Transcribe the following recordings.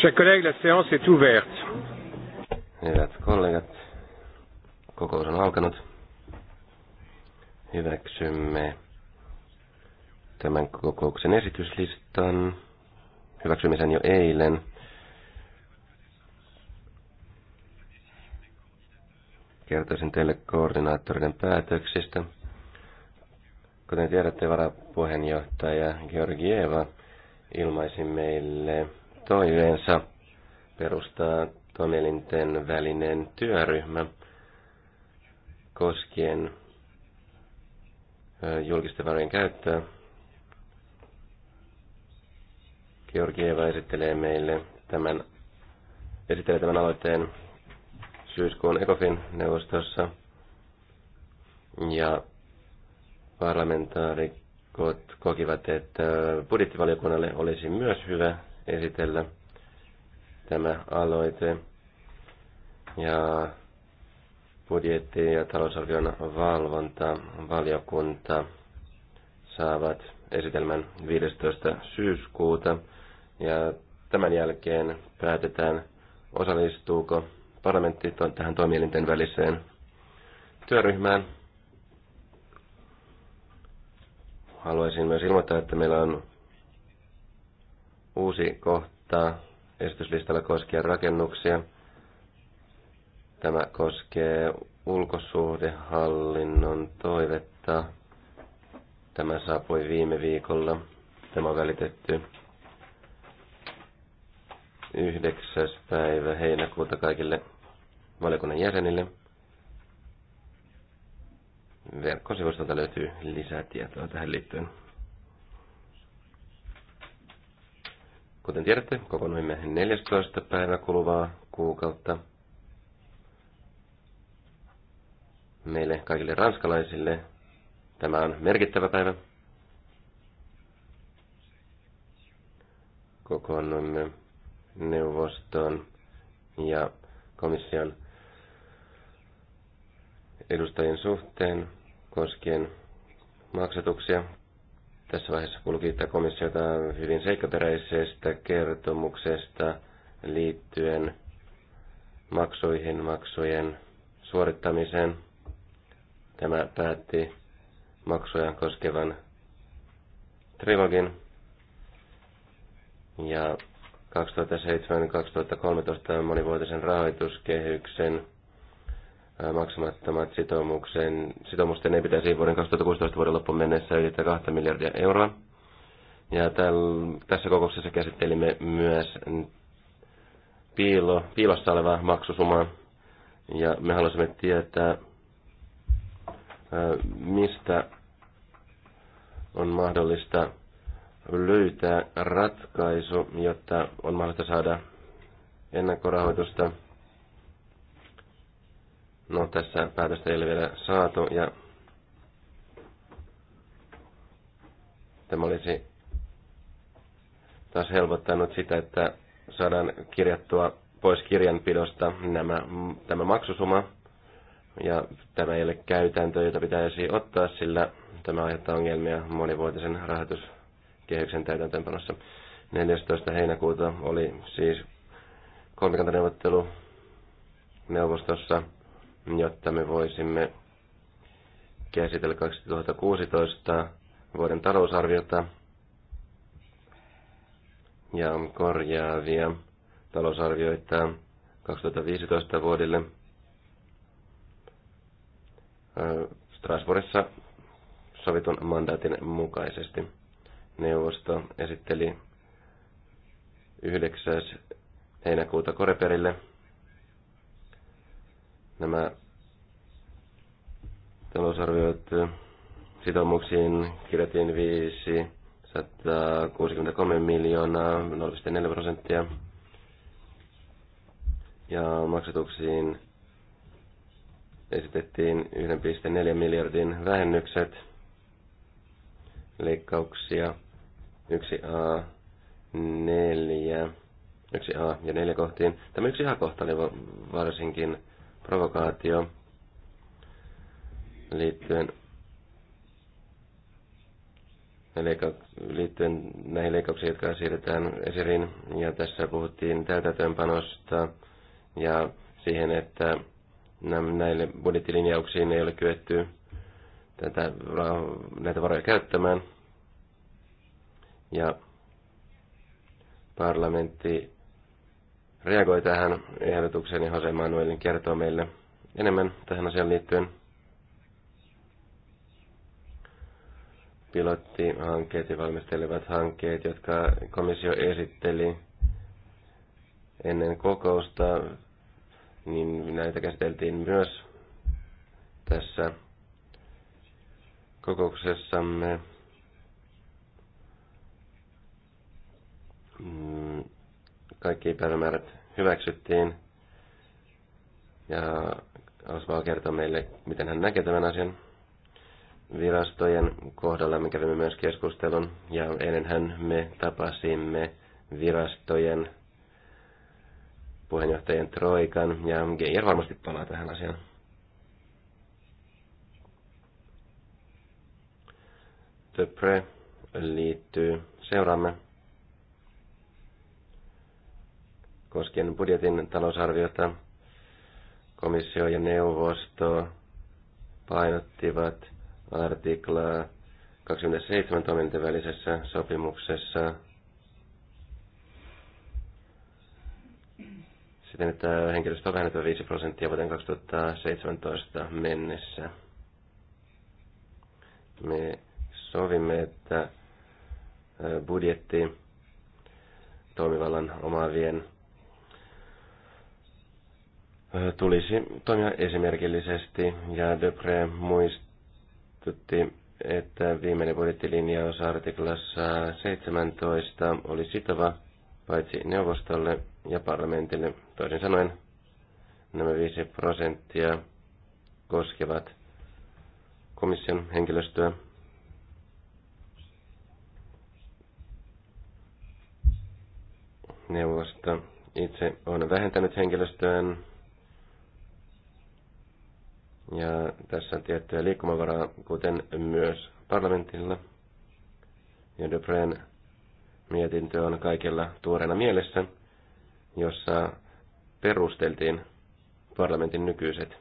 Chers collègues, la séance est ouverte. Hyvät kollegat, kokous on alkanut. Hyväksymme tämän kokouksen esityslistan. Hyväksymisen jo eilen. kertoisin teille koordinaattoreiden päätöksistä. Kuten tiedätte, varapuheenjohtaja Georgieva ilmaisi meille toiveensa perustaa toimielinten välinen työryhmä koskien julkisten varojen käyttöä. Georgieva esittelee meille tämän, esittelee tämän aloitteen syyskuun ECOFIN neuvostossa ja parlamentaarikot kokivat, että budjettivaliokunnalle olisi myös hyvä esitellä tämä aloite ja budjetti- ja talousarvion valvonta valiokunta saavat esitelmän 15. syyskuuta ja tämän jälkeen päätetään osallistuuko to, tähän toimielinten väliseen työryhmään. Haluaisin myös ilmoittaa, että meillä on uusi kohta esityslistalla koskien rakennuksia. Tämä koskee ulkosuhdehallinnon toivetta. Tämä saapui viime viikolla. Tämä on välitetty 9. päivä heinäkuuta kaikille valiokunnan jäsenille. Verkkosivustolta löytyy lisää tietoa tähän liittyen. Kuten tiedätte, kokoonnuimme 14. päivä kuluvaa kuukautta. Meille kaikille ranskalaisille tämä on merkittävä päivä. Kokoonnuimme neuvoston ja komission edustajien suhteen koskien maksatuksia. Tässä vaiheessa kuuluu kiittää komissiota hyvin seikkaperäisestä kertomuksesta liittyen maksuihin, maksujen suorittamiseen. Tämä päätti maksuja koskevan trilogin. Ja 2007-2013 monivuotisen rahoituskehyksen maksamattomat sitoumuksen, sitoumusten ei pitäisi vuoden 2016 vuoden loppuun mennessä ylittää 2 miljardia euroa. Ja täl, tässä kokouksessa käsittelimme myös piilo, piilossa olevaa maksusumaa. Ja me haluaisimme tietää, mistä on mahdollista löytää ratkaisu, jotta on mahdollista saada ennakkorahoitusta – No tässä päätöstä ei ole vielä saatu ja tämä olisi taas helpottanut sitä, että saadaan kirjattua pois kirjanpidosta nämä, tämä maksusuma. Ja tämä ei ole käytäntö, jota pitäisi ottaa, sillä tämä aiheuttaa ongelmia monivuotisen rahoituskehyksen täytäntöönpanossa. 14. heinäkuuta oli siis kolmikantaneuvottelu neuvostossa – jotta me voisimme käsitellä 2016 vuoden talousarviota ja korjaavia talousarvioita 2015 vuodelle. Strasbourgissa sovitun mandaatin mukaisesti neuvosto esitteli 9. heinäkuuta Koreperille – Nämä talousarviot sitoumuksiin kirjattiin 563 miljoonaa, 0,4 prosenttia. Ja maksatuksiin esitettiin 1,4 miljardin vähennykset, leikkauksia 1A, 4, 1A ja 4 kohtiin. Tämä 1A kohta oli varsinkin provokaatio liittyen, liittyen näihin leikkauksiin, jotka siirretään esiriin. Ja tässä puhuttiin täytäntöönpanosta ja siihen, että näille budjettilinjauksiin ei ole kyetty tätä, näitä varoja käyttämään. Ja parlamentti reagoi tähän ehdotukseen ja Jose Manuelin kertoo meille enemmän tähän asiaan liittyen. Pilottihankkeet ja valmistelevat hankkeet, jotka komissio esitteli ennen kokousta, niin näitä käsiteltiin myös tässä kokouksessamme. Mm, kaikki päämäärät hyväksyttiin. Ja Osvao kertoo meille, miten hän näkee tämän asian virastojen kohdalla. Me kävimme myös keskustelun ja ennenhän me tapasimme virastojen puheenjohtajien Troikan ja Geijer varmasti palaa tähän asiaan. The Pre liittyy. Seuraamme koskien budjetin talousarviota. Komissio ja neuvosto painottivat artiklaa 27 toimintojen välisessä sopimuksessa siten, että henkilöstö on vähennetty 5 prosenttia vuoteen 2017 mennessä. Me sovimme, että budjetti toimivallan omaavien tulisi toimia esimerkillisesti ja Depre muistutti, että viimeinen budjettilinjaus artiklassa 17 oli sitova paitsi neuvostolle ja parlamentille. Toisin sanoen nämä 5 prosenttia koskevat komission henkilöstöä. Neuvosto itse on vähentänyt henkilöstöään ja tässä on tiettyä liikkumavaraa, kuten myös parlamentilla. Ja Dupren mietintö on kaikilla tuoreena mielessä, jossa perusteltiin parlamentin nykyiset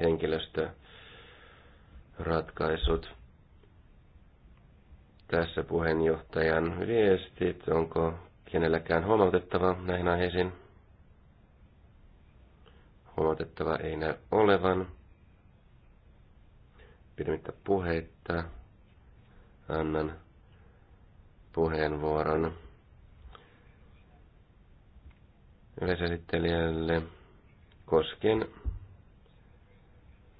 henkilöstöratkaisut. Tässä puheenjohtajan viestit, onko kenelläkään huomautettava näihin aiheisiin? huomautettava ei näy olevan. Pidemmittä puheitta annan puheenvuoron yleisesittelijälle koskien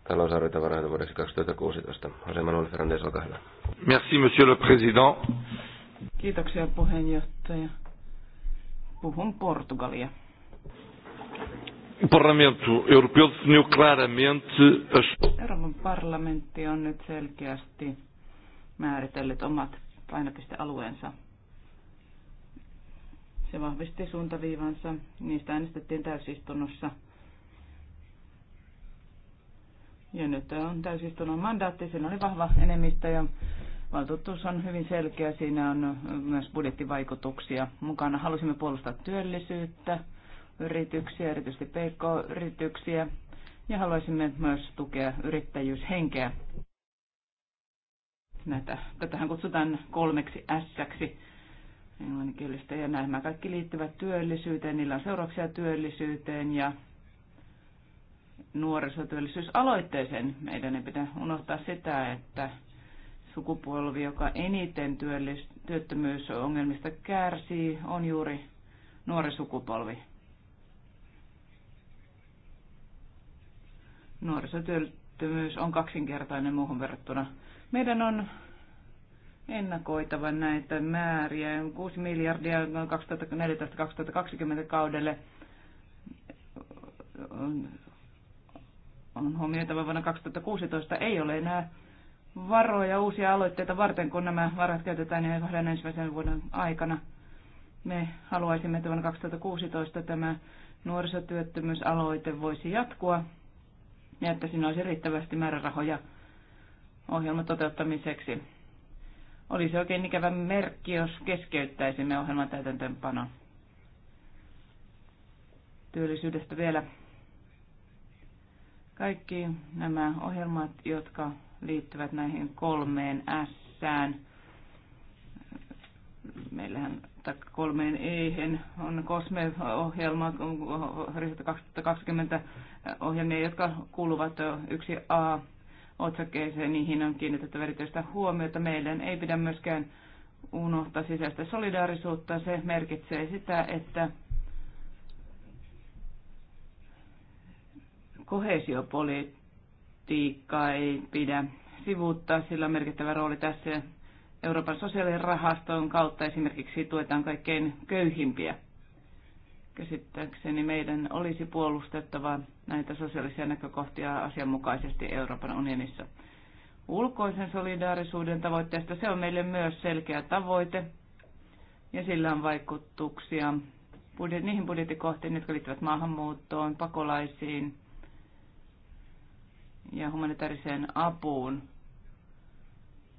talousarvioita varhaita vuodeksi 2016. Jose Manuel Fernandez, olkaa hyvä. Merci, monsieur le président. Kiitoksia puheenjohtaja. Puhun Portugalia. O Parlamento Europeu definiu claramente as... Euroopan parlamentti on nyt selkeästi määritellyt omat painopistealueensa. Se vahvisti suuntaviivansa. Niistä äänestettiin täysistunnossa. Ja nyt on täysistunnon mandaatti. Siinä oli vahva enemmistö ja valtuutus on hyvin selkeä. Siinä on myös budjettivaikutuksia mukana. Halusimme puolustaa työllisyyttä yrityksiä, erityisesti PK-yrityksiä, ja haluaisimme myös tukea yrittäjyyshenkeä. Näitä, tätähän kutsutaan kolmeksi s ksi englanninkielistä, ja nämä kaikki liittyvät työllisyyteen, niillä on seurauksia työllisyyteen ja nuorisotyöllisyysaloitteeseen. Meidän ei pidä unohtaa sitä, että sukupolvi, joka eniten työttömyysongelmista kärsii, on juuri nuori sukupolvi. Nuorisotyöttömyys on kaksinkertainen muuhun verrattuna. Meidän on ennakoitava näitä määriä. 6 miljardia 2014-2020 kaudelle on, on huomioitava vuonna 2016 ei ole enää varoja uusia aloitteita varten, kun nämä varat käytetään jo kahden ensimmäisen vuoden aikana. Me haluaisimme, että vuonna 2016 tämä nuorisotyöttömyysaloite voisi jatkua ja että siinä olisi riittävästi määrärahoja ohjelman toteuttamiseksi. Olisi oikein ikävä merkki, jos keskeyttäisimme ohjelman täytäntöönpanon. Työllisyydestä vielä. Kaikki nämä ohjelmat, jotka liittyvät näihin kolmeen S-sään. Meillähän tai kolmeen eihen on COSME-ohjelma, 2020 ohjelmia, jotka kuuluvat yksi a otsakkeeseen, niihin on kiinnitettävä erityistä huomiota. Meidän ei pidä myöskään unohtaa sisäistä solidaarisuutta. Se merkitsee sitä, että kohesiopolitiikkaa ei pidä sivuuttaa, sillä on merkittävä rooli tässä Euroopan sosiaalirahaston kautta esimerkiksi tuetaan kaikkein köyhimpiä. Käsittääkseni meidän olisi puolustettava näitä sosiaalisia näkökohtia asianmukaisesti Euroopan unionissa. Ulkoisen solidaarisuuden tavoitteesta se on meille myös selkeä tavoite ja sillä on vaikutuksia niihin budjettikohtiin, jotka liittyvät maahanmuuttoon, pakolaisiin ja humanitaariseen apuun.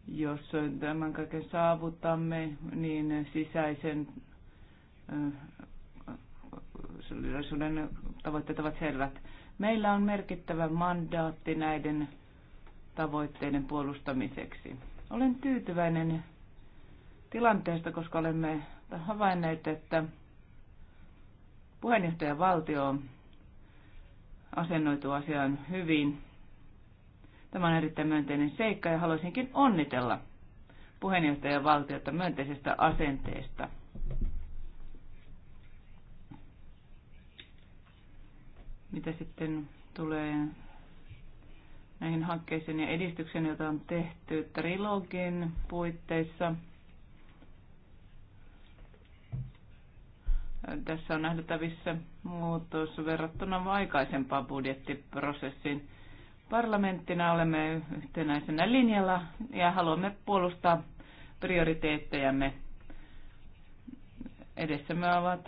Jos tämän kaiken saavutamme, niin sisäisen solidarisuuden tavoitteet ovat selvät. Meillä on merkittävä mandaatti näiden tavoitteiden puolustamiseksi. Olen tyytyväinen tilanteesta, koska olemme havainneet, että puheenjohtajavaltio asennoituu asiaan hyvin Tämä on erittäin myönteinen seikka ja haluaisinkin onnitella puheenjohtajan valtiota myönteisestä asenteesta. Mitä sitten tulee näihin hankkeisiin ja edistykseen, joita on tehty trilogin puitteissa. Tässä on nähtävissä muutos verrattuna aikaisempaan budjettiprosessiin. Parlamenttina olemme yhtenäisenä linjalla ja haluamme puolustaa prioriteettejamme. Edessämme ovat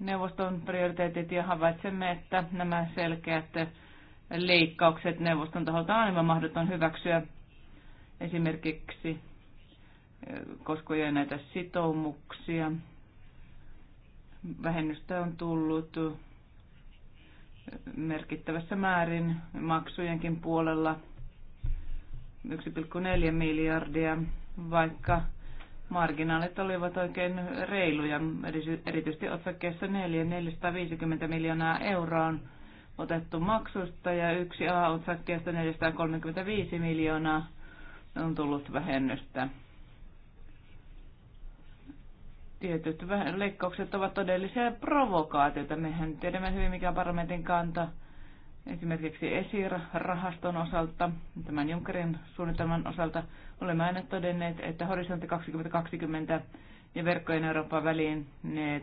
neuvoston prioriteetit ja havaitsemme, että nämä selkeät leikkaukset neuvoston taholta on aivan mahdoton hyväksyä. Esimerkiksi eh, koskien näitä sitoumuksia. Vähennystä on tullut merkittävässä määrin maksujenkin puolella 1,4 miljardia, vaikka marginaalit olivat oikein reiluja. Erityisesti otsakkeessa 4 450 miljoonaa euroa on otettu maksusta ja yksi A-otsakkeesta 435 miljoonaa on tullut vähennystä tietyt leikkaukset ovat todellisia provokaatioita. Mehän tiedämme hyvin, mikä on parlamentin kanta esimerkiksi ESIR-rahaston osalta, tämän Junckerin suunnitelman osalta, olemme aina todenneet, että horisontti 2020 ja verkkojen Euroopan väliin ne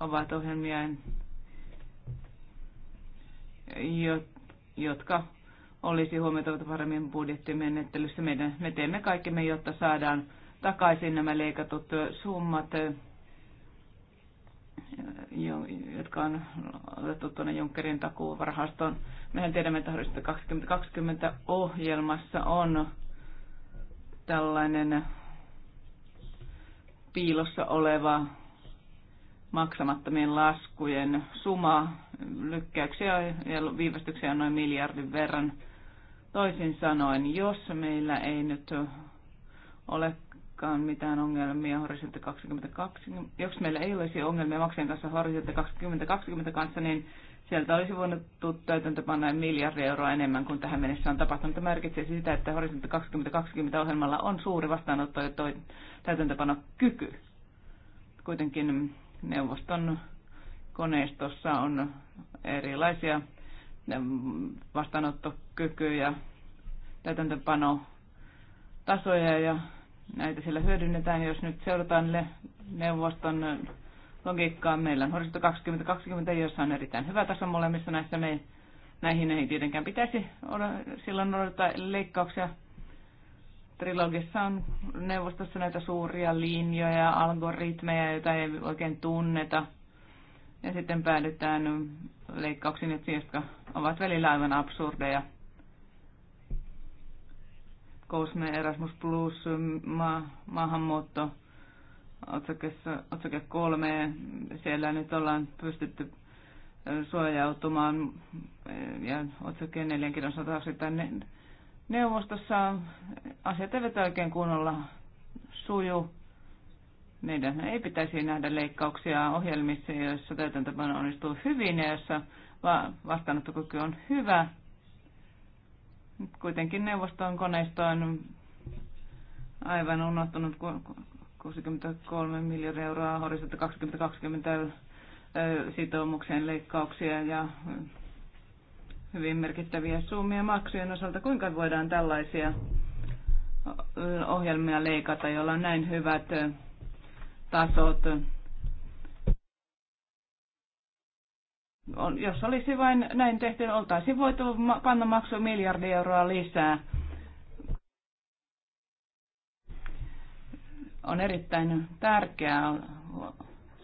ovat ohjelmia, jotka olisi huomioitava paremmin budjettimenettelyssä. Meidän, me teemme kaikkemme, jotta saadaan takaisin nämä leikatut summat, jotka on otettu tuonne Junckerin takuuvarahastoon. Mehän tiedämme, että 2020 ohjelmassa on tällainen piilossa oleva maksamattomien laskujen suma, lykkäyksiä ja viivästyksiä on noin miljardin verran – Toisin sanoen, jos meillä ei nyt olekaan mitään ongelmia Horisontti 2020, jos meillä ei olisi ongelmia maksajan kanssa Horisontti 2020 kanssa, niin sieltä olisi voinut täytäntöpanna miljardia euroa enemmän kuin tähän mennessä on tapahtunut. Tämä merkitsee sitä, että Horisontti 2020 ohjelmalla on suuri vastaanotto ja toi täytäntöpanokyky. Kuitenkin neuvoston koneistossa on erilaisia vastaanottokyky ja täytäntöpano tasoja ja näitä siellä hyödynnetään. Jos nyt seurataan neuvoston logiikkaa, meillä on horisontti 2020, jossa on erittäin hyvä taso molemmissa näissä. Me, näihin ei tietenkään pitäisi silloin odottaa leikkauksia. Trilogissa on neuvostossa näitä suuria linjoja, algoritmeja, joita ei oikein tunneta. Ja sitten päädytään leikkauksiin, niin jotka ovat välillä aivan absurdeja. Kousme Erasmus Plus, ma- maahanmuutto, otsake kolme, siellä nyt ollaan pystytty suojautumaan ja otsake neljänkin osalta neuvostossa asiat eivät oikein kunnolla suju meidän ei pitäisi nähdä leikkauksia ohjelmissa, joissa täytäntöpano onnistuu hyvin ja joissa vastaanottokyky on hyvä. Kuitenkin neuvoston koneisto on aivan unohtunut 63 miljardia euroa horisontti 2020 sitoumuksen leikkauksia ja hyvin merkittäviä summia maksujen osalta. Kuinka voidaan tällaisia ohjelmia leikata, joilla on näin hyvät tasot. On, jos olisi vain näin tehty, oltaisiin voitu panna maksu miljardi euroa lisää. On erittäin tärkeää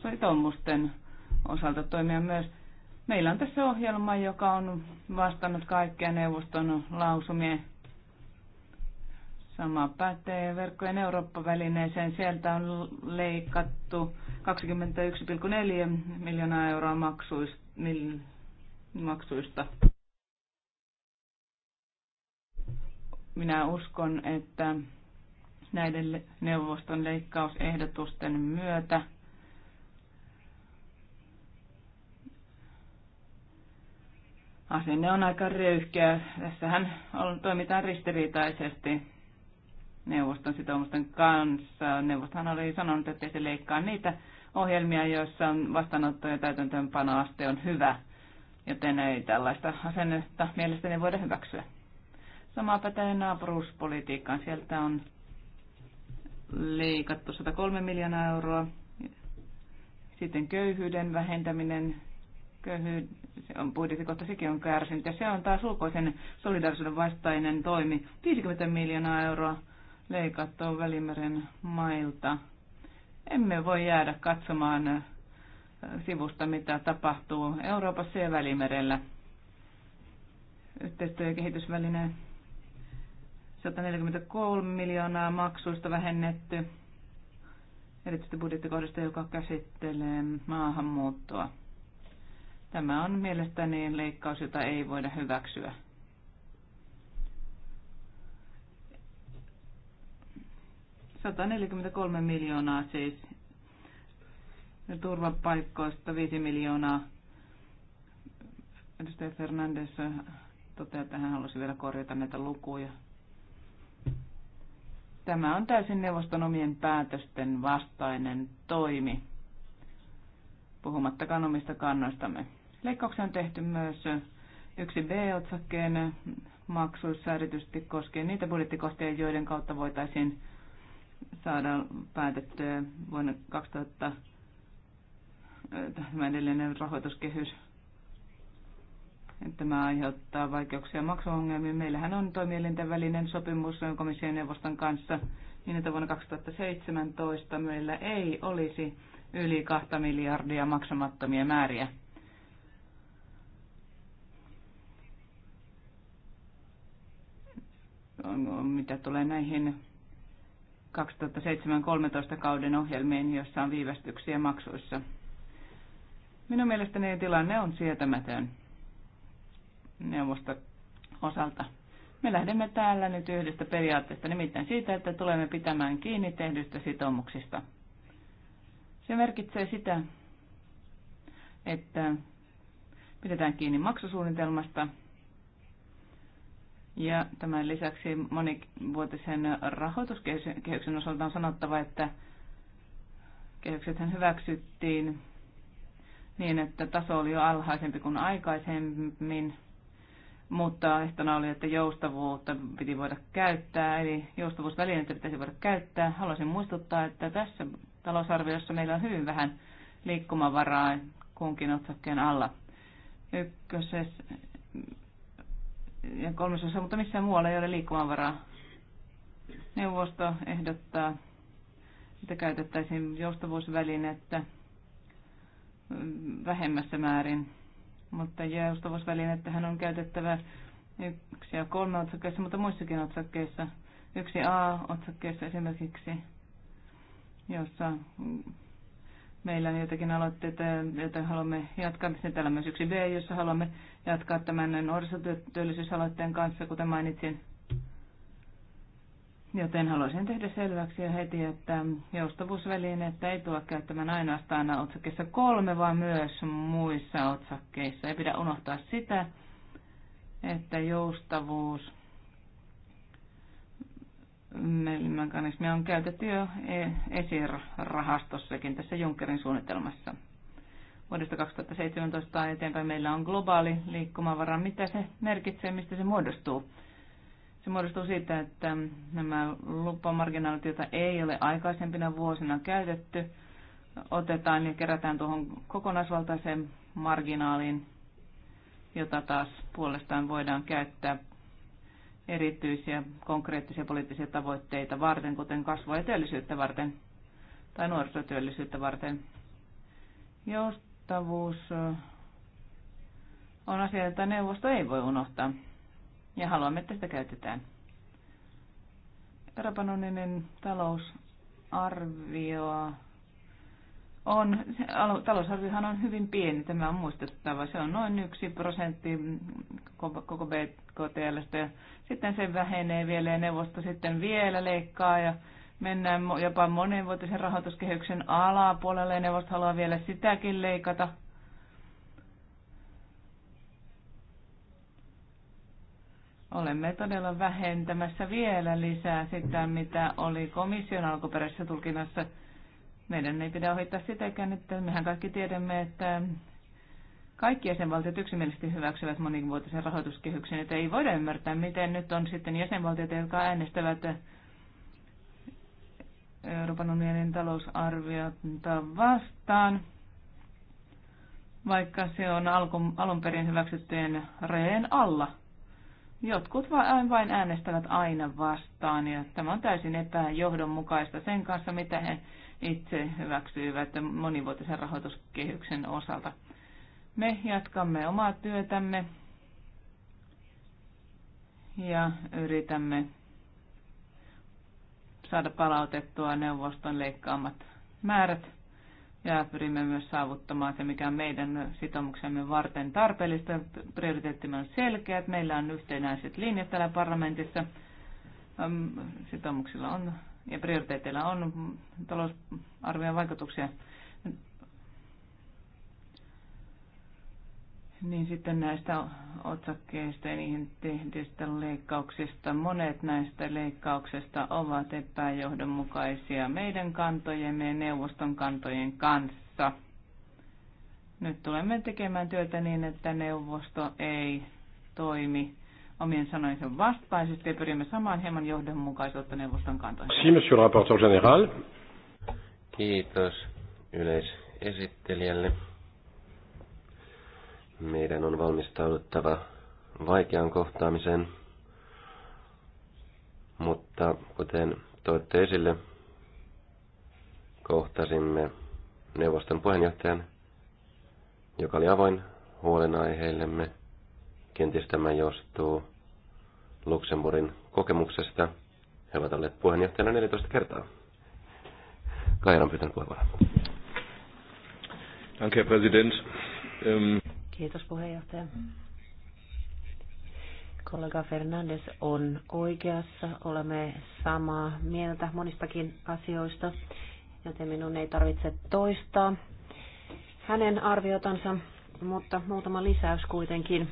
sitoumusten osalta toimia myös. Meillä on tässä ohjelma, joka on vastannut kaikkia neuvoston lausumia Sama pätee verkkojen Eurooppa-välineeseen. Sieltä on leikattu 21,4 miljoonaa euroa maksuista. Minä uskon, että näiden neuvoston leikkausehdotusten myötä asenne on aika röyhkeä. Tässähän on, toimitaan ristiriitaisesti neuvoston sitoumusten kanssa. Neuvostohan oli sanonut, että se leikkaa niitä ohjelmia, joissa on vastaanotto- ja täytäntöönpanoaste on hyvä, joten ei tällaista asennetta mielestäni voida hyväksyä. Sama pätee naapuruuspolitiikkaan. Sieltä on leikattu 103 miljoonaa euroa. Sitten köyhyyden vähentäminen, se on budjettikohta, sekin on kärsinyt. Ja se on taas ulkoisen solidarisuuden vastainen toimi, 50 miljoonaa euroa leikattua Välimeren mailta. Emme voi jäädä katsomaan sivusta, mitä tapahtuu Euroopassa ja Välimerellä. Yhteistyö- ja kehitysväline 143 miljoonaa maksuista vähennetty, erityisesti budjettikohdasta, joka käsittelee maahanmuuttoa. Tämä on mielestäni leikkaus, jota ei voida hyväksyä. 143 miljoonaa siis turvapaikkoista 5 miljoonaa. Edustaja Fernandes toteaa, että hän halusi vielä korjata näitä lukuja. Tämä on täysin neuvoston omien päätösten vastainen toimi, puhumattakaan omista kannoistamme. Leikkauksia on tehty myös yksi B-otsakkeen maksuissa erityisesti koskien niitä budjettikohtia, joiden kautta voitaisiin saada päätettyä vuonna 2000 tämä edellinen rahoituskehys. Tämä aiheuttaa vaikeuksia maksuongelmiin. Meillähän on toimielinten välinen sopimus komission neuvoston kanssa niin, että vuonna 2017 meillä ei olisi yli 2 miljardia maksamattomia määriä. Mitä tulee näihin 2007-2013 kauden ohjelmiin, joissa on viivästyksiä maksuissa. Minun mielestäni tilanne on sietämätön neuvosta osalta. Me lähdemme täällä nyt yhdestä periaatteesta, nimittäin siitä, että tulemme pitämään kiinni tehdyistä sitoumuksista. Se merkitsee sitä, että pidetään kiinni maksusuunnitelmasta, ja tämän lisäksi monivuotisen rahoituskehyksen osalta on sanottava, että kehyksethän hyväksyttiin niin, että taso oli jo alhaisempi kuin aikaisemmin, mutta ehtona oli, että joustavuutta piti voida käyttää, eli joustavuusvälineitä pitäisi voida käyttää. Haluaisin muistuttaa, että tässä talousarviossa meillä on hyvin vähän liikkumavaraa kunkin otsakkeen alla. Ykköses, ja kolmasosa, mutta missään muualla ei ole liikkumavaraa. Neuvosto ehdottaa, että käytettäisiin joustavuusvälinettä vähemmässä määrin, mutta joustavuusvälinettähän on käytettävä yksi ja kolme otsakkeessa, mutta muissakin otsakkeissa. Yksi A-otsakkeessa esimerkiksi, jossa meillä on jotakin aloitteita, joita haluamme jatkaa. Sitten täällä on myös yksi B, jossa haluamme jatkaa tämän nuorisotyöllisyysaloitteen kanssa, kuten mainitsin. Joten haluaisin tehdä selväksi jo heti, että joustavuusvälinettä ei tule käyttämään ainoastaan otsakkeessa kolme, vaan myös muissa otsakkeissa. Ei pidä unohtaa sitä, että joustavuus mekanismia on käytetty jo e- ESIR-rahastossakin tässä Junckerin suunnitelmassa. Vuodesta 2017 eteenpäin meillä on globaali liikkumavara. Mitä se merkitsee, mistä se muodostuu? Se muodostuu siitä, että nämä lupamarginaalit, joita ei ole aikaisempina vuosina käytetty, otetaan ja kerätään tuohon kokonaisvaltaiseen marginaaliin, jota taas puolestaan voidaan käyttää erityisiä konkreettisia poliittisia tavoitteita varten, kuten kasvua ja työllisyyttä varten tai nuorisotyöllisyyttä varten. Joustavuus äh, on asia, jota neuvosto ei voi unohtaa ja haluamme, että sitä käytetään. Euroopan unionin talousarvioa on, talousarviohan on hyvin pieni, tämä on muistettava. Se on noin yksi prosentti koko Ja Sitten se vähenee vielä ja neuvosto sitten vielä leikkaa ja mennään jopa monenvuotisen rahoituskehyksen alapuolelle ja neuvosto haluaa vielä sitäkin leikata. Olemme todella vähentämässä vielä lisää sitä, mitä oli komission alkuperäisessä tulkinnassa – meidän ei pidä ohittaa sitäkään, että mehän kaikki tiedämme, että kaikki jäsenvaltiot yksimielisesti hyväksyvät monivuotisen rahoituskehyksen, että ei voida ymmärtää, miten nyt on sitten jäsenvaltiot, jotka äänestävät Euroopan unionin talousarviota vastaan, vaikka se on alun perin hyväksyttyjen reen alla. Jotkut vain, vain äänestävät aina vastaan ja tämä on täysin epäjohdonmukaista sen kanssa, mitä he itse hyväksyivät monivuotisen rahoituskehyksen osalta. Me jatkamme omaa työtämme ja yritämme saada palautettua neuvoston leikkaamat määrät ja pyrimme myös saavuttamaan se, mikä on meidän sitoumuksemme varten tarpeellista. Prioriteettimme on selkeät, meillä on yhtenäiset linjat täällä parlamentissa. Sitoumuksilla on ja prioriteeteilla on talousarvion vaikutuksia. Niin sitten näistä otsakkeista ja niihin tehdyistä leikkauksista. Monet näistä leikkauksista ovat epäjohdonmukaisia meidän kantojemme ja neuvoston kantojen kanssa. Nyt tulemme tekemään työtä niin, että neuvosto ei toimi omien sanojensa vastaisesti ja pyrimme samaan hieman johdonmukaisuutta neuvoston kantoihin. Si, monsieur rapporteur général. Kiitos yleisesittelijälle. Meidän on valmistauduttava vaikeaan kohtaamiseen, mutta kuten toitte esille, kohtasimme neuvoston puheenjohtajan, joka oli avoin huolenaiheillemme Kenties tämä johtuu Luxemburgin kokemuksesta. He ovat olleet puheenjohtajana 14 kertaa. Kaira on pyytänyt puheenvuoron. Danke, President. Um, Kiitos puheenjohtaja. Kollega Fernandes on oikeassa. Olemme samaa mieltä monistakin asioista, joten minun ei tarvitse toistaa hänen arviotansa, mutta muutama lisäys kuitenkin.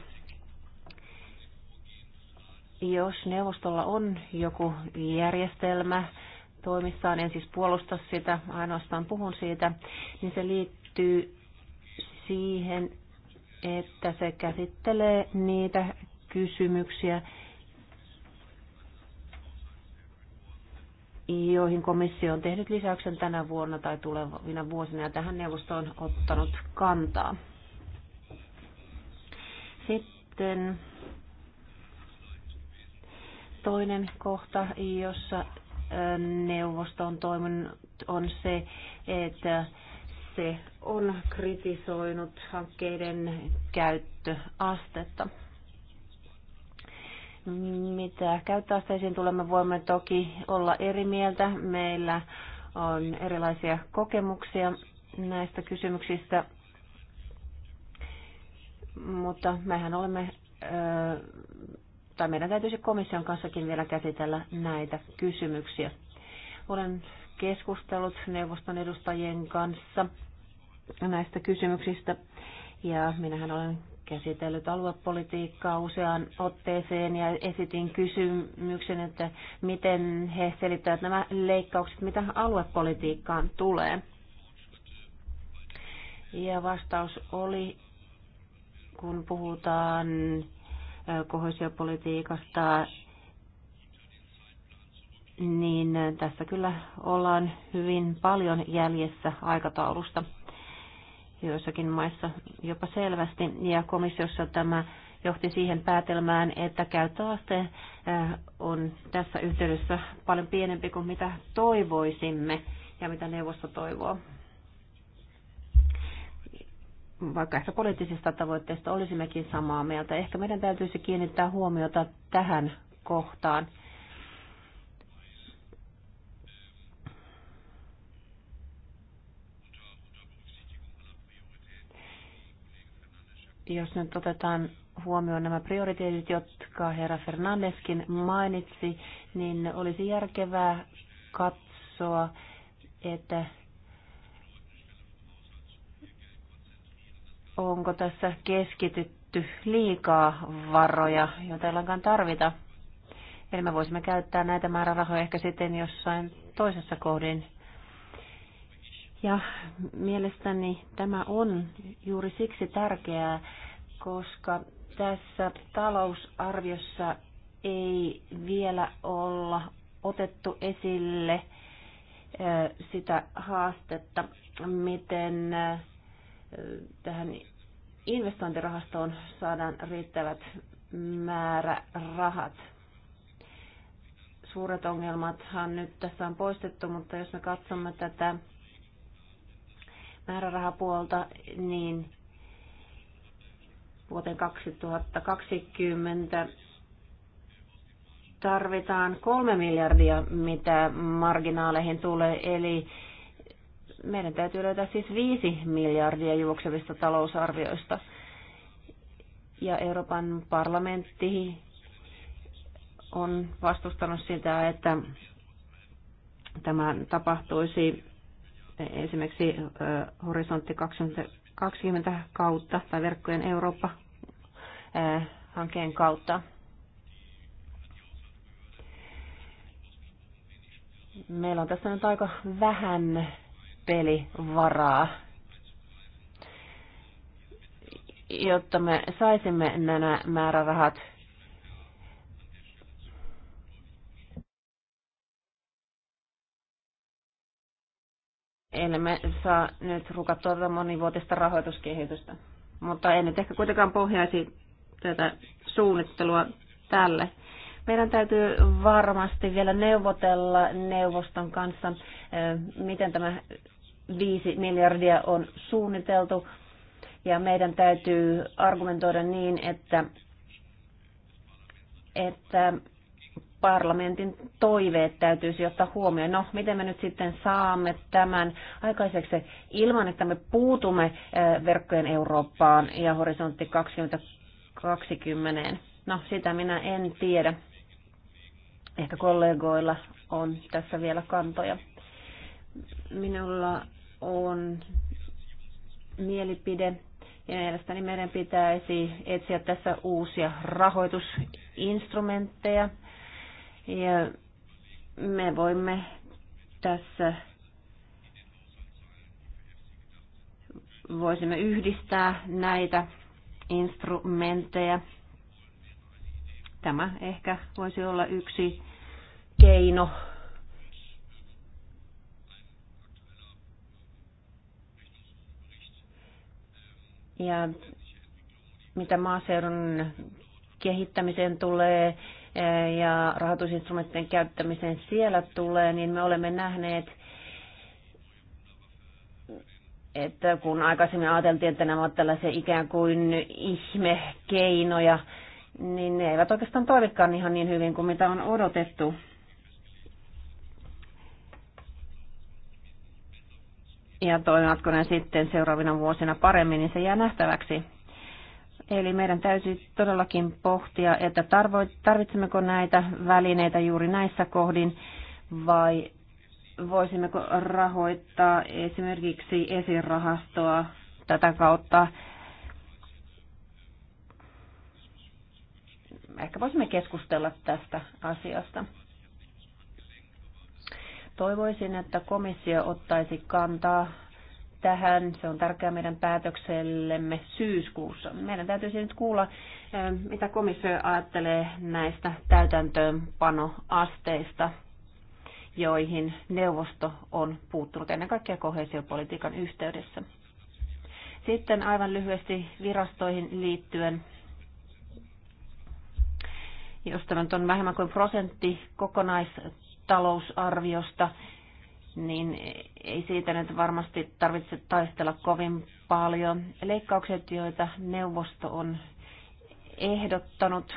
Jos neuvostolla on joku järjestelmä toimissaan, en siis puolusta sitä, ainoastaan puhun siitä, niin se liittyy siihen, että se käsittelee niitä kysymyksiä, joihin komissio on tehnyt lisäyksen tänä vuonna tai tulevina vuosina ja tähän neuvosto on ottanut kantaa. Sitten Toinen kohta, jossa neuvosto on toiminut, on se, että se on kritisoinut hankkeiden käyttöastetta. Mitä käyttöasteisiin tulemme, voimme toki olla eri mieltä. Meillä on erilaisia kokemuksia näistä kysymyksistä, mutta mehän olemme tai meidän täytyisi komission kanssakin vielä käsitellä näitä kysymyksiä. Olen keskustellut neuvoston edustajien kanssa näistä kysymyksistä ja minähän olen käsitellyt aluepolitiikkaa useaan otteeseen ja esitin kysymyksen, että miten he selittävät nämä leikkaukset, mitä aluepolitiikkaan tulee. Ja vastaus oli, kun puhutaan kohesiopolitiikasta, niin tässä kyllä ollaan hyvin paljon jäljessä aikataulusta joissakin maissa jopa selvästi. Ja komissiossa tämä johti siihen päätelmään, että käyttöaste äh, on tässä yhteydessä paljon pienempi kuin mitä toivoisimme ja mitä neuvosto toivoo vaikka ehkä poliittisista tavoitteista olisimmekin samaa mieltä, ehkä meidän täytyisi kiinnittää huomiota tähän kohtaan. Jos nyt otetaan huomioon nämä prioriteetit, jotka herra Fernandeskin mainitsi, niin olisi järkevää katsoa, että onko tässä keskitytty liikaa varoja, joita ei lainkaan tarvita. Eli me voisimme käyttää näitä määrärahoja ehkä sitten jossain toisessa kohdin. Ja mielestäni tämä on juuri siksi tärkeää, koska tässä talousarviossa ei vielä olla otettu esille sitä haastetta, miten tähän investointirahastoon saadaan riittävät määrä rahat. Suuret ongelmathan nyt tässä on poistettu, mutta jos me katsomme tätä määrärahapuolta, niin vuoteen 2020 tarvitaan kolme miljardia, mitä marginaaleihin tulee, eli meidän täytyy löytää siis viisi miljardia juoksevista talousarvioista. Ja Euroopan parlamentti on vastustanut sitä, että tämä tapahtuisi esimerkiksi Horisontti 2020 kautta tai verkkojen Eurooppa-hankkeen kautta. Meillä on tässä nyt aika vähän pelivaraa, jotta me saisimme nämä määrärahat Eli me saa nyt rukattua tätä monivuotista rahoituskehitystä. Mutta en nyt ehkä kuitenkaan pohjaisi tätä suunnittelua tälle. Meidän täytyy varmasti vielä neuvotella neuvoston kanssa, eh, miten tämä 5 miljardia on suunniteltu ja meidän täytyy argumentoida niin, että, että parlamentin toiveet täytyisi ottaa huomioon. No, miten me nyt sitten saamme tämän aikaiseksi ilman, että me puutumme verkkojen Eurooppaan ja horisontti 2020? No, sitä minä en tiedä. Ehkä kollegoilla on tässä vielä kantoja. Minulla on mielipide. Ja mielestäni meidän pitäisi etsiä tässä uusia rahoitusinstrumentteja. Ja me voimme tässä voisimme yhdistää näitä instrumentteja. Tämä ehkä voisi olla yksi keino Ja mitä maaseudun kehittämiseen tulee eh, ja rahoitusinstrumenttien käyttämiseen siellä tulee, niin me olemme nähneet, että kun aikaisemmin ajateltiin, että nämä ovat tällaisia ikään kuin ihmekeinoja, niin ne eivät oikeastaan toimikaan ihan niin hyvin kuin mitä on odotettu. ja toimivatko ne sitten seuraavina vuosina paremmin, niin se jää nähtäväksi. Eli meidän täytyy todellakin pohtia, että tarvitsemmeko näitä välineitä juuri näissä kohdin vai voisimmeko rahoittaa esimerkiksi esirahastoa tätä kautta. Ehkä voisimme keskustella tästä asiasta. Toivoisin, että komissio ottaisi kantaa tähän. Se on tärkeää meidän päätöksellemme syyskuussa. Meidän täytyisi nyt kuulla, mitä komissio ajattelee näistä täytäntöönpanoasteista, joihin neuvosto on puuttunut ennen kaikkea kohesiopolitiikan yhteydessä. Sitten aivan lyhyesti virastoihin liittyen. Jos tämä on vähemmän kuin prosentti kokonais talousarviosta, niin ei siitä nyt varmasti tarvitse taistella kovin paljon. Leikkaukset, joita neuvosto on ehdottanut,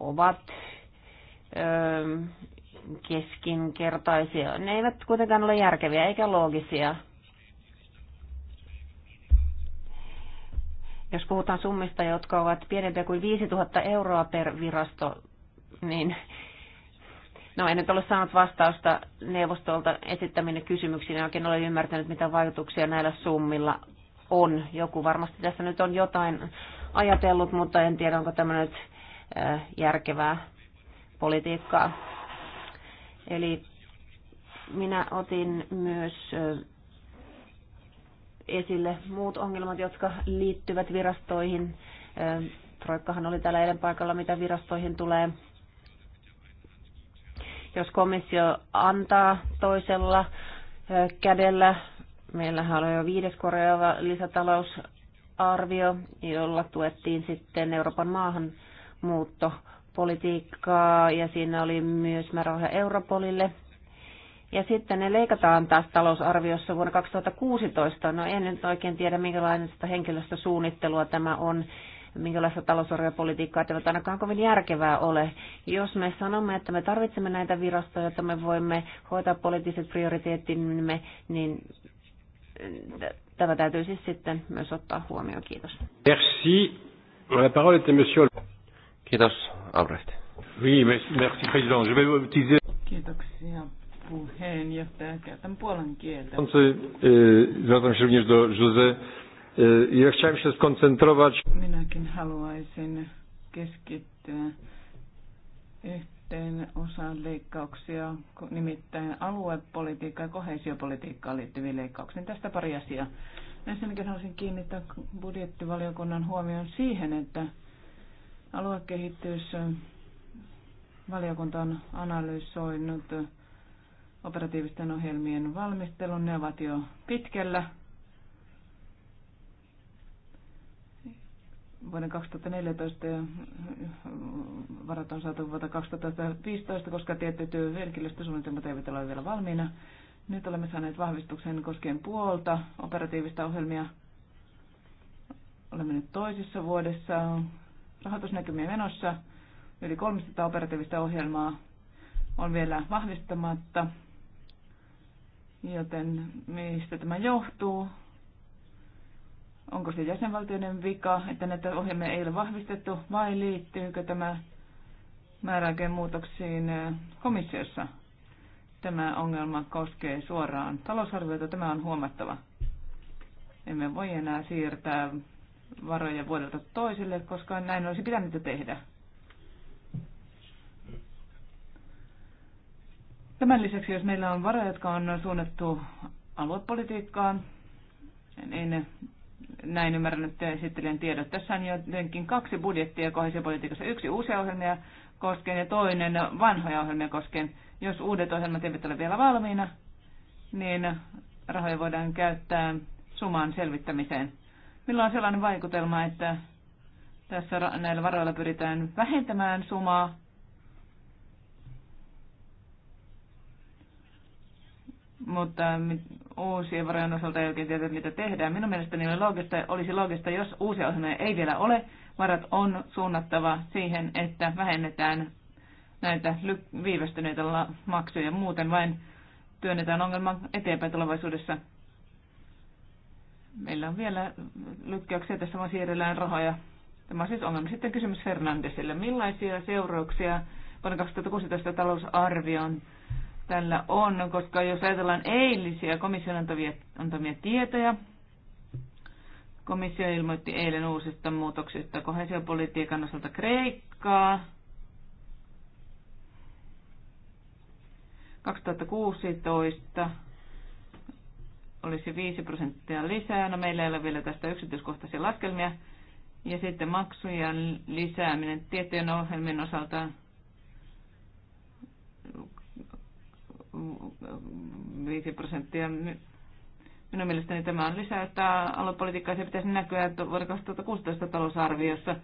ovat öö, keskinkertaisia. Ne eivät kuitenkaan ole järkeviä eikä loogisia. Jos puhutaan summista, jotka ovat pienempiä kuin 5000 euroa per virasto, niin No en nyt ole saanut vastausta neuvostolta esittäminen kysymyksiin. En oikein ole ymmärtänyt, mitä vaikutuksia näillä summilla on. Joku varmasti tässä nyt on jotain ajatellut, mutta en tiedä, onko tämä nyt äh, järkevää politiikkaa. Eli minä otin myös äh, esille muut ongelmat, jotka liittyvät virastoihin. Äh, Troikkahan oli täällä eilen paikalla, mitä virastoihin tulee. Jos komissio antaa toisella kädellä, meillähän oli jo viides korjaava lisätalousarvio, jolla tuettiin sitten Euroopan maahanmuuttopolitiikkaa ja siinä oli myös määrärahoja Europolille. Ja sitten ne leikataan taas talousarviossa vuonna 2016. No en nyt oikein tiedä, sitä henkilöstösuunnittelua tämä on minkälaista talousarviopolitiikkaa teillä ainakaan kovin järkevää ole. Jos me sanomme, että me tarvitsemme näitä virastoja, jotta me voimme hoitaa poliittiset prioriteettimme, niin tämä täytyy siis sitten myös ottaa huomioon. Kiitos. Merci. La parole est monsieur. Kiitos, Albrecht. Oui, merci, président. Je vais utiliser... Kiitoksia, puheenjohtaja. Käytän puolen kieltä. E, Zatem się również do José ja chciałem się skoncentrować. Minäkin haluaisin keskittyä yhteen osaan leikkauksia, nimittäin aluepolitiikka ja kohesiopolitiikkaan liittyviin leikkauksiin. Tästä pari asiaa. Ensinnäkin haluaisin kiinnittää budjettivaliokunnan huomioon siihen, että aluekehitys valiokunta on analysoinut operatiivisten ohjelmien valmistelun. Ne ovat jo pitkällä vuoden 2014 ja varat on saatu vuotta 2015, koska tietyt henkilöstösuunnitelmat eivät ole vielä valmiina. Nyt olemme saaneet vahvistuksen koskien puolta operatiivista ohjelmia. Olemme nyt toisessa vuodessa rahoitusnäkymiä menossa. Yli 300 operatiivista ohjelmaa on vielä vahvistamatta. Joten mistä tämä johtuu? Onko se jäsenvaltioiden vika, että näitä ohjelmia ei ole vahvistettu vai liittyykö tämä määräaikojen muutoksiin komissiossa? Tämä ongelma koskee suoraan talousarviota. Tämä on huomattava. Emme voi enää siirtää varoja vuodelta toiselle, koska näin olisi pitänyt tehdä. Tämän lisäksi, jos meillä on varoja, jotka on suunnattu aluepolitiikkaan, niin näin ymmärrän että esittelen tiedot. Tässä on jotenkin kaksi budjettia kohesiopolitiikassa. Yksi uusia ohjelmia koskien ja toinen vanhoja ohjelmia koskien. Jos uudet ohjelmat eivät ole vielä valmiina, niin rahoja voidaan käyttää sumaan selvittämiseen. Milloin on sellainen vaikutelma, että tässä näillä varoilla pyritään vähentämään sumaa mutta uusien varojen osalta ei oikein tiedä, mitä tehdään. Minun mielestäni loogista, olisi loogista, jos uusia osana ei vielä ole, varat on suunnattava siihen, että vähennetään näitä viivästyneitä maksuja. Muuten vain työnnetään ongelma eteenpäin tulevaisuudessa. Meillä on vielä lykkäyksiä, tässä vaan siirrellään rahoja. Tämä on siis ongelma. Sitten kysymys Fernandesille. Millaisia seurauksia vuonna 2016 talousarvion tällä on, koska jos ajatellaan eilisiä komission antavia, antamia tietoja, komissio ilmoitti eilen uusista muutoksista kohesiopolitiikan osalta Kreikkaa. 2016 olisi 5 prosenttia lisää. No meillä ei ole vielä tästä yksityiskohtaisia laskelmia. Ja sitten maksujen lisääminen tietojen ohjelmien osalta 5 prosenttia. Minun mielestäni tämä on lisää, että aluepolitiikkaa se pitäisi näkyä että vuoden 2016 talousarviossa.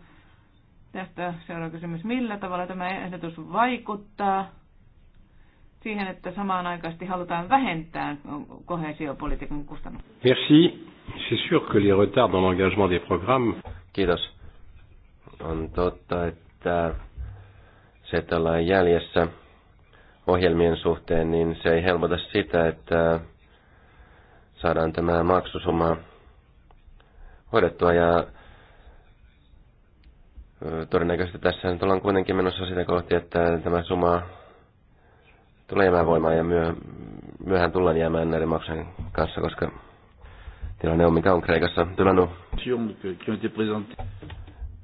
Tästä seuraava kysymys. Millä tavalla tämä ehdotus vaikuttaa siihen, että samaan aikaisesti halutaan vähentää kohesiopolitiikan kustannuksia? Merci. C'est sûr que les retards dans l'engagement des programmes... Kiitos. On totta, että se, että ollaan jäljessä ohjelmien suhteen, niin se ei helpota sitä, että saadaan tämä maksusumma hoidettua ja todennäköisesti tässä nyt ollaan kuitenkin menossa sitä kohti, että tämä summa tulee jäämään voimaan ja myö, tullaan jäämään näiden maksujen kanssa, koska tilanne on mikä on Kreikassa. Tilanu.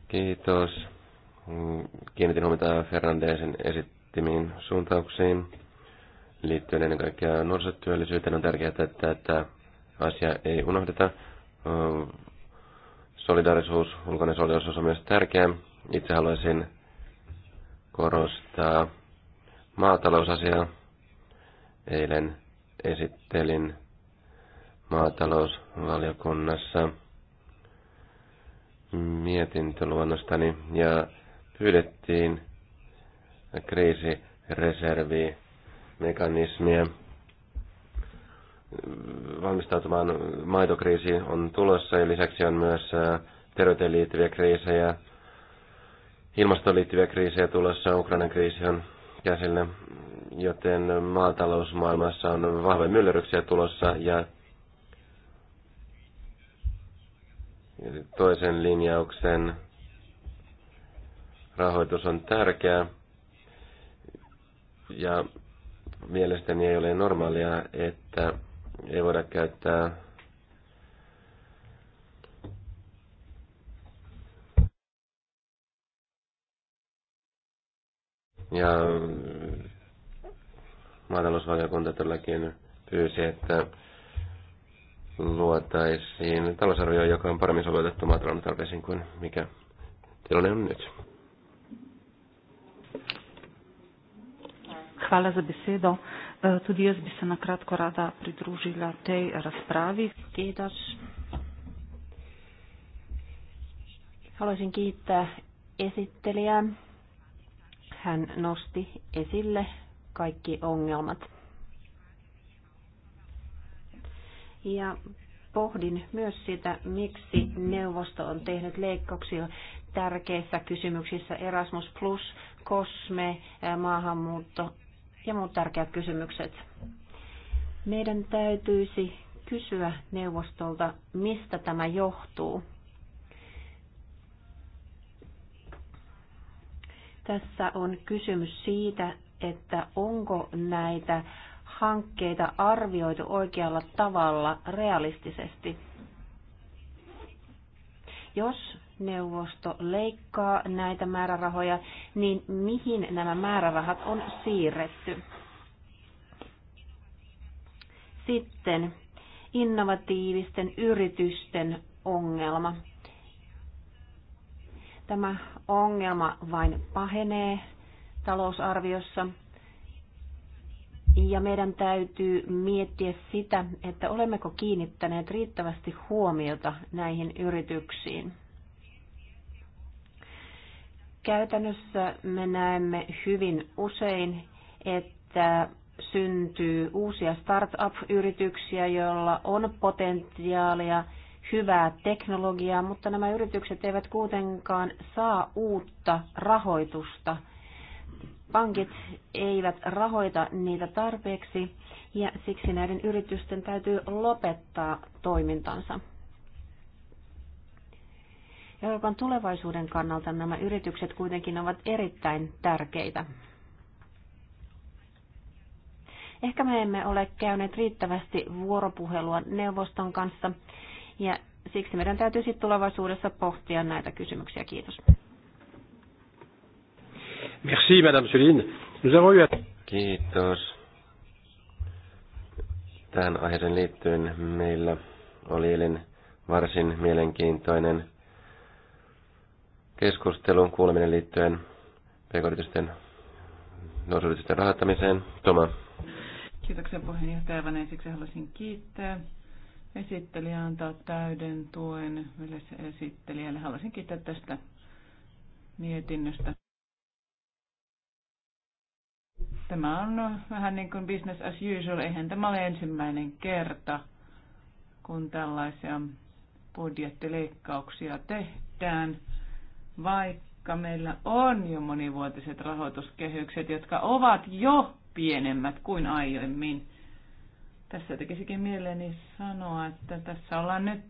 Kiitos. Mm, kiinnitin huomiota Fernandesin esittämään kannattimiin suuntauksiin liittyen ennen kaikkea nuorisotyöllisyyteen. On tärkeää, että että asia ei unohdeta. Solidarisuus, ulkoinen solidarisuus on myös tärkeä. Itse haluaisin korostaa maatalousasiaa. Eilen esittelin maatalousvaliokunnassa mietintöluonnostani ja pyydettiin kriisireservimekanismia. valmistautumaan maitokriisi on tulossa ja lisäksi on myös terveyteen liittyviä kriisejä, ilmastoon liittyviä kriisejä tulossa, Ukrainan kriisi on käsillä, joten maatalousmaailmassa on vahvoja myllerryksiä tulossa ja toisen linjauksen rahoitus on tärkeää. Ja mielestäni ei ole normaalia, että ei voida käyttää Ja maatalousvaliokunta todellakin pyysi, että luotaisiin talousarvio, joka on paremmin sovellettu maatalouden tarpeisiin kuin mikä tilanne on nyt. Hvala za besedo. E, tudi jaz bi se na kratko rada pridružila tej razpravi. Kiitos. Haluaisin kiittää esittelijää. Hän nosti esille kaikki ongelmat. Ja pohdin myös sitä, miksi neuvosto on tehnyt leikkauksia tärkeissä kysymyksissä Erasmus Plus, Kosme, maahanmuutto ja muut tärkeät kysymykset. Meidän täytyisi kysyä neuvostolta, mistä tämä johtuu. Tässä on kysymys siitä, että onko näitä hankkeita arvioitu oikealla tavalla realistisesti. Jos neuvosto leikkaa näitä määrärahoja, niin mihin nämä määrärahat on siirretty? Sitten innovatiivisten yritysten ongelma. Tämä ongelma vain pahenee talousarviossa ja meidän täytyy miettiä sitä, että olemmeko kiinnittäneet riittävästi huomiota näihin yrityksiin. Käytännössä me näemme hyvin usein, että syntyy uusia startup-yrityksiä, joilla on potentiaalia, hyvää teknologiaa, mutta nämä yritykset eivät kuitenkaan saa uutta rahoitusta. Pankit eivät rahoita niitä tarpeeksi ja siksi näiden yritysten täytyy lopettaa toimintansa. Euroopan tulevaisuuden kannalta nämä yritykset kuitenkin ovat erittäin tärkeitä. Ehkä me emme ole käyneet riittävästi vuoropuhelua neuvoston kanssa ja siksi meidän täytyisi tulevaisuudessa pohtia näitä kysymyksiä. Kiitos. Merci, Madame Céline. Nous avons eu... Kiitos. Tähän aiheeseen liittyen meillä oli eilen varsin mielenkiintoinen keskustelun kuuleminen liittyen pk-yritysten nousyritysten rahoittamiseen. Toma. Kiitoksia puheenjohtaja. Aivan ensiksi haluaisin kiittää esittelijä antaa täyden tuen esittelijälle. Haluaisin kiittää tästä mietinnöstä. Tämä on vähän niin kuin business as usual. Eihän tämä ole ensimmäinen kerta, kun tällaisia budjettileikkauksia tehdään vaikka meillä on jo monivuotiset rahoituskehykset, jotka ovat jo pienemmät kuin aiemmin. Tässä tekisikin mieleeni sanoa, että tässä ollaan nyt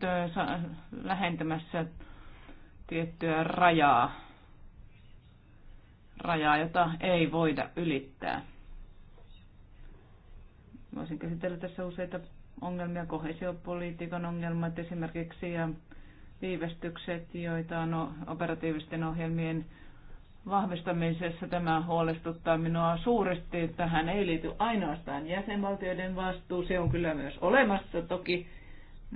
lähentämässä tiettyä rajaa, rajaa, jota ei voida ylittää. Voisin käsitellä tässä useita ongelmia, kohesiopolitiikan ongelmat esimerkiksi ja viivästykset, joita on operatiivisten ohjelmien vahvistamisessa. Tämä huolestuttaa minua suuresti. Tähän ei liity ainoastaan jäsenvaltioiden vastuu. Se on kyllä myös olemassa toki,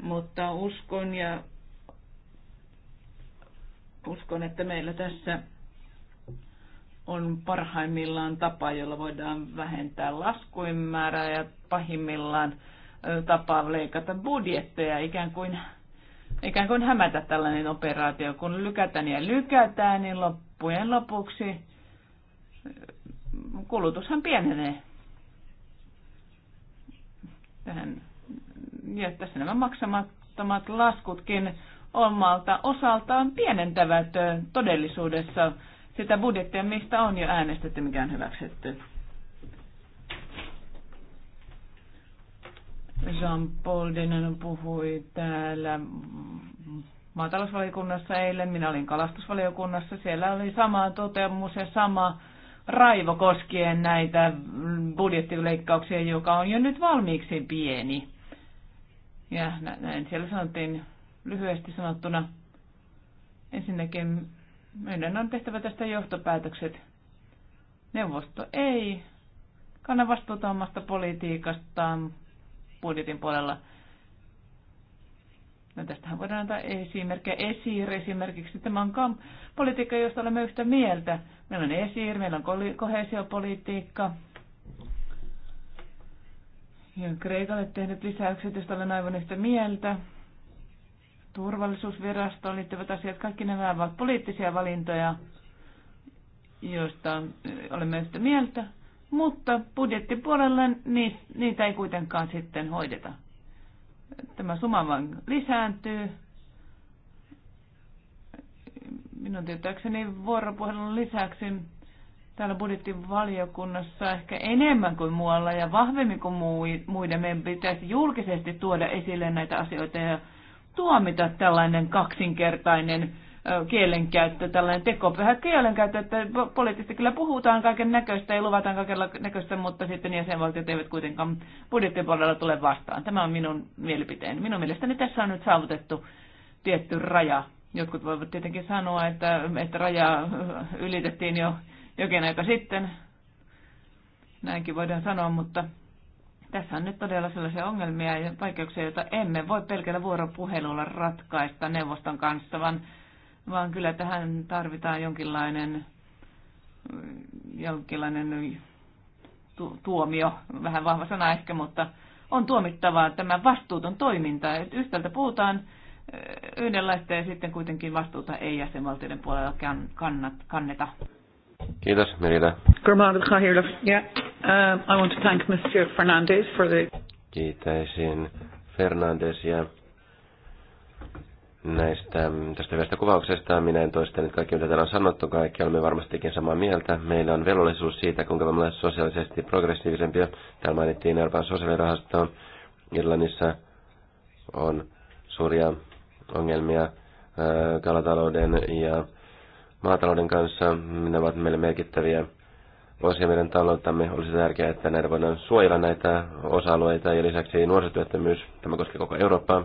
mutta uskon ja uskon, että meillä tässä on parhaimmillaan tapa, jolla voidaan vähentää laskujen määrää ja pahimmillaan tapa leikata budjetteja ikään kuin ikään kuin hämätä tällainen operaatio. Kun lykätään ja lykätään, niin loppujen lopuksi äh, kulutushan pienenee. Tähän, ja tässä nämä maksamattomat laskutkin omalta osaltaan pienentävät äh, todellisuudessa sitä budjettia, mistä on jo äänestetty, mikä on hyväksytty. Jean-Paul puhui täällä maatalousvaliokunnassa eilen, minä olin kalastusvaliokunnassa, siellä oli sama toteamus ja sama raivo koskien näitä budjettileikkauksia, joka on jo nyt valmiiksi pieni. Ja näin siellä sanottiin lyhyesti sanottuna. Ensinnäkin meidän on tehtävä tästä johtopäätökset. Neuvosto ei kanna vastuuta omasta politiikastaan, budjetin puolella. No tästähän voidaan antaa esimerkkejä. Esir esimerkiksi, tämä on kamp- politiikka, josta olemme yhtä mieltä. Meillä on Esir, meillä on kohesiopolitiikka. Ja Kreikalle tehnyt lisäykset, joista olen aivan yhtä mieltä. Turvallisuusvirastoon liittyvät asiat, kaikki nämä ovat poliittisia valintoja, joista olemme yhtä mieltä mutta budjettipuolella niitä ei kuitenkaan sitten hoideta. Tämä suma vain lisääntyy. Minun tietääkseni vuoropuhelun lisäksi täällä budjettivaliokunnassa ehkä enemmän kuin muualla ja vahvemmin kuin muiden. Meidän pitäisi julkisesti tuoda esille näitä asioita ja tuomita tällainen kaksinkertainen kielenkäyttö, tällainen tekopyhä kielenkäyttö, että poliittisesti kyllä puhutaan kaiken näköistä ja luvataan kaiken näköistä, mutta sitten jäsenvaltiot eivät kuitenkaan budjettipuolella tule vastaan. Tämä on minun mielipiteeni. Minun mielestäni tässä on nyt saavutettu tietty raja. Jotkut voivat tietenkin sanoa, että, että raja ylitettiin jo jokin aika sitten. Näinkin voidaan sanoa, mutta tässä on nyt todella sellaisia ongelmia ja vaikeuksia, joita emme voi pelkällä vuoropuhelulla ratkaista neuvoston kanssa, vaan vaan kyllä tähän tarvitaan jonkinlainen, jonkinlainen tu- tuomio, vähän vahva sana ehkä, mutta on tuomittavaa tämä vastuuton toiminta. Et yhtäältä puhutaan yhdenlaista ja sitten kuitenkin vastuuta ei jäsenvaltioiden puolella kannat, kanneta. Kiitos, Merita. Yeah. Uh, I want to thank Mr. for the... Kiitäisin Fernandesia näistä tästä hyvästä kuvauksesta. Minä en toista nyt kaikki, mitä täällä on sanottu. Kaikki olemme varmastikin samaa mieltä. Meillä on velvollisuus siitä, kuinka me sosiaalisesti progressiivisempia. Täällä mainittiin Euroopan sosiaalirahasto. Irlannissa on suuria ongelmia äh, kalatalouden ja maatalouden kanssa. Ne ovat meille merkittäviä osia meidän talouttamme. Olisi tärkeää, että näitä voidaan suojella näitä osa-alueita ja lisäksi nuorisotyöttömyys. Tämä koskee koko Eurooppaa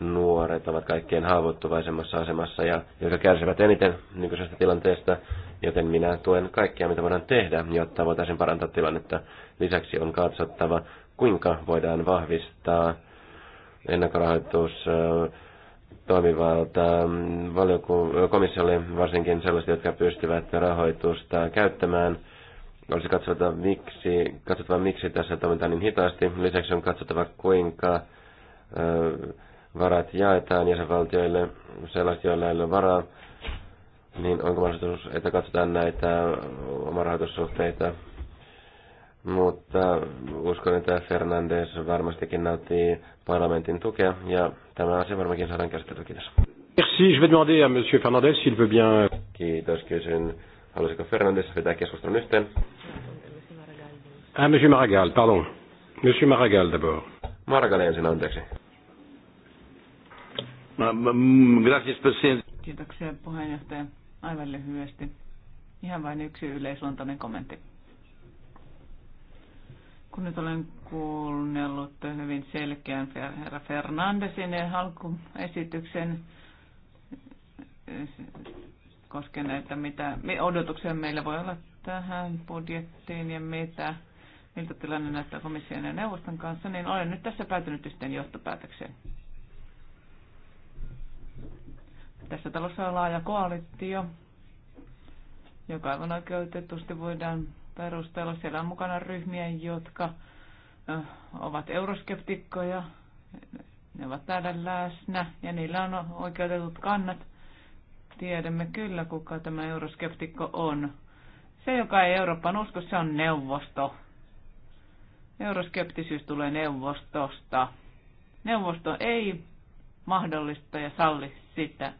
nuoret ovat kaikkein haavoittuvaisemmassa asemassa ja jotka kärsivät eniten nykyisestä tilanteesta, joten minä tuen kaikkea, mitä voidaan tehdä, jotta voitaisiin parantaa tilannetta. Lisäksi on katsottava, kuinka voidaan vahvistaa ennakkorahoitus toimivalta komissiolle varsinkin sellaiset, jotka pystyvät rahoitusta käyttämään. Olisi katsottava miksi, katsottava, miksi tässä toimitaan niin hitaasti. Lisäksi on katsottava, kuinka varat jaetaan jäsenvaltioille, sellaiset, joilla ei ole varaa, niin onko mahdollisuus, että katsotaan näitä omarahoitussuhteita. Mutta uskon, että Fernandes varmastikin nauttii parlamentin tukea ja tämä asia varmaankin saadaan käsiteltyä. Kiitos. Merci, je vais demander à monsieur Fernandez s'il veut bien. Kiitos, kysyn. Haluaisiko Fernandes vetää keskustelun yhteen? Ah, monsieur Maragall, pardon. Monsieur Maragall d'abord. Maragall ensin, anteeksi. Ah, gracias, presidente. Kiitoksia puheenjohtaja. Aivan lyhyesti. Ihan vain yksi yleisluontoinen kommentti. Kun nyt olen kuunnellut hyvin selkeän herra Fernandesin alkuesityksen koskien että mitä odotuksia meillä voi olla tähän budjettiin ja mitä, miltä tilanne näyttää komission ja neuvoston kanssa, niin olen nyt tässä päätynyt yhteen johtopäätökseen. Tässä talossa on laaja koalitio, joka aivan oikeutetusti voidaan perustella. Siellä on mukana ryhmiä, jotka ovat euroskeptikkoja, ne ovat täällä läsnä ja niillä on oikeutetut kannat. Tiedämme kyllä, kuka tämä euroskeptikko on. Se, joka ei Euroopan usko, se on neuvosto. Euroskeptisyys tulee neuvostosta. Neuvosto ei mahdollista ja salli sitä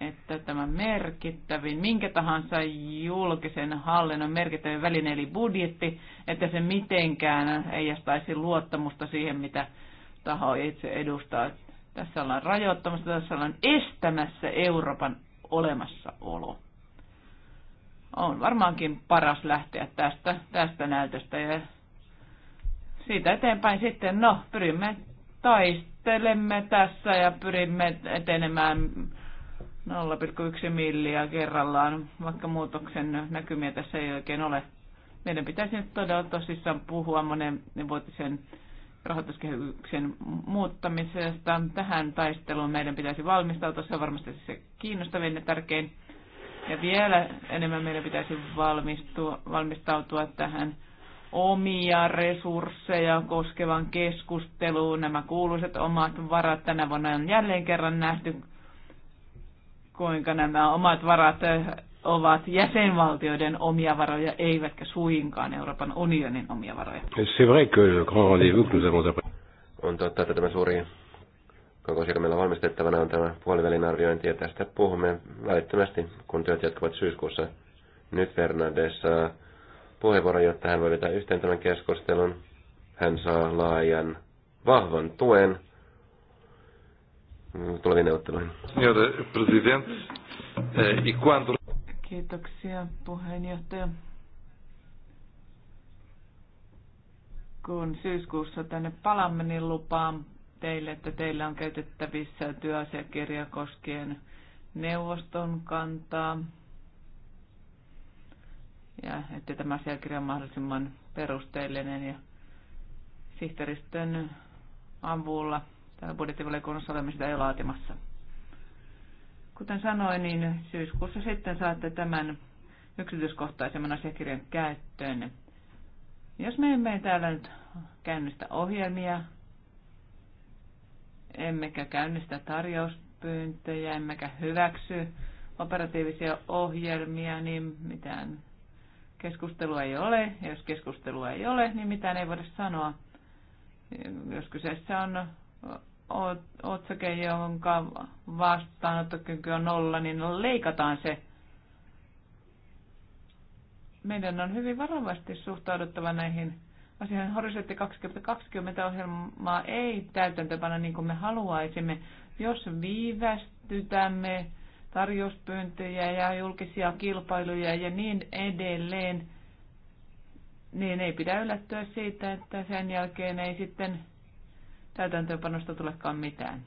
että tämä merkittävin, minkä tahansa julkisen hallinnon merkittävin väline eli budjetti, että se mitenkään heijastaisi luottamusta siihen, mitä taho itse edustaa. Tässä ollaan rajoittamassa, tässä ollaan estämässä Euroopan olemassaolo. On varmaankin paras lähteä tästä, tästä näytöstä ja siitä eteenpäin sitten, no, pyrimme taistelemme tässä ja pyrimme etenemään 0,1 milliä kerrallaan, vaikka muutoksen näkymiä tässä ei oikein ole. Meidän pitäisi nyt todella tosissaan puhua monen vuotisen rahoituskehyksen muuttamisesta. Tähän taisteluun meidän pitäisi valmistautua. Se on varmasti se kiinnostavin ja tärkein. Ja vielä enemmän meidän pitäisi valmistua, valmistautua tähän omia resursseja koskevan keskusteluun. Nämä kuuluiset omat varat tänä vuonna on jälleen kerran nähty kuinka nämä omat varat eh, ovat jäsenvaltioiden omia varoja, eivätkä suinkaan Euroopan unionin omia varoja. C'est vrai que le grand rendez-vous que nous avons On totta, että tämä suuri koko asia, meillä valmistettavana on tämä puolivälin arviointi, ja tästä puhumme välittömästi, kun työt jatkuvat syyskuussa. Nyt Fernandes saa puheenvuoron, jotta hän voi vetää yhteen tämän keskustelun. Hän saa laajan, vahvan tuen Mm, tuleviin neuvotteluihin. Eh, Kiitoksia puheenjohtaja. Kun syyskuussa tänne palamme, niin lupaan teille, että teillä on käytettävissä työasiakirja koskien neuvoston kantaa. Ja että tämä asiakirja on mahdollisimman perusteellinen ja sihteeristön avulla täällä budjettivalikunnassa olemme sitä jo laatimassa. Kuten sanoin, niin syyskuussa sitten saatte tämän yksityiskohtaisemman asiakirjan käyttöön. Jos me emme täällä nyt käynnistä ohjelmia, emmekä käynnistä tarjouspyyntöjä, emmekä hyväksy operatiivisia ohjelmia, niin mitään keskustelua ei ole. Ja jos keskustelua ei ole, niin mitään ei voida sanoa. Jos kyseessä on otsake, jonka vastaanottokyky on nolla, niin leikataan se. Meidän on hyvin varovasti suhtauduttava näihin asioihin. Horisontti 2020 ohjelmaa ei täytäntöpana niin kuin me haluaisimme. Jos viivästytämme tarjouspyyntöjä ja julkisia kilpailuja ja niin edelleen, niin ei pidä yllättyä siitä, että sen jälkeen ei sitten täytäntöönpanosta tulekaan mitään.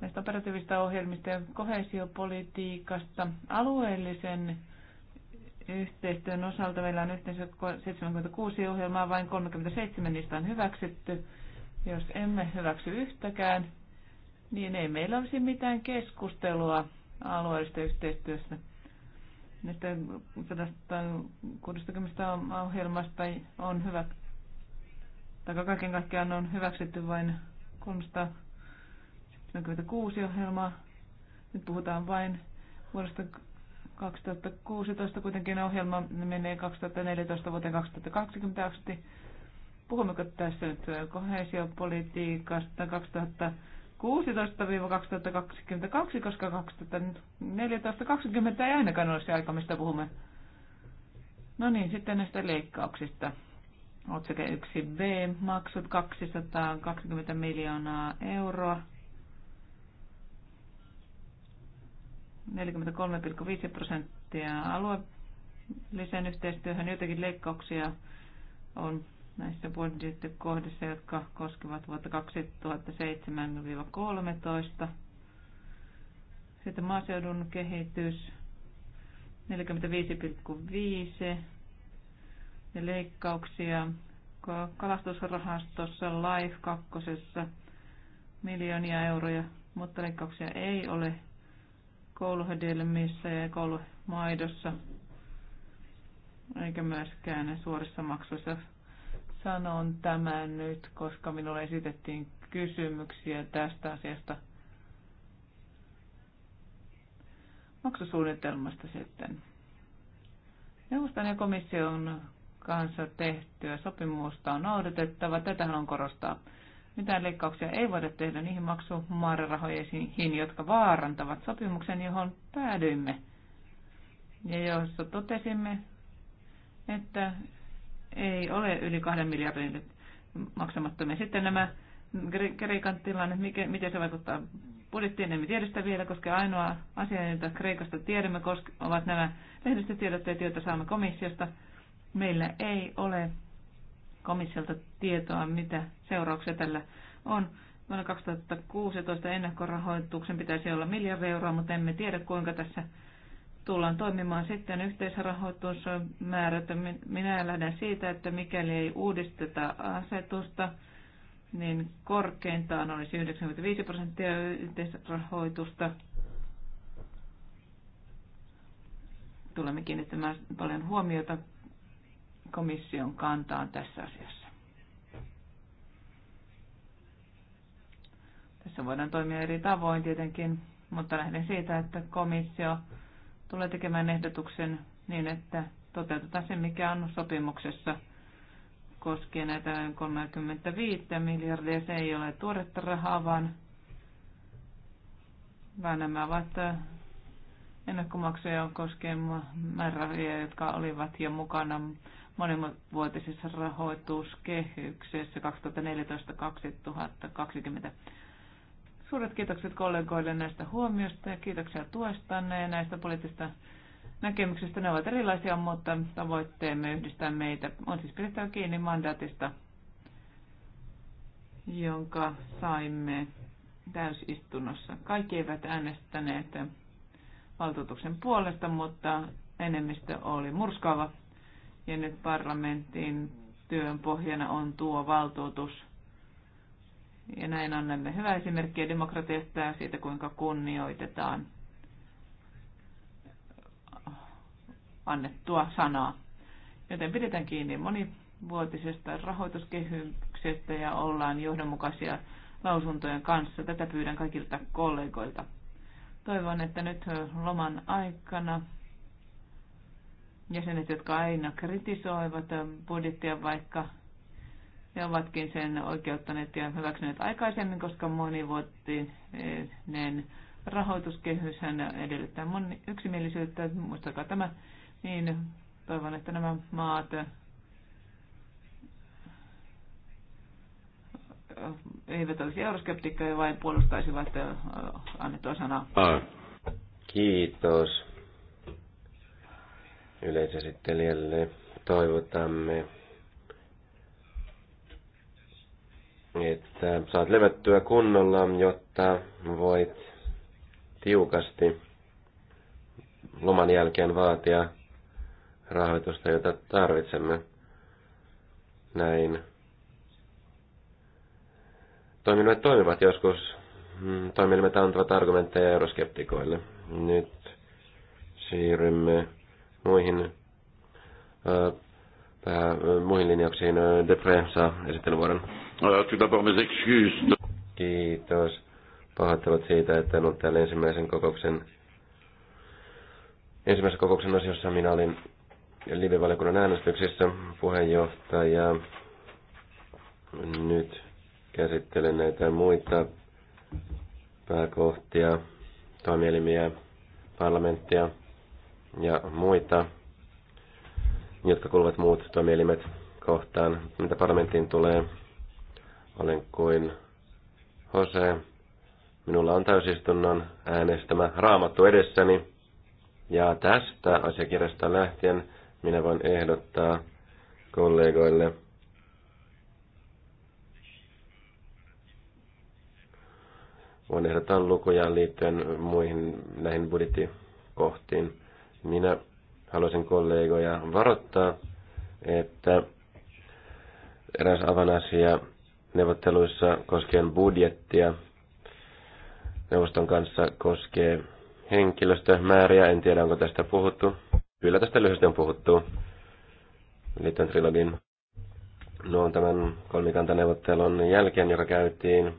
Näistä operatiivista ohjelmista ja kohesiopolitiikasta alueellisen yhteistyön osalta meillä on yhteensä 76 ohjelmaa, vain 37 niistä on hyväksytty. Jos emme hyväksy yhtäkään, niin ei meillä olisi mitään keskustelua alueellisesta yhteistyöstä. Näistä 160 ohjelmasta on hyvä, tai kaiken kaikkiaan on hyväksytty vain 376 ohjelmaa. Nyt puhutaan vain vuodesta 2016 kuitenkin ohjelma menee 2014 vuoteen 2020 asti. Puhummeko tässä nyt kohesiopolitiikasta 2016-2022, koska 2014-2020 ei ainakaan ole se aika, mistä puhumme. No niin, sitten näistä leikkauksista otsake 1b, maksut 220 miljoonaa euroa. 43,5 prosenttia alueelliseen yhteistyöhön. Jotakin leikkauksia on näissä budjettikohdissa, jotka koskevat vuotta 2007-2013. Sitten maaseudun kehitys 45,5 ja leikkauksia kalastusrahastossa Life 2 miljoonia euroja, mutta leikkauksia ei ole kouluhedelmissä ja koulumaidossa, eikä myöskään suorissa maksuissa. Sanon tämän nyt, koska minulle esitettiin kysymyksiä tästä asiasta maksusuunnitelmasta sitten. Neuvoston ja komission kanssa tehtyä sopimusta on noudatettava. Tätä on korostaa. Mitään leikkauksia ei voida tehdä niihin maksumäärärahoihin, jotka vaarantavat sopimuksen, johon päädyimme. Ja jossa totesimme, että ei ole yli kahden miljardin maksamattomia. Sitten nämä Kreikan tilanne, miten se vaikuttaa budjettiin, emme tiedä sitä vielä, koska ainoa asia, jota Kreikasta tiedämme, ovat nämä lehdistötiedotteet, joita saamme komissiosta – Meillä ei ole komissiolta tietoa, mitä seurauksia tällä on. Vuonna 2016 ennakkorahoituksen pitäisi olla miljardi euroa, mutta emme tiedä kuinka tässä tullaan toimimaan. Sitten yhteisrahoitusmäärät. Minä lähden siitä, että mikäli ei uudisteta asetusta, niin korkeintaan olisi 95 prosenttia yhteisrahoitusta. Tulemme kiinnittämään paljon huomiota komission kantaan tässä asiassa. Tässä voidaan toimia eri tavoin tietenkin, mutta lähden siitä, että komissio tulee tekemään ehdotuksen niin, että toteutetaan se, mikä on sopimuksessa koskien näitä 35 miljardia. Se ei ole tuoretta rahaa, vaan, vaan nämä ovat äh, ennakkomaksuja koskien määrärahoja, jotka olivat jo mukana monenvuotisessa rahoituskehyksessä 2014-2020. Suuret kiitokset kollegoille näistä huomioista ja kiitoksia tuestanne ja näistä poliittista näkemyksistä. Ne ovat erilaisia, mutta tavoitteemme yhdistää meitä. On siis pidettävä kiinni mandaatista, jonka saimme täysistunnossa. Kaikki eivät äänestäneet valtuutuksen puolesta, mutta enemmistö oli murskaava ja nyt parlamentin työn pohjana on tuo valtuutus. Ja näin annamme hyvää esimerkkiä demokratiasta ja siitä, kuinka kunnioitetaan annettua sanaa. Joten pidetään kiinni monivuotisesta rahoituskehyksestä ja ollaan johdonmukaisia lausuntojen kanssa. Tätä pyydän kaikilta kollegoilta. Toivon, että nyt loman aikana jäsenet, jotka aina kritisoivat ähm, budjettia, vaikka ne ovatkin sen oikeuttaneet ja hyväksyneet aikaisemmin, koska monivuotinen äh, rahoituskehyshän edellyttää moni, yksimielisyyttä. Muistakaa tämä, niin toivon, että nämä maat äh, eivät olisi euroskeptikkoja, vaan puolustaisivat äh, annettua sanaa. Kiitos yleisesittelijälle. Toivotamme, että saat levättyä kunnolla, jotta voit tiukasti loman jälkeen vaatia rahoitusta, jota tarvitsemme. Näin. Toimivat toimivat joskus. Mm, toimielimet antavat argumentteja euroskeptikoille. Nyt siirrymme muihin, äh, muihin linjauksiin. Depre saa esittelyvuoron. Kiitos. Pahoittelut siitä, että en ollut täällä ensimmäisen kokouksen ensimmäisen kokouksen osiossa minä olin live-valiokunnan äänestyksessä puheenjohtaja. Nyt käsittelen näitä muita pääkohtia, toimielimiä, parlamenttia ja muita, jotka kuuluvat muut toimielimet kohtaan, mitä parlamenttiin tulee. Olen kuin Jose. Minulla on täysistunnon äänestämä raamattu edessäni. Ja tästä asiakirjasta lähtien minä voin ehdottaa kollegoille voin ehdottaa lukuja liittyen muihin näihin budjettikohtiin. Minä haluaisin kollegoja varoittaa, että eräs avanasia neuvotteluissa koskien budjettia neuvoston kanssa koskee henkilöstömääriä. En tiedä, onko tästä puhuttu. Kyllä tästä lyhyesti on puhuttu liittyen trilogin no, tämän kolmikantaneuvottelun jälkeen, joka käytiin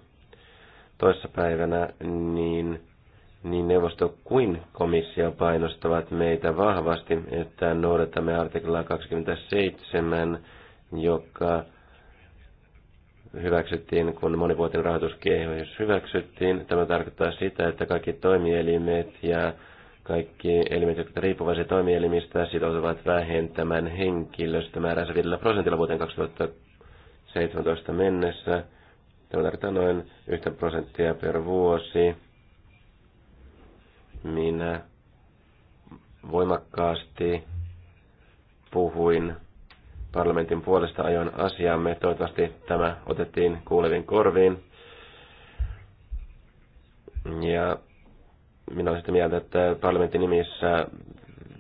toissapäivänä, niin niin neuvosto kuin komissio painostavat meitä vahvasti, että noudatamme artiklaa 27, joka hyväksyttiin, kun monivuotinen rahoituskehys hyväksyttiin. Tämä tarkoittaa sitä, että kaikki toimielimet ja kaikki elimet, jotka riippuvaisia toimielimistä, sitoutuvat vähentämään henkilöstömääränsä 5 prosentilla vuoteen 2017 mennessä. Tämä tarkoittaa noin 1 prosenttia per vuosi minä voimakkaasti puhuin parlamentin puolesta ajoin asiamme. Toivottavasti tämä otettiin kuulevin korviin. Ja minä olen sitä mieltä, että parlamentin nimissä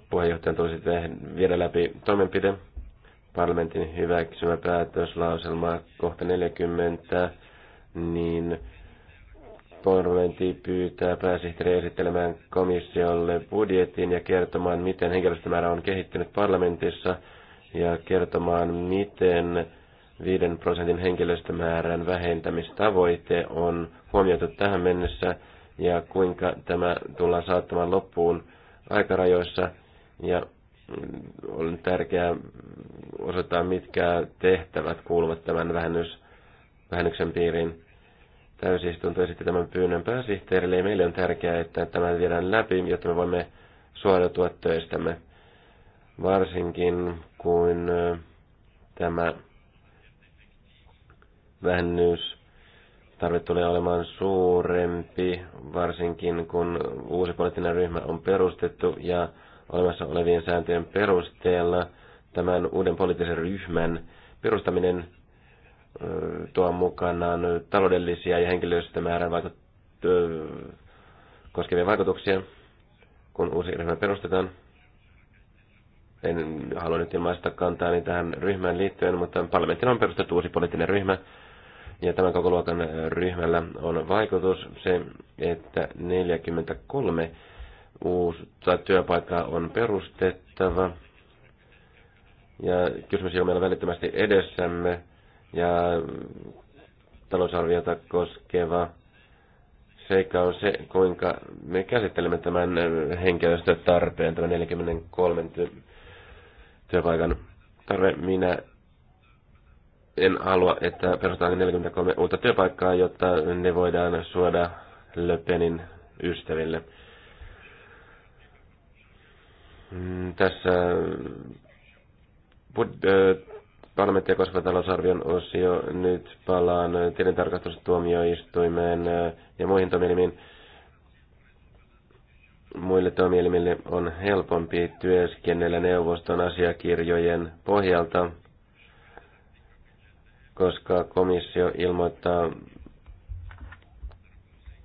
puheenjohtajan tulisi viedä läpi toimenpide. Parlamentin hyväksymä päätöslauselma kohta 40, niin parlamentti pyytää pääsihteeriä esittelemään komissiolle budjetin ja kertomaan, miten henkilöstömäärä on kehittynyt parlamentissa ja kertomaan, miten 5 prosentin henkilöstömäärän vähentämistavoite on huomioitu tähän mennessä ja kuinka tämä tullaan saattamaan loppuun aikarajoissa. Ja on tärkeää osoittaa, mitkä tehtävät kuuluvat tämän vähennys, vähennyksen piiriin. Täysistunto esitti tämän pyynnön pääsihteerille ja meille on tärkeää, että tämä viedään läpi, jotta me voimme suojautua töistämme. Varsinkin kuin tämä vähennys tarve tulee olemaan suurempi, varsinkin kun uusi poliittinen ryhmä on perustettu ja olemassa olevien sääntöjen perusteella tämän uuden poliittisen ryhmän perustaminen tuo mukanaan taloudellisia ja henkilöstömäärän vaikut, koskevia vaikutuksia, kun uusi ryhmä perustetaan. En halua nyt ilmaista kantaa tähän ryhmään liittyen, mutta parlamentin on perustettu uusi poliittinen ryhmä, ja tämän koko luokan ryhmällä on vaikutus se, että 43 uutta työpaikkaa on perustettava. Ja kysymys on meillä välittömästi edessämme ja talousarviota koskeva seikka on se, kuinka me käsittelemme tämän henkilöstötarpeen, tämän 43 työpaikan tarve. Minä en halua, että perustetaan 43 uutta työpaikkaa, jotta ne voidaan suoda Löpenin ystäville. Mm, tässä Parlamentti ja talousarvion osio. Nyt palaan tilintarkastustuomioistuimeen äh, ja muihin toimielimiin. Muille toimielimille on helpompi työskennellä neuvoston asiakirjojen pohjalta, koska komissio ilmoittaa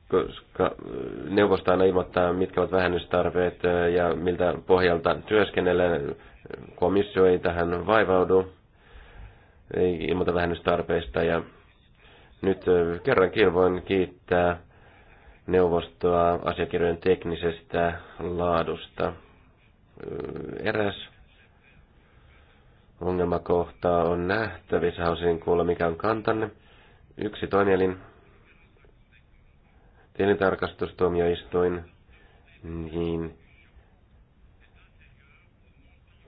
koska äh, neuvosto aina ilmoittaa, mitkä ovat vähennystarpeet äh, ja miltä pohjalta työskennellään. Komissio ei tähän vaivaudu ilmoitavähennystarpeista ja nyt kerrankin voin kiittää neuvostoa asiakirjojen teknisestä laadusta. Eräs ongelmakohta on nähtävissä, haluaisin kuulla mikä on kantanne. Yksi toimielin, tilintarkastustuomioistuin, niin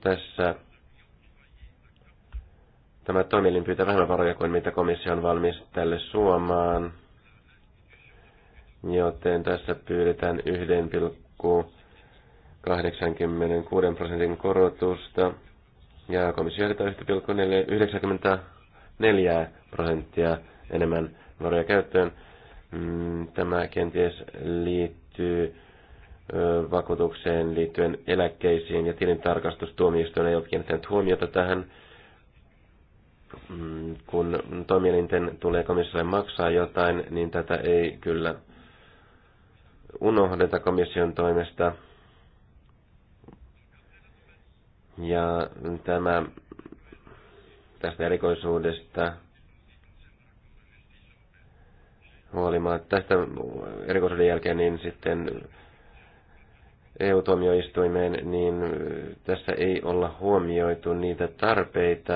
tässä Tämä toimielin pyytää vähemmän varoja kuin mitä komissio on valmis tälle suomaan, joten tässä pyydetään 1,86 prosentin korotusta ja komissio ehdottaa 1,94 prosenttia enemmän varoja käyttöön. Mm, tämä kenties liittyy vakuutukseen liittyen eläkkeisiin ja tilintarkastustuomioistuin ei ole kiinnittänyt huomiota tähän Mm, kun toimielinten tulee komissiolle maksaa jotain, niin tätä ei kyllä unohdeta komission toimesta. Ja tämä tästä erikoisuudesta huolimatta tästä erikoisuuden jälkeen, niin sitten EU-tuomioistuimeen, niin tässä ei olla huomioitu niitä tarpeita,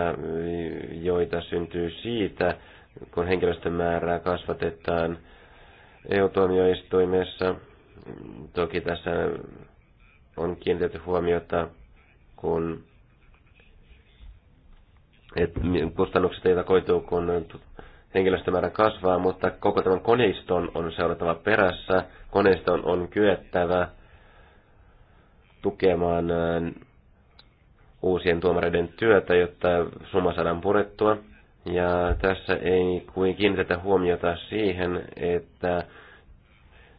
joita syntyy siitä, kun henkilöstön määrää kasvatetaan EU-tuomioistuimessa. Toki tässä on kiinnitetty huomiota, kun että niin, kustannukset eivät koituu, kun henkilöstömäärä kasvaa, mutta koko tämän koneiston on seurattava perässä. Koneiston on kyettävä tukemaan uusien tuomareiden työtä, jotta summa saadaan purettua. Ja tässä ei kuin kiinnitetä huomiota siihen, että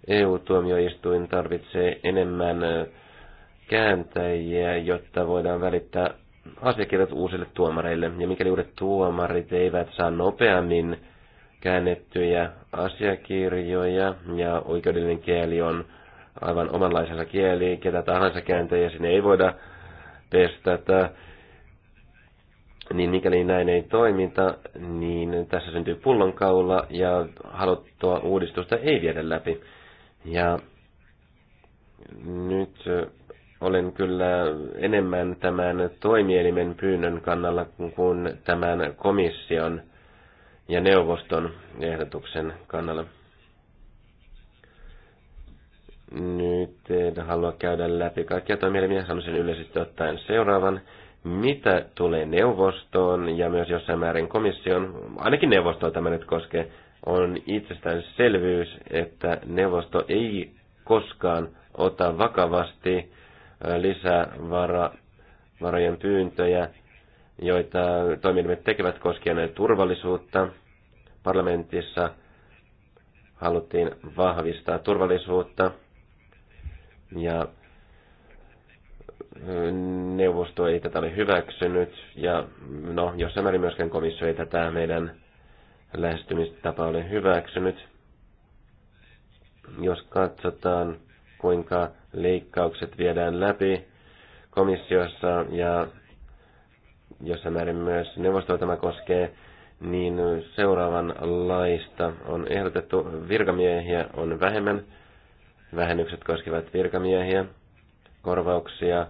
EU-tuomioistuin tarvitsee enemmän kääntäjiä, jotta voidaan välittää asiakirjat uusille tuomareille. Ja mikäli uudet tuomarit eivät saa nopeammin käännettyjä asiakirjoja ja oikeudellinen kieli on aivan omanlaisella kieliin, ketä tahansa kääntäjä sinne ei voida testata, niin mikäli näin ei toiminta, niin tässä syntyy pullonkaula ja haluttua uudistusta ei viedä läpi. Ja nyt olen kyllä enemmän tämän toimielimen pyynnön kannalla kuin tämän komission ja neuvoston ehdotuksen kannalla. Nyt en halua käydä läpi kaikkia toimielimiä, sen yleisesti ottaen seuraavan. Mitä tulee neuvostoon ja myös jossain määrin komission, ainakin neuvostoa tämä nyt koskee, on itsestään selvyys, että neuvosto ei koskaan ota vakavasti lisävarojen pyyntöjä, joita toimielimet tekevät koskien turvallisuutta. Parlamentissa haluttiin vahvistaa turvallisuutta – ja neuvosto ei tätä ole hyväksynyt, ja no, jossain määrin myöskään komissio ei tätä meidän lähestymistapa ole hyväksynyt. Jos katsotaan, kuinka leikkaukset viedään läpi komissiossa ja jossain määrin myös neuvostoa tämä koskee, niin seuraavan laista on ehdotettu virkamiehiä on vähemmän, Vähennykset koskevat virkamiehiä, korvauksia,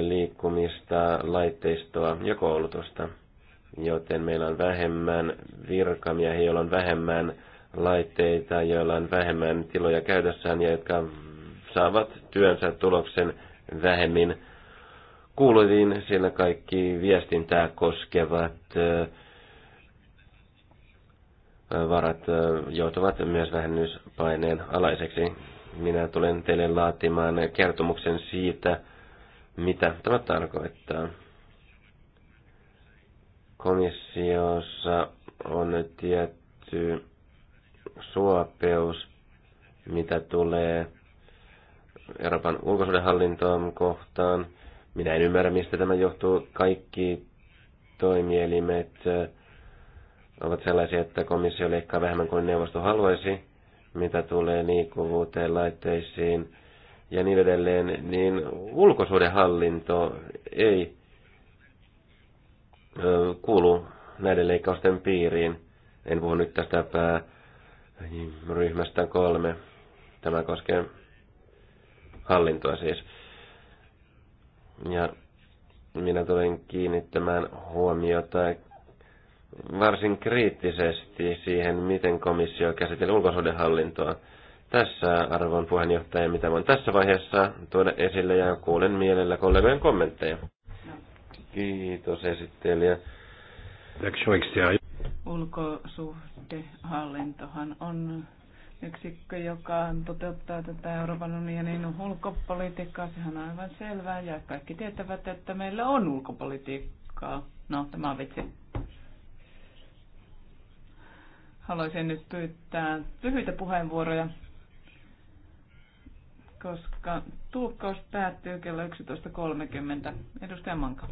liikkumista, laitteistoa ja koulutusta. Joten meillä on vähemmän virkamiehiä, joilla on vähemmän laitteita, joilla on vähemmän tiloja käytössään ja jotka saavat työnsä tuloksen vähemmin kuuluviin, sillä kaikki viestintää koskevat varat joutuvat myös vähennyspaineen alaiseksi. Minä tulen teille laatimaan kertomuksen siitä, mitä tämä tarkoittaa. Komissiossa on tietty suopeus, mitä tulee Euroopan ulkosuudenhallintoon kohtaan. Minä en ymmärrä, mistä tämä johtuu. Kaikki toimielimet ovat sellaisia, että komissio leikkaa vähemmän kuin neuvosto haluaisi, mitä tulee liikkuvuuteen, laitteisiin ja niin edelleen, niin ulkosuhdehallinto ei kuulu näiden leikkausten piiriin. En puhu nyt tästä ryhmästä kolme. Tämä koskee hallintoa siis. Ja minä tulen kiinnittämään huomiota varsin kriittisesti siihen, miten komissio käsitteli ulkosuhdehallintoa. Tässä arvon puheenjohtaja, mitä voin tässä vaiheessa tuoda esille ja kuulen mielellä kollegojen kommentteja. Kiitos esittelijä. Ulkosuhdehallintohan on yksikkö, joka toteuttaa tätä Euroopan unionin ulkopolitiikkaa. Sehän on aivan selvää ja kaikki tietävät, että meillä on ulkopolitiikkaa. No, tämä on vitsi. Haluaisin nyt pyytää lyhyitä puheenvuoroja, koska tulkkaus päättyy kello 11.30. Edustaja Manka.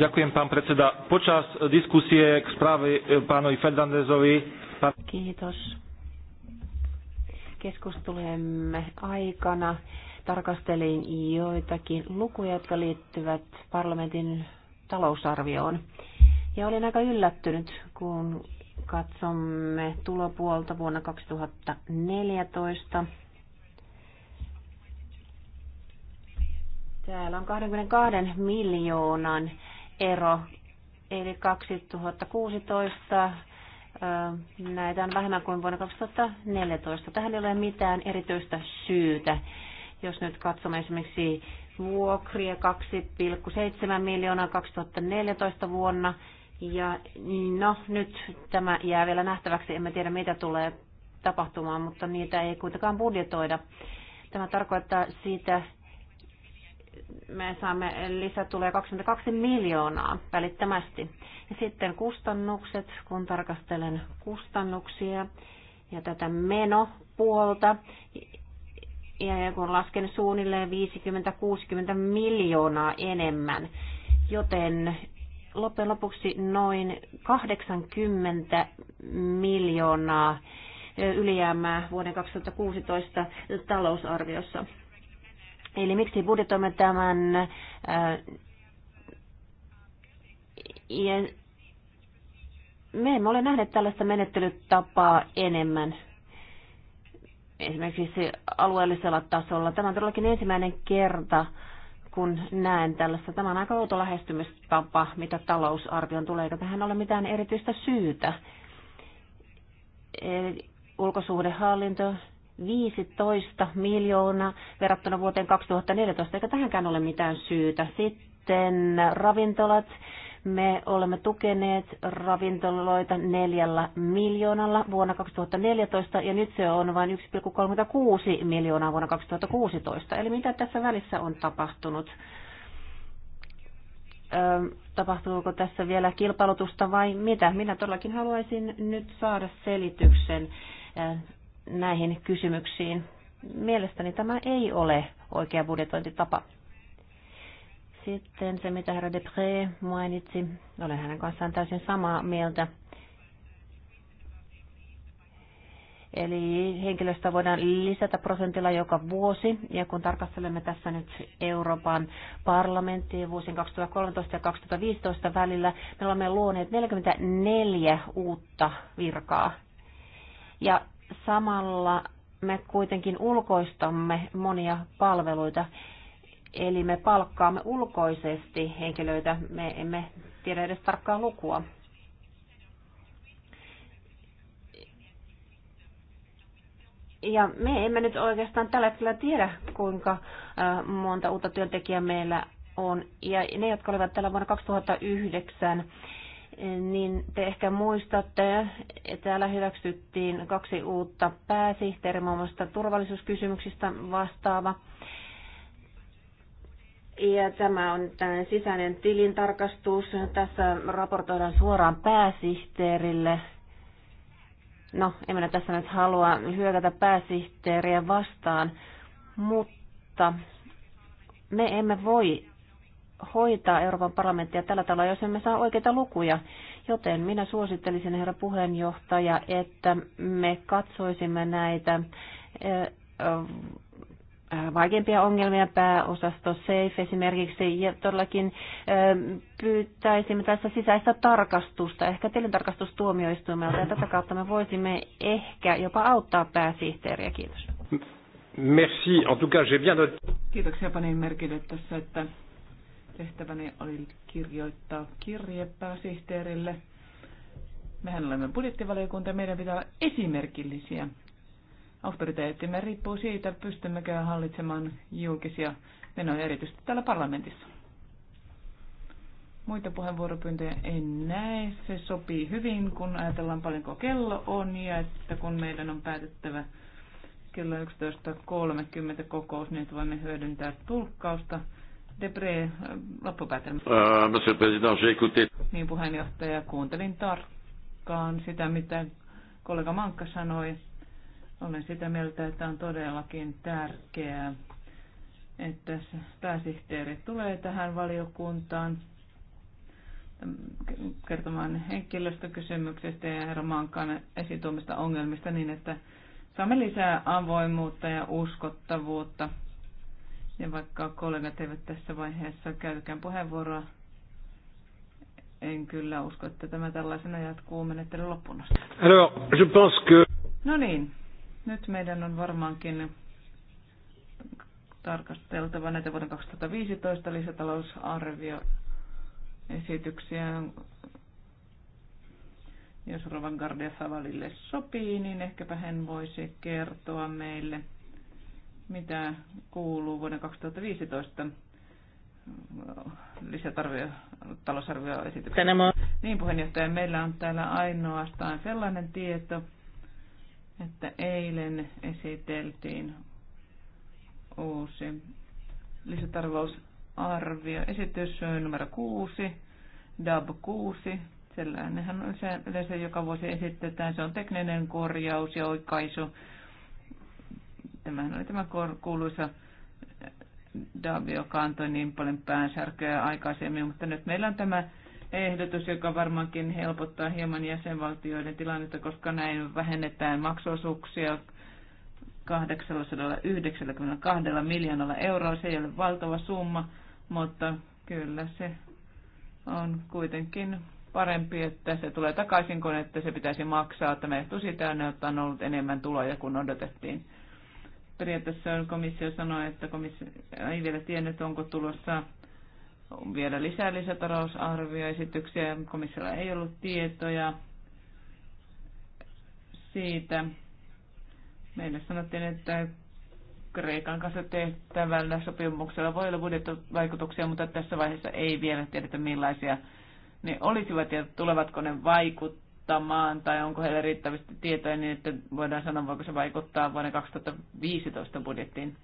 Ďakujem, pán predseda. Počas diskusie k správe e, pánovi Fernandezovi... Pán... Kiitos. Keskustelujemme aikana tarkastelin joitakin lukuja, jotka liittyvät parlamentin talousarvioon. Ja olin aika yllättynyt, kun katsomme tulopuolta vuonna 2014. Täällä on 22 miljoonan ero, eli 2016 näitä on vähemmän kuin vuonna 2014. Tähän ei ole mitään erityistä syytä. Jos nyt katsomme esimerkiksi vuokria 2,7 miljoonaa 2014 vuonna. Ja no nyt tämä jää vielä nähtäväksi, emme tiedä mitä tulee tapahtumaan, mutta niitä ei kuitenkaan budjetoida. Tämä tarkoittaa siitä, me saamme lisätuloja 22 miljoonaa välittömästi. Ja sitten kustannukset, kun tarkastelen kustannuksia ja tätä menopuolta, ja kun lasken suunnilleen 50-60 miljoonaa enemmän, joten loppujen lopuksi noin 80 miljoonaa ylijäämää vuoden 2016 talousarviossa. Eli miksi budjetoimme tämän ja me emme ole nähneet tällaista menettelytapaa enemmän esimerkiksi alueellisella tasolla. Tämä on todellakin ensimmäinen kerta, kun näen tällaista. Tämä on aika outo lähestymistapa, mitä talousarvion tulee, eikä tähän ole mitään erityistä syytä. Eli ulkosuhdehallinto 15 miljoonaa verrattuna vuoteen 2014, eikä tähänkään ole mitään syytä. Sitten ravintolat me olemme tukeneet ravintoloita neljällä miljoonalla vuonna 2014 ja nyt se on vain 1,36 miljoonaa vuonna 2016. Eli mitä tässä välissä on tapahtunut? tapahtuuko tässä vielä kilpailutusta vai mitä? Minä todellakin haluaisin nyt saada selityksen näihin kysymyksiin. Mielestäni tämä ei ole oikea budjetointitapa. Sitten se, mitä herra Depre mainitsi, olen hänen kanssaan täysin samaa mieltä. Eli henkilöstä voidaan lisätä prosentilla joka vuosi. Ja kun tarkastelemme tässä nyt Euroopan parlamenttia vuosien 2013 ja 2015 välillä, me olemme luoneet 44 uutta virkaa. Ja samalla me kuitenkin ulkoistamme monia palveluita. Eli me palkkaamme ulkoisesti henkilöitä, me emme tiedä edes tarkkaa lukua. Ja me emme nyt oikeastaan tällä hetkellä tiedä, kuinka monta uutta työntekijää meillä on. Ja ne, jotka olivat täällä vuonna 2009, niin te ehkä muistatte, että täällä hyväksyttiin kaksi uutta pääsihteeriä, muun muassa turvallisuuskysymyksistä vastaava ja tämä on tämän sisäinen tilintarkastus. Tässä raportoidaan suoraan pääsihteerille. No, en minä tässä nyt halua hyökätä pääsihteeriä vastaan, mutta me emme voi hoitaa Euroopan parlamenttia tällä tavalla, jos emme saa oikeita lukuja. Joten minä suosittelisin, herra puheenjohtaja, että me katsoisimme näitä eh, Äh, vaikeampia ongelmia, pääosasto SAFE esimerkiksi, ja todellakin äh, pyytäisimme tässä sisäistä tarkastusta, ehkä tilintarkastustuomioistuimelta, ja tätä kautta me voisimme ehkä jopa auttaa pääsihteeriä. Kiitos. Merci. En tout cas, j'ai bien noté. Kiitoksia, panin merkille tässä, että tehtäväni oli kirjoittaa kirje pääsihteerille. Mehän olemme budjettivaliokunta ja meidän pitää olla esimerkillisiä auktoriteettimme riippuu siitä, pystymmekö hallitsemaan julkisia menoja erityisesti täällä parlamentissa. Muita puheenvuoropyyntöjä en näe. Se sopii hyvin, kun ajatellaan paljonko kello on ja että kun meidän on päätettävä kello 11.30 kokous, niin voimme hyödyntää tulkkausta. Debre, äh, loppupäätelmä. Uh, monsieur Niin puheenjohtaja, kuuntelin tarkkaan sitä, mitä kollega Mankka sanoi olen sitä mieltä, että on todellakin tärkeää, että pääsihteeri tulee tähän valiokuntaan kertomaan henkilöstökysymyksestä ja herra Mankan esituomista ongelmista niin, että saamme lisää avoimuutta ja uskottavuutta. Ja vaikka kollegat eivät tässä vaiheessa käytäkään puheenvuoroa, en kyllä usko, että tämä tällaisena jatkuu menettelyn loppuun No niin, nyt meidän on varmaankin tarkasteltava näitä vuoden 2015 lisätalousarvioesityksiä. Jos Rovan Gardia Savalille sopii, niin ehkäpä hän voisi kertoa meille, mitä kuuluu vuoden 2015 lisätalousarvioesityksiä. Niin puheenjohtaja, meillä on täällä ainoastaan sellainen tieto, että eilen esiteltiin uusi lisätarvousarvio. Esitys numero 6, DAB 6. se yleensä joka vuosi esitetään. Se on tekninen korjaus ja oikaisu. Tämähän oli tämä kuuluisa DAB, joka antoi niin paljon päänsärköä aikaisemmin, mutta nyt meillä on tämä ehdotus, joka varmaankin helpottaa hieman jäsenvaltioiden tilannetta, koska näin vähennetään maksuosuuksia 892 miljoonalla euroa. Se ei ole valtava summa, mutta kyllä se on kuitenkin parempi, että se tulee takaisin kuin että se pitäisi maksaa. Tämä tosi täynnä, että on ollut enemmän tuloja kuin odotettiin. Periaatteessa komissio sanoi, että komissio ei vielä tiennyt, onko tulossa vielä lisää lisätalousarvioesityksiä. Komissiolla ei ollut tietoja siitä. Meille sanottiin, että Kreikan kanssa tehtävällä sopimuksella voi olla budjettivaikutuksia, mutta tässä vaiheessa ei vielä tiedetä millaisia ne olisivat ja tulevatko ne vaikuttamaan tai onko heillä riittävästi tietoja niin, että voidaan sanoa, voiko se vaikuttaa vuoden 2015 budjettiin.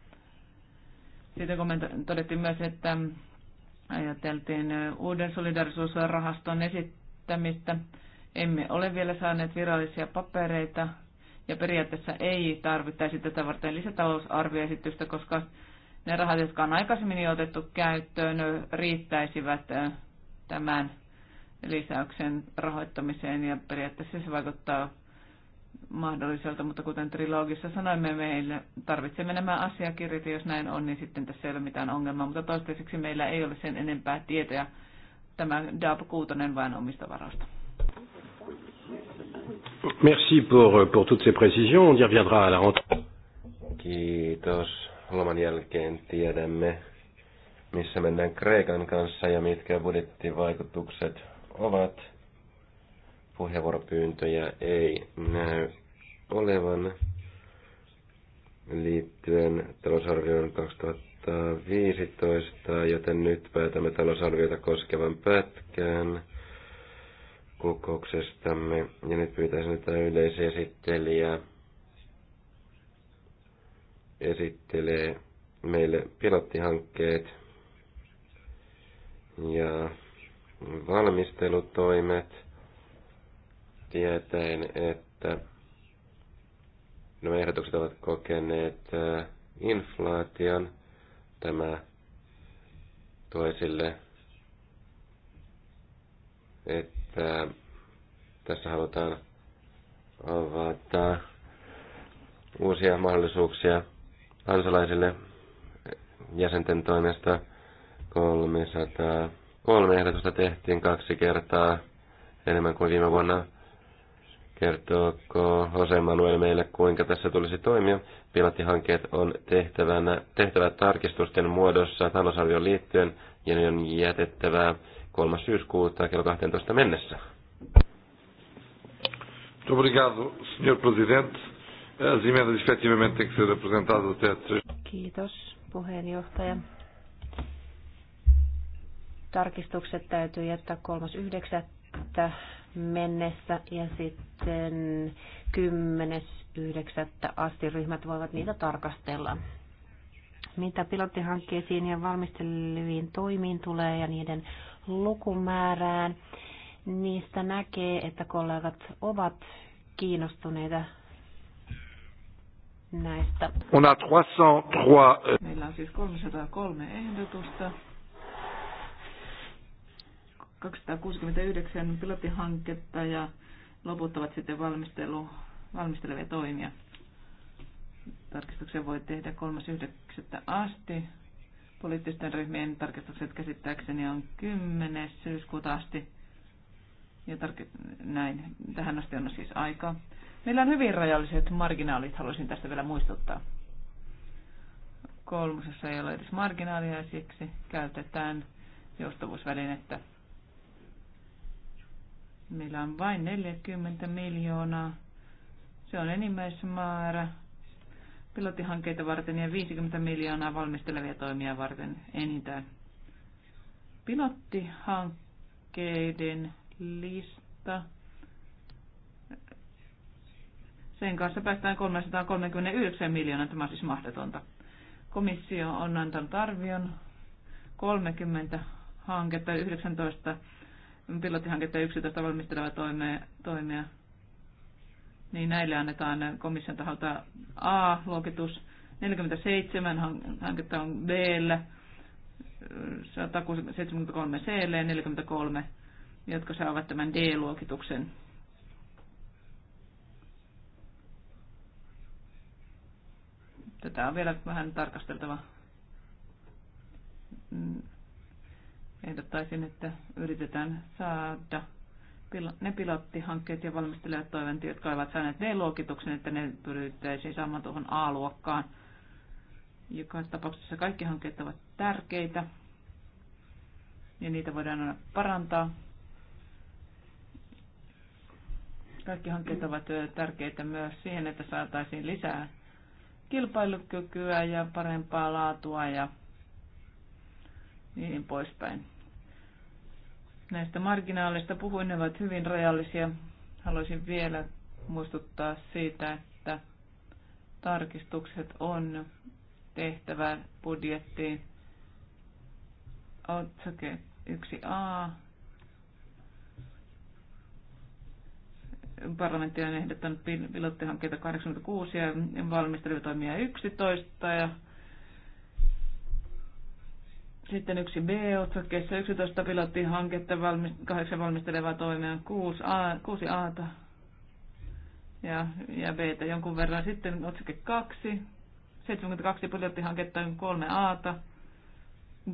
Sitten kun me todettiin myös, että ajateltiin uuden solidarisuusrahaston esittämistä. Emme ole vielä saaneet virallisia papereita ja periaatteessa ei tarvittaisi tätä varten lisätalousarvioesitystä, koska ne rahat, jotka on aikaisemmin jo otettu käyttöön, riittäisivät tämän lisäyksen rahoittamiseen ja periaatteessa se vaikuttaa mahdolliselta, mutta kuten trilogissa sanoimme, meille tarvitsemme nämä asiakirjat, ja jos näin on, niin sitten tässä ei ole mitään ongelmaa, mutta toistaiseksi meillä ei ole sen enempää tietoja. Tämä DAB 6 vain omista varoista. Merci pour, pour toutes ces précisions. On y reviendra à la rentrée. Kiitos. Loman jälkeen tiedämme, missä mennään Kreikan kanssa ja mitkä budjettivaikutukset ovat puheenvuoropyyntöjä ei näy olevan liittyen talousarvioon 2015, joten nyt päätämme talousarviota koskevan pätkään kokouksestamme. Ja nyt pyytäisin, että yleisesittelijä esittelee meille pilottihankkeet ja valmistelutoimet tietäen, että Nämä ehdotukset ovat kokeneet äh, inflaation. Tämä tuo esille, että tässä halutaan avata uusia mahdollisuuksia kansalaisille jäsenten toimesta. 303 ehdotusta tehtiin kaksi kertaa enemmän kuin viime vuonna. Kertooko Jose Manuel meille, kuinka tässä tulisi toimia? Pilottihankkeet on tehtävänä, tehtävä tarkistusten muodossa talousarvion liittyen ja ne on jätettävää 3. syyskuuta kello 12 mennessä. Kiitos, puheenjohtaja. Tarkistukset täytyy jättää 3.9 mennessä ja sitten 10.9. asti ryhmät voivat niitä tarkastella. Mitä pilottihankkeisiin ja valmisteleviin toimiin tulee ja niiden lukumäärään, niistä näkee, että kollegat ovat kiinnostuneita näistä. On 303. Euh, Meillä on siis 303 ehdotusta 269 pilottihanketta ja loput ovat sitten valmistelu, valmistelevia toimia. Tarkistuksen voi tehdä 3.9. asti. Poliittisten ryhmien tarkistukset käsittääkseni on 10. syyskuuta asti. Ja tark- näin, tähän asti on siis aika. Meillä on hyvin rajalliset marginaalit, haluaisin tästä vielä muistuttaa. Kolmosessa ei ole edes marginaalia, siksi käytetään joustavuusvälinettä Meillä on vain 40 miljoonaa. Se on enimmäismäärä pilottihankkeita varten ja 50 miljoonaa valmistelevia toimia varten enintään. Pilottihankkeiden lista. Sen kanssa päästään 339 miljoonaa, tämä on siis mahdotonta. Komissio on antanut arvion 30 hanketta 19 pilottihanketta 11 valmistelevaa toimia. niin näille annetaan komission taholta A-luokitus, 47 hanketta on b 173 c 43, jotka saavat tämän D-luokituksen. Tätä on vielä vähän tarkasteltava mm ehdottaisin, että yritetään saada ne pilottihankkeet ja valmistelijat toivonti, jotka ovat saaneet D-luokituksen, että ne pyrittäisiin saamaan tuohon A-luokkaan. Joka tapauksessa kaikki hankkeet ovat tärkeitä ja niitä voidaan aina parantaa. Kaikki hankkeet ovat tärkeitä myös siihen, että saataisiin lisää kilpailukykyä ja parempaa laatua ja niin poispäin. Näistä marginaaleista puhuin, ne ovat hyvin rajallisia. Haluaisin vielä muistuttaa siitä, että tarkistukset on tehtävä budjettiin otsake 1a. Parlamentti on ehdottanut pilottihankkeita 86 ja valmistelutoimia 11 ja sitten yksi B, otsakkeessa 11 pilottihanketta, valmi, kahdeksan valmistelevaa toimea, 6 A, 6 A ja, ja B jonkun verran. Sitten otsake 2, 72 pilottihanketta, 3 A,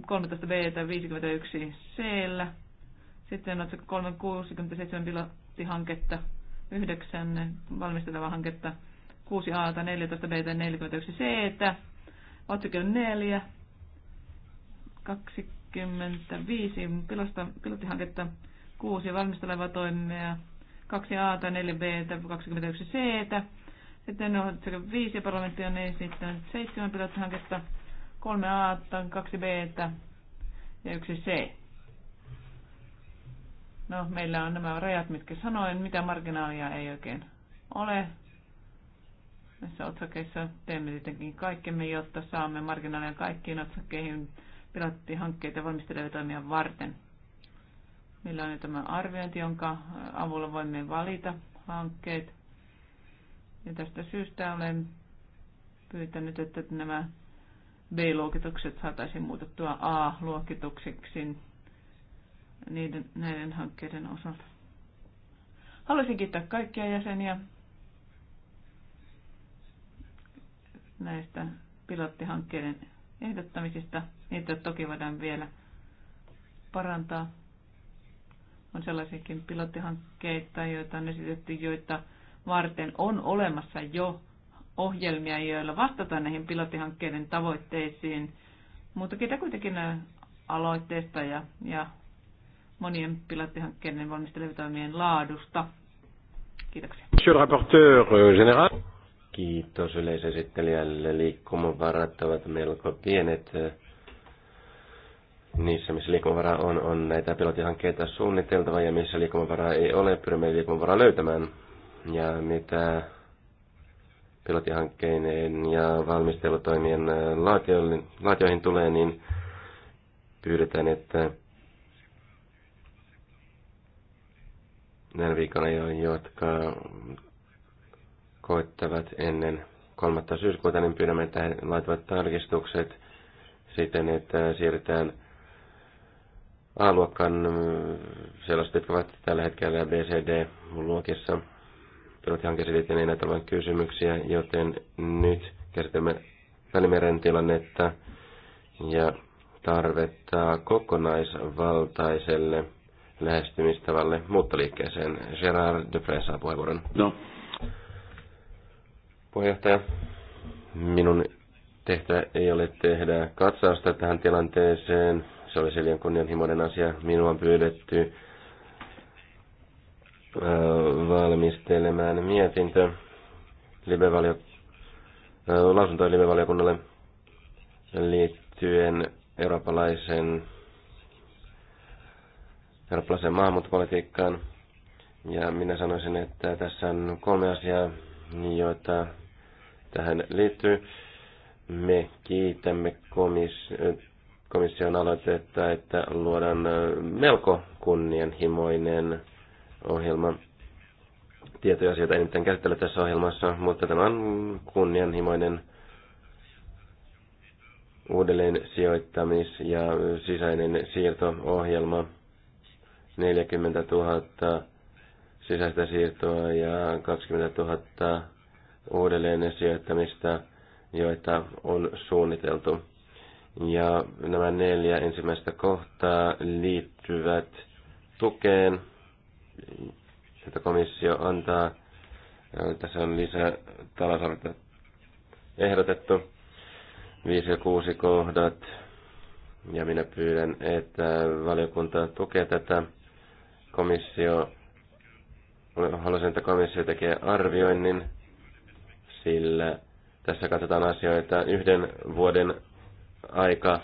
13 B, 51 C. Sitten otsake 3, 67 pilottihanketta, 9 valmistelevaa hanketta, 6 A, 14 B, 41 C. Otsake 4, 25 pilosta, pilottihanketta, 6 valmisteleva toimia, 2 A tai 4 B tai 21 C. Sitten on sekä 5 parlamentti on esittänyt 7 pilottihanketta, 3 A, 2 B ja 1 C. No, meillä on nämä rajat, mitkä sanoin, mitä marginaalia ei oikein ole. Näissä otsakeissa teemme tietenkin kaikkemme, jotta saamme marginaalia kaikkiin otsakkeihin pilottihankkeita valmistelevia toimia varten. Meillä on tämä arviointi, jonka avulla voimme valita hankkeet. Ja tästä syystä olen pyytänyt, että nämä B-luokitukset saataisiin muutettua A-luokituksiksi niiden, näiden hankkeiden osalta. Haluaisin kiittää kaikkia jäseniä näistä pilottihankkeiden ehdottamisista. Niitä toki voidaan vielä parantaa. On sellaisiakin pilottihankkeita, joita on esitetty, joita varten on olemassa jo ohjelmia, joilla vastataan näihin pilottihankkeiden tavoitteisiin. Mutta kiitä kuitenkin aloitteesta ja, ja monien pilottihankkeiden valmistelevitoimien laadusta. Kiitoksia. Monsieur le rapporteur euh, général. Kiitos yleisesittelijälle. Liikkumavarat ovat melko pienet niissä, missä liikkumavaraa on, on näitä pilottihankkeita suunniteltava ja missä liikkumavaraa ei ole, pyrimme liikkumavaraa löytämään. Ja mitä pilottihankkeiden ja valmistelutoimien äh, laatioihin tulee, niin pyydetään, että näin viikolla jo, jotka koittavat ennen 3. syyskuuta, niin pyydämme, että he laitavat tarkistukset siten, että siirrytään A-luokan mm, sellaiset, jotka ovat tällä hetkellä BCD-luokissa. Pilottihankkeeseen liittyen ei niin näitä ole kysymyksiä, joten nyt käsittelemme Välimeren tilannetta ja tarvetta kokonaisvaltaiselle lähestymistavalle muuttoliikkeeseen. Gerard Depre saa puheenvuoron. No. Puheenjohtaja, minun tehtävä ei ole tehdä katsausta tähän tilanteeseen, se olisi liian kunnianhimoinen asia. Minua on pyydetty valmistelemaan mietintö live lausuntojen live-valiokunnalle liittyen eurooppalaisen, eurooppalaiseen maahanmuuttopolitiikkaan. Ja minä sanoisin, että tässä on kolme asiaa, joita tähän liittyy. Me kiitämme komis- komission aloitetta, että luodaan melko kunnianhimoinen ohjelma. Tietoja asioita ei mitään käsitellä tässä ohjelmassa, mutta tämä on kunnianhimoinen uudelleen sijoittamis- ja sisäinen siirto-ohjelma. 40 000 sisäistä siirtoa ja 20 000 uudelleen sijoittamista, joita on suunniteltu. Ja nämä neljä ensimmäistä kohtaa liittyvät tukeen, jota komissio antaa. Tässä on lisää talousarviota ehdotettu. 5 ja 6 kohdat. Ja minä pyydän, että valiokunta tukee tätä. Komissio, haluaisin, että komissio tekee arvioinnin, sillä tässä katsotaan asioita yhden vuoden aika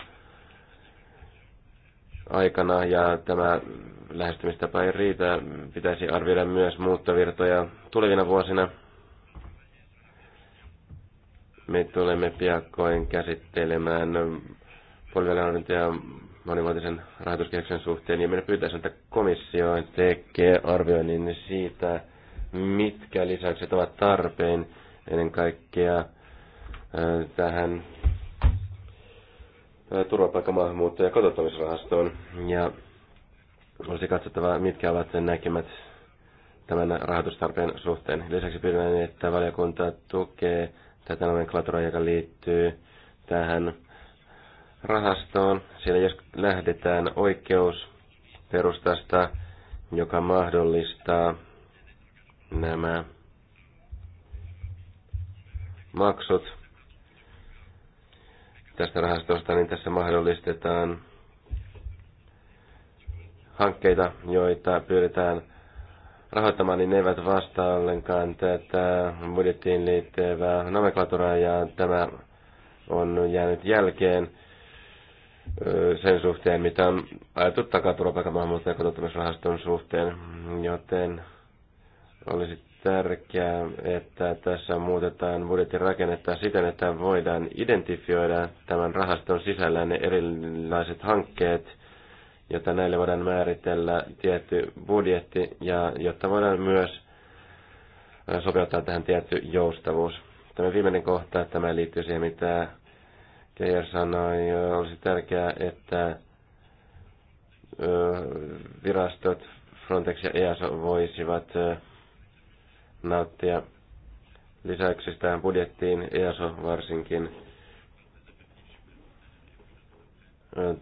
aikana ja tämä lähestymistapa ei riitä. Pitäisi arvioida myös muuttovirtoja tulevina vuosina. Me tulemme piakkoin käsittelemään ja monivuotisen rahoituskehityksen suhteen ja minä pyytäisin, että komissio tekee arvioinnin siitä, mitkä lisäykset ovat tarpeen ennen kaikkea tähän turvapaikkamaahanmuutto- ja kotouttamisrahastoon. Ja olisi katsottava, mitkä ovat sen näkemät tämän rahoitustarpeen suhteen. Lisäksi pyydän, että valiokunta tukee tätä nomenklaturaa, joka liittyy tähän rahastoon. Siellä jos lähdetään oikeusperustasta, joka mahdollistaa nämä maksut, tästä rahastosta, niin tässä mahdollistetaan hankkeita, joita pyritään rahoittamaan, niin ne eivät vastaa ollenkaan tätä budjettiin liittyvää nomenklaturaa, ja tämä on jäänyt jälkeen sen suhteen, mitä on ajettu takaa turvapaikan ja kotouttamisrahaston suhteen, joten olisi tärkeää, että tässä muutetaan budjetin rakennetta siten, että voidaan identifioida tämän rahaston sisällä ne erilaiset hankkeet, jotta näille voidaan määritellä tietty budjetti ja jotta voidaan myös äh, sopeuttaa tähän tietty joustavuus. Tämä viimeinen kohta, tämä liittyy siihen, mitä Keijer sanoi, olisi tärkeää, että äh, virastot Frontex ja EASO voisivat äh, nauttia tähän budjettiin. EASO varsinkin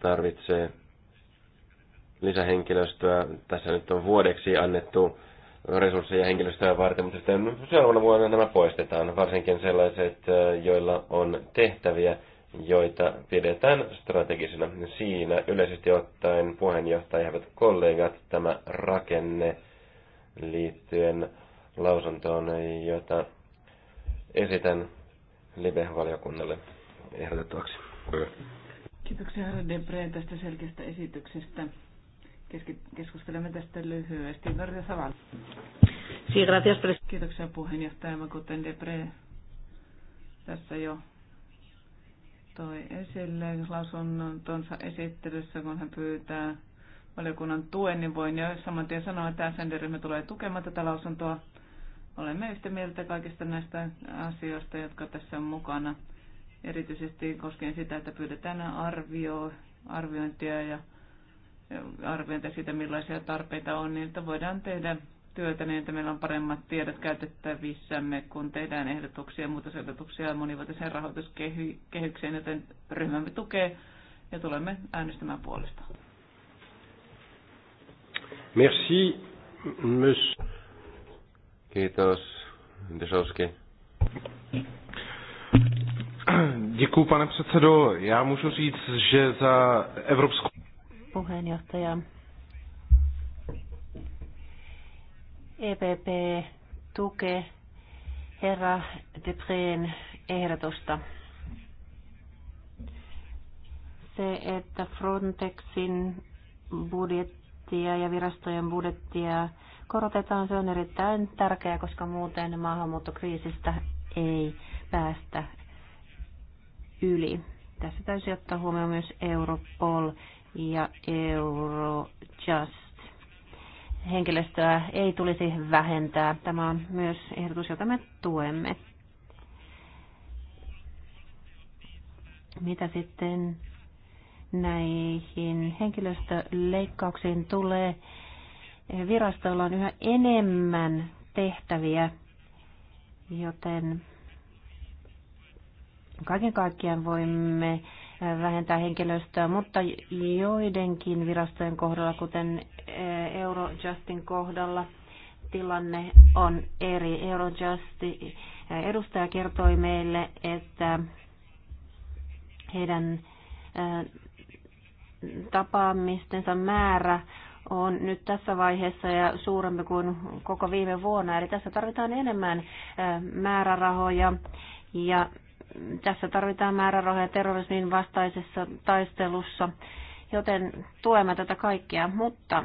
tarvitsee lisähenkilöstöä. Tässä nyt on vuodeksi annettu resursseja henkilöstöä varten, mutta sitten seuraavana vuonna nämä poistetaan, varsinkin sellaiset, joilla on tehtäviä, joita pidetään strategisina. Siinä yleisesti ottaen puheenjohtajat, kollegat tämä rakenne liittyen lausuntoon, jota esitän live-valiokunnalle ehdotettavaksi. Kiitoksia herra Debre tästä selkeästä esityksestä. Keskustelemme tästä lyhyesti. Norja Saval. Kiitoksia puheenjohtaja. Mä kuten Debre tässä jo toi esille lausunnontonsa esittelyssä, kun hän pyytää valiokunnan tuen, niin voin jo saman tien sanoa, että SND-ryhmä tulee tukemaan tätä lausuntoa. Olemme yhtä mieltä kaikista näistä asioista, jotka tässä on mukana. Erityisesti koskien sitä, että pyydetään arvio, arviointia ja arviointia siitä, millaisia tarpeita on, niin että voidaan tehdä työtä niin, että meillä on paremmat tiedot käytettävissämme, kun tehdään ehdotuksia ja muutosehdotuksia monivuotiseen rahoituskehykseen, joten ryhmämme tukee ja tulemme äänestämään puolesta. Merci, monsieur. Kiitos, Desovski. Děkuji, pane předsedo. Já můžu říct, že za Evropskou... Puheenjohtaja. EPP tuke herra Depreen ehdotusta. Se, että Frontexin budjettia ja virastojen budjettia korotetaan. Se on erittäin tärkeää, koska muuten maahanmuuttokriisistä ei päästä yli. Tässä täytyy ottaa huomioon myös Europol ja Eurojust. Henkilöstöä ei tulisi vähentää. Tämä on myös ehdotus, jota me tuemme. Mitä sitten näihin henkilöstöleikkauksiin tulee, virastoilla on yhä enemmän tehtäviä, joten kaiken kaikkiaan voimme vähentää henkilöstöä, mutta joidenkin virastojen kohdalla, kuten Eurojustin kohdalla, tilanne on eri. Eurojusti edustaja kertoi meille, että heidän tapaamistensa määrä on nyt tässä vaiheessa ja suurempi kuin koko viime vuonna. Eli tässä tarvitaan enemmän äh, määrärahoja ja tässä tarvitaan määrärahoja terrorismin vastaisessa taistelussa, joten tuemme tätä kaikkea. Mutta,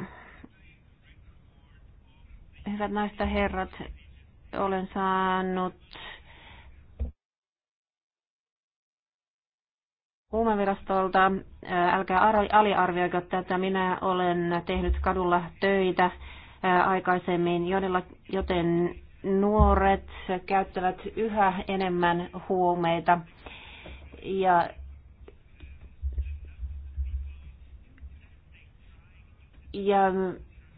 hyvät naista herrat, olen saanut huumevirastolta. Älkää aliarvioiko tätä. Minä olen tehnyt kadulla töitä aikaisemmin, joten nuoret käyttävät yhä enemmän huumeita. Ja ja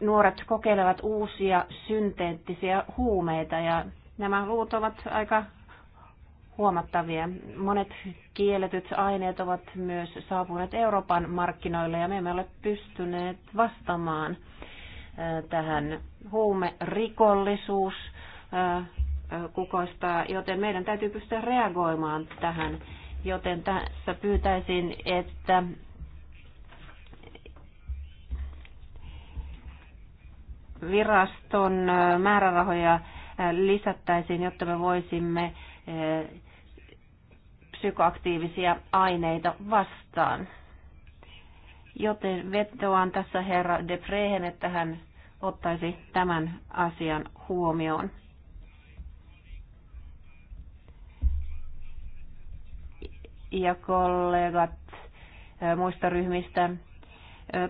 nuoret kokeilevat uusia synteettisiä huumeita ja nämä luut ovat aika huomattavia. Monet kielletyt aineet ovat myös saapuneet Euroopan markkinoille ja me emme ole pystyneet vastaamaan äh, tähän huumerikollisuus äh, äh, kukoistaa, joten meidän täytyy pystyä reagoimaan tähän. Joten tässä pyytäisin, että viraston määrärahoja lisättäisiin, jotta me voisimme psykoaktiivisia aineita vastaan. Joten vetoan tässä herra Deprehen, että hän ottaisi tämän asian huomioon. Ja kollegat muista ryhmistä,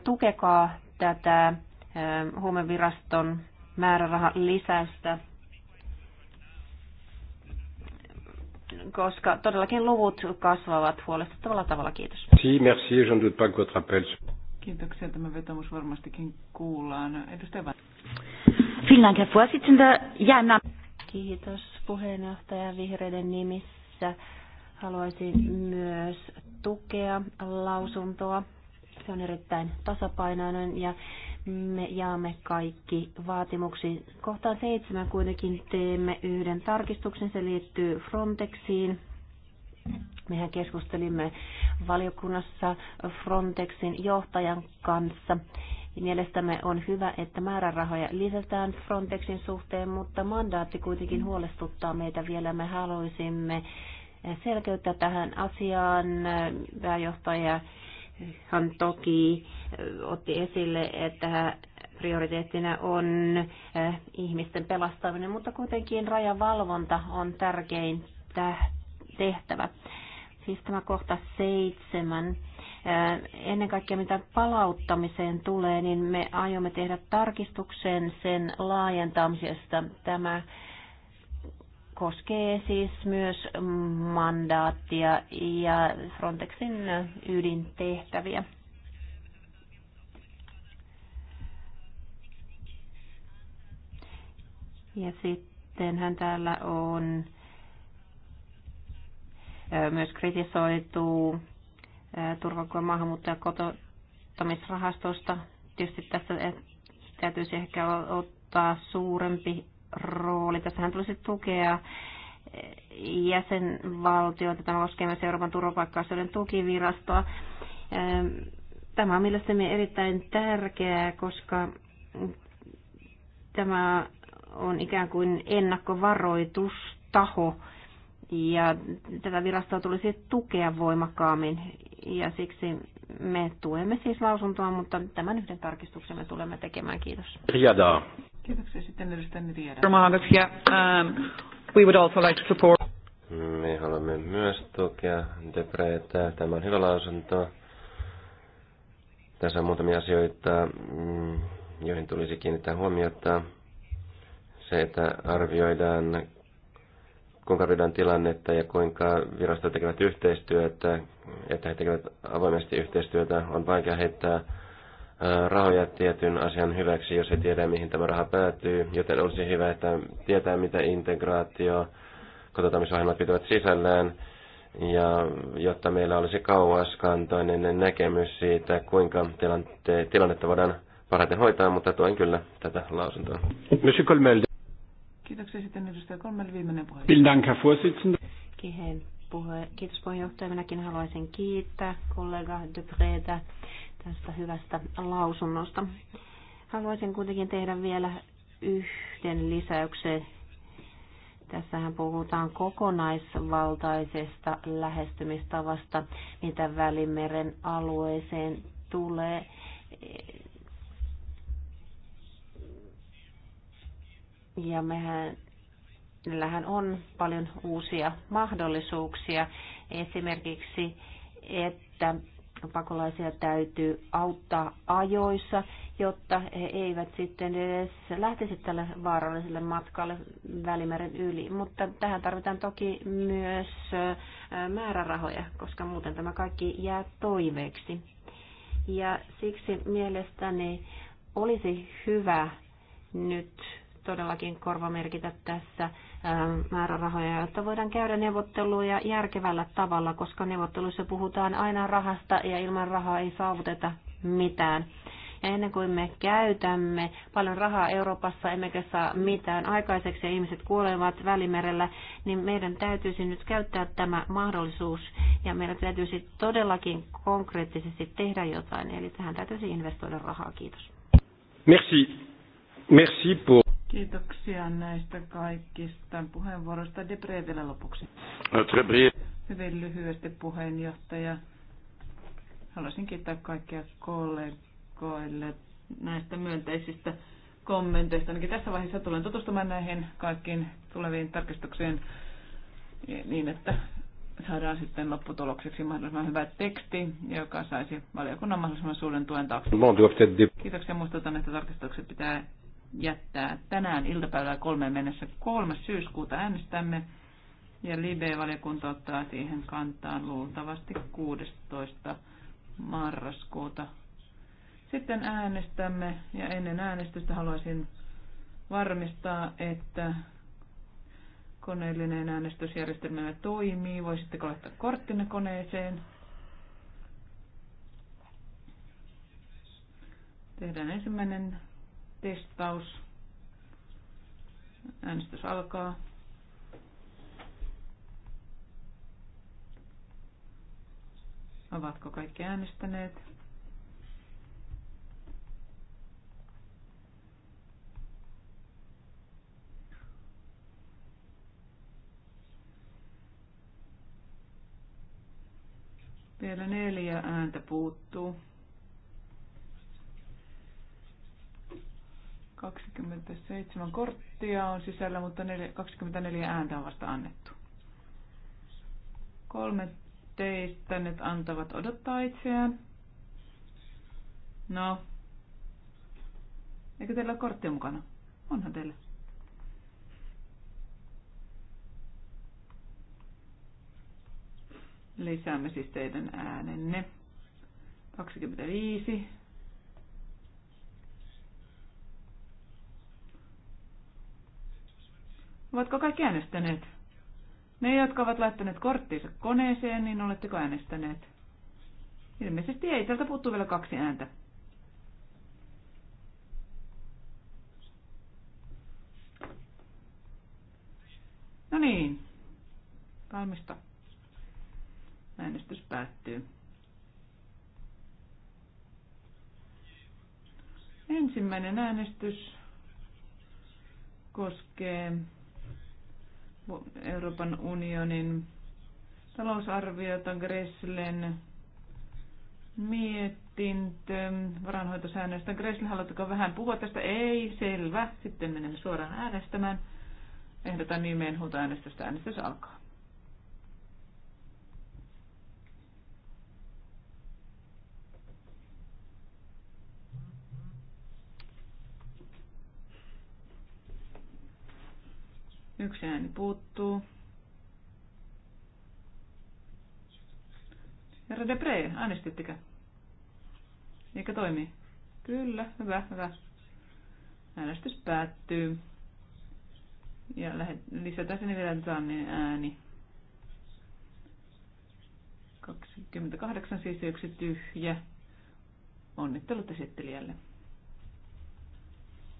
tukekaa tätä huumeviraston määrärahan lisäystä koska todellakin luvut kasvavat huolestuttavalla tavalla. Kiitos. Si, merci, je ne doute pas que votre appel. Kiitoksia. Tämä vetomus varmastikin kuullaan. Edustaja Van. Finland ja Fuasitsinta Janna. Kiitos puheenjohtaja vihreiden nimissä. Haluaisin myös tukea lausuntoa. Se on erittäin tasapainoinen ja me jaamme kaikki vaatimuksiin. Kohtaan seitsemän kuitenkin teemme yhden tarkistuksen. Se liittyy Frontexiin. Mehän keskustelimme valiokunnassa Frontexin johtajan kanssa. Mielestämme on hyvä, että määrärahoja lisätään Frontexin suhteen, mutta mandaatti kuitenkin huolestuttaa meitä vielä. Me haluaisimme selkeyttä tähän asiaan. Pääjohtaja hän toki eh, otti esille, että prioriteettina on eh, ihmisten pelastaminen, mutta kuitenkin rajavalvonta on tärkein tehtävä. Siis tämä kohta seitsemän. Eh, ennen kaikkea mitä palauttamiseen tulee, niin me aiomme tehdä tarkistuksen sen laajentamisesta. Tämä koskee siis myös mandaattia ja Frontexin ydintehtäviä. Ja sittenhän täällä on myös kritisoitu turvakoon maahanmuutto- ja Tietysti tässä täytyisi ehkä ottaa suurempi rooli. Tässähän tulisi tukea jäsenvaltioita. Tämä koskee myös Euroopan turvapaikka tukivirastoa. Ehm, tämä on mielestäni erittäin tärkeää, koska tämä on ikään kuin ennakkovaroitustaho ja tätä virastoa tulisi tukea voimakkaammin ja siksi me tuemme siis lausuntoa, mutta tämän yhden tarkistuksen me tulemme tekemään. Kiitos. Riada. Kiitoksia sitten um, We would also like to support. Me haluamme myös tukea Debreitä. Tämä on hyvä lausunto. Tässä on muutamia asioita, mm, joihin tulisi kiinnittää huomiota. Se, että arvioidaan, kuinka arvioidaan tilannetta ja kuinka virastot tekevät yhteistyötä, että he tekevät avoimesti yhteistyötä, on vaikea heittää rahoja tietyn asian hyväksi, jos ei tiedä, mihin tämä raha päätyy. Joten olisi hyvä, että tietää, mitä integraatio, kotouttamisohjelmat pitävät sisällään, ja jotta meillä olisi kauaskantoinen näkemys siitä, kuinka tilante, tilannetta voidaan parhaiten hoitaa, mutta tuen kyllä tätä lausuntoa. Kiitoksia sitten edustaja Kolmel, viimeinen puheenjohtaja. Kiitos puheenjohtaja. Minäkin haluaisin kiittää kollega Depreda tästä hyvästä lausunnosta. Haluaisin kuitenkin tehdä vielä yhden lisäyksen. Tässähän puhutaan kokonaisvaltaisesta lähestymistavasta, mitä Välimeren alueeseen tulee. Ja mehän meillähän on paljon uusia mahdollisuuksia, esimerkiksi, että pakolaisia täytyy auttaa ajoissa, jotta he eivät sitten edes lähtisi tälle vaaralliselle matkalle Välimeren yli. Mutta tähän tarvitaan toki myös määrärahoja, koska muuten tämä kaikki jää toiveeksi. Ja siksi mielestäni olisi hyvä nyt todellakin korvamerkitä tässä määrärahoja, jotta voidaan käydä neuvotteluja järkevällä tavalla, koska neuvotteluissa puhutaan aina rahasta ja ilman rahaa ei saavuteta mitään. Ja ennen kuin me käytämme paljon rahaa Euroopassa emmekä saa mitään aikaiseksi ja ihmiset kuolevat välimerellä, niin meidän täytyisi nyt käyttää tämä mahdollisuus ja meidän täytyisi todellakin konkreettisesti tehdä jotain. Eli tähän täytyisi investoida rahaa. Kiitos. Merci. Merci pour... Kiitoksia näistä kaikista puheenvuoroista. Debre vielä lopuksi. No, Hyvin lyhyesti puheenjohtaja. Haluaisin kiittää kaikkia kollegoille näistä myönteisistä kommenteista. Ainakin tässä vaiheessa tulen tutustumaan näihin kaikkiin tuleviin tarkistuksiin niin, että saadaan sitten lopputulokseksi mahdollisimman hyvä teksti, joka saisi valiokunnan mahdollisimman suuren tuen taakse. Kiitoksia. Muistutan, että tarkistukset pitää jättää tänään iltapäivällä kolmeen mennessä 3. syyskuuta äänestämme. Ja Libe-valiokunta ottaa siihen kantaan luultavasti 16. marraskuuta. Sitten äänestämme ja ennen äänestystä haluaisin varmistaa, että koneellinen äänestysjärjestelmä toimii. Voisitteko laittaa korttinne koneeseen? Tehdään ensimmäinen testaus. Äänestys alkaa. Ovatko kaikki äänestäneet? Vielä neljä ääntä puuttuu. 27 korttia on sisällä, mutta 24 ääntä on vasta annettu. Kolme teistä nyt antavat odottaa itseään. No. Eikö teillä ole korttia mukana? Onhan teillä. Lisäämme siis teidän äänenne. 25. Ovatko kaikki äänestäneet? Ne, jotka ovat laittaneet korttinsa koneeseen, niin oletteko äänestäneet? Ilmeisesti ei, täältä puuttuu vielä kaksi ääntä. No niin, valmista. Äänestys päättyy. Ensimmäinen äänestys koskee Euroopan unionin talousarviota Gresslen mietintö varanhoitosäännöistä. Gressle, haluatteko vähän puhua tästä? Ei, selvä. Sitten menemme suoraan äänestämään. Ehdotan nimeen huutoäänestystä. Äänestys alkaa. Yksi ääni puuttuu. Herra Debre, äänestittekö? Eikö toimi? Kyllä, hyvä, hyvä. Äänestys päättyy. Ja lisätään sinne vielä Zannin ääni. 28 siis yksi tyhjä. Onnittelut esittelijälle.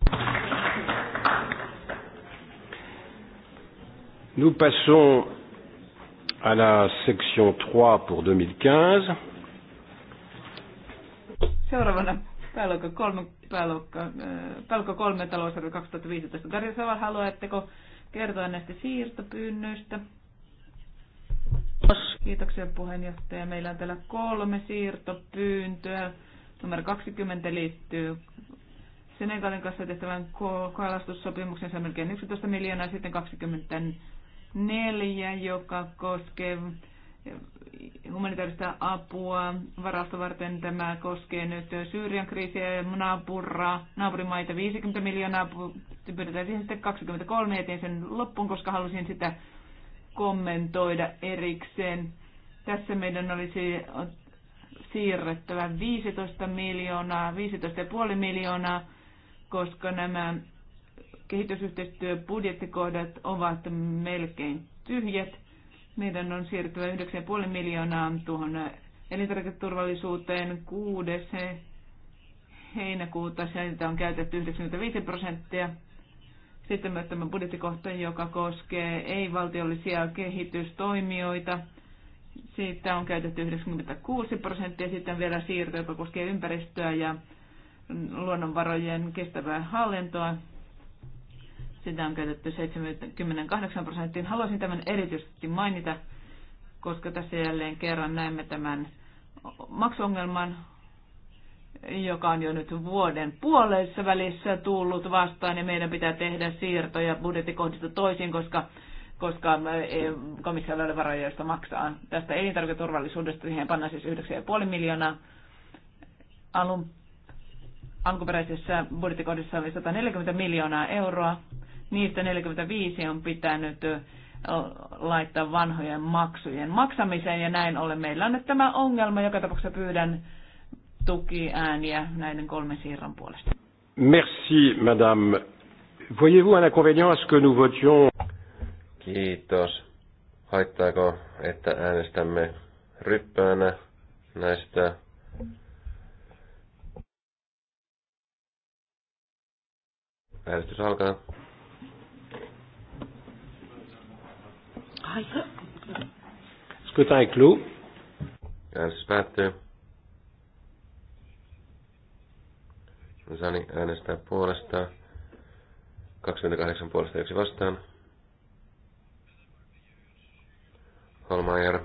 Thank you. Nous passons à la section 3 pour 2015. Äh, kertoa näistä siirtopyynnöistä? Kiitoksia puheenjohtaja. Meillä on täällä kolme siirtopyyntöä. Numero 20 liittyy Senegalin kanssa tehtävän kalastussopimuksen, se on melkein 11 miljoonaa, sitten 20 neljä, joka koskee humanitaarista apua varasta varten. Tämä koskee nyt Syyrian kriisiä ja naapura, naapurimaita 50 miljoonaa. Pyydetään siihen sitten 23 eteen sen loppuun, koska halusin sitä kommentoida erikseen. Tässä meidän olisi siirrettävä 15 miljoonaa, 15,5 miljoonaa, koska nämä kehitysyhteistyöbudjettikohdat ovat melkein tyhjät. Meidän on siirtyvä 9,5 miljoonaa tuohon elintarviketurvallisuuteen 6. heinäkuuta. Sieltä on käytetty 95 prosenttia. Sitten myös tämä budjettikohta, joka koskee ei-valtiollisia kehitystoimijoita. Siitä on käytetty 96 prosenttia. Sitten vielä siirto, joka koskee ympäristöä ja luonnonvarojen kestävää hallintoa. Sitä on käytetty 78 prosenttiin. Haluaisin tämän erityisesti mainita, koska tässä jälleen kerran näemme tämän maksuongelman, joka on jo nyt vuoden puolessa välissä tullut vastaan ja meidän pitää tehdä siirtoja budjettikohdista toisiin, koska koska e, komissiolla ei ole varoja, joista maksaa. Tästä elintarviketurvallisuudesta siihen pannaan siis 9,5 miljoonaa. Alun alkuperäisessä budjettikohdissa oli 140 miljoonaa euroa niistä 45 on pitänyt laittaa vanhojen maksujen maksamiseen ja näin ollen meillä on nyt tämä ongelma. Joka tapauksessa pyydän tukiääniä näiden kolmen siirron puolesta. Merci, madame. Voyez-vous un inconvénient à ce que nous votions? Kiitos. Haittaako, että äänestämme ryppäänä näistä äänestys alkaa. Scrutin est clos. Äänestys päättyy. Sani äänestää puolesta. 28 puolesta yksi vastaan. Holmeier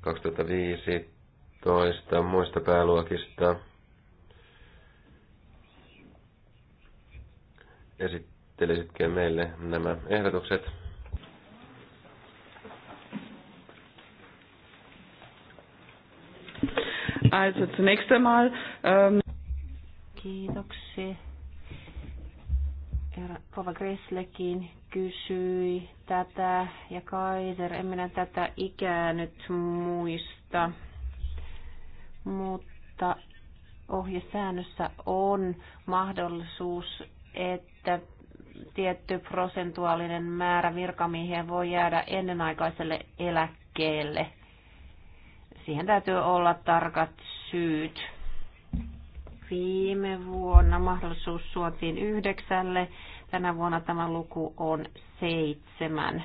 2015 muista pääluokista. Esittelisitkö meille nämä ehdotukset? Also zunächst einmal. Ähm Kiitoksia. Kova Gresslekin kysyi tätä ja Kaiser, en minä tätä ikää nyt muista, mutta ohjesäännössä on mahdollisuus, että tietty prosentuaalinen määrä virkamiehiä voi jäädä ennenaikaiselle eläkkeelle – siihen täytyy olla tarkat syyt. Viime vuonna mahdollisuus suotiin yhdeksälle, tänä vuonna tämä luku on seitsemän.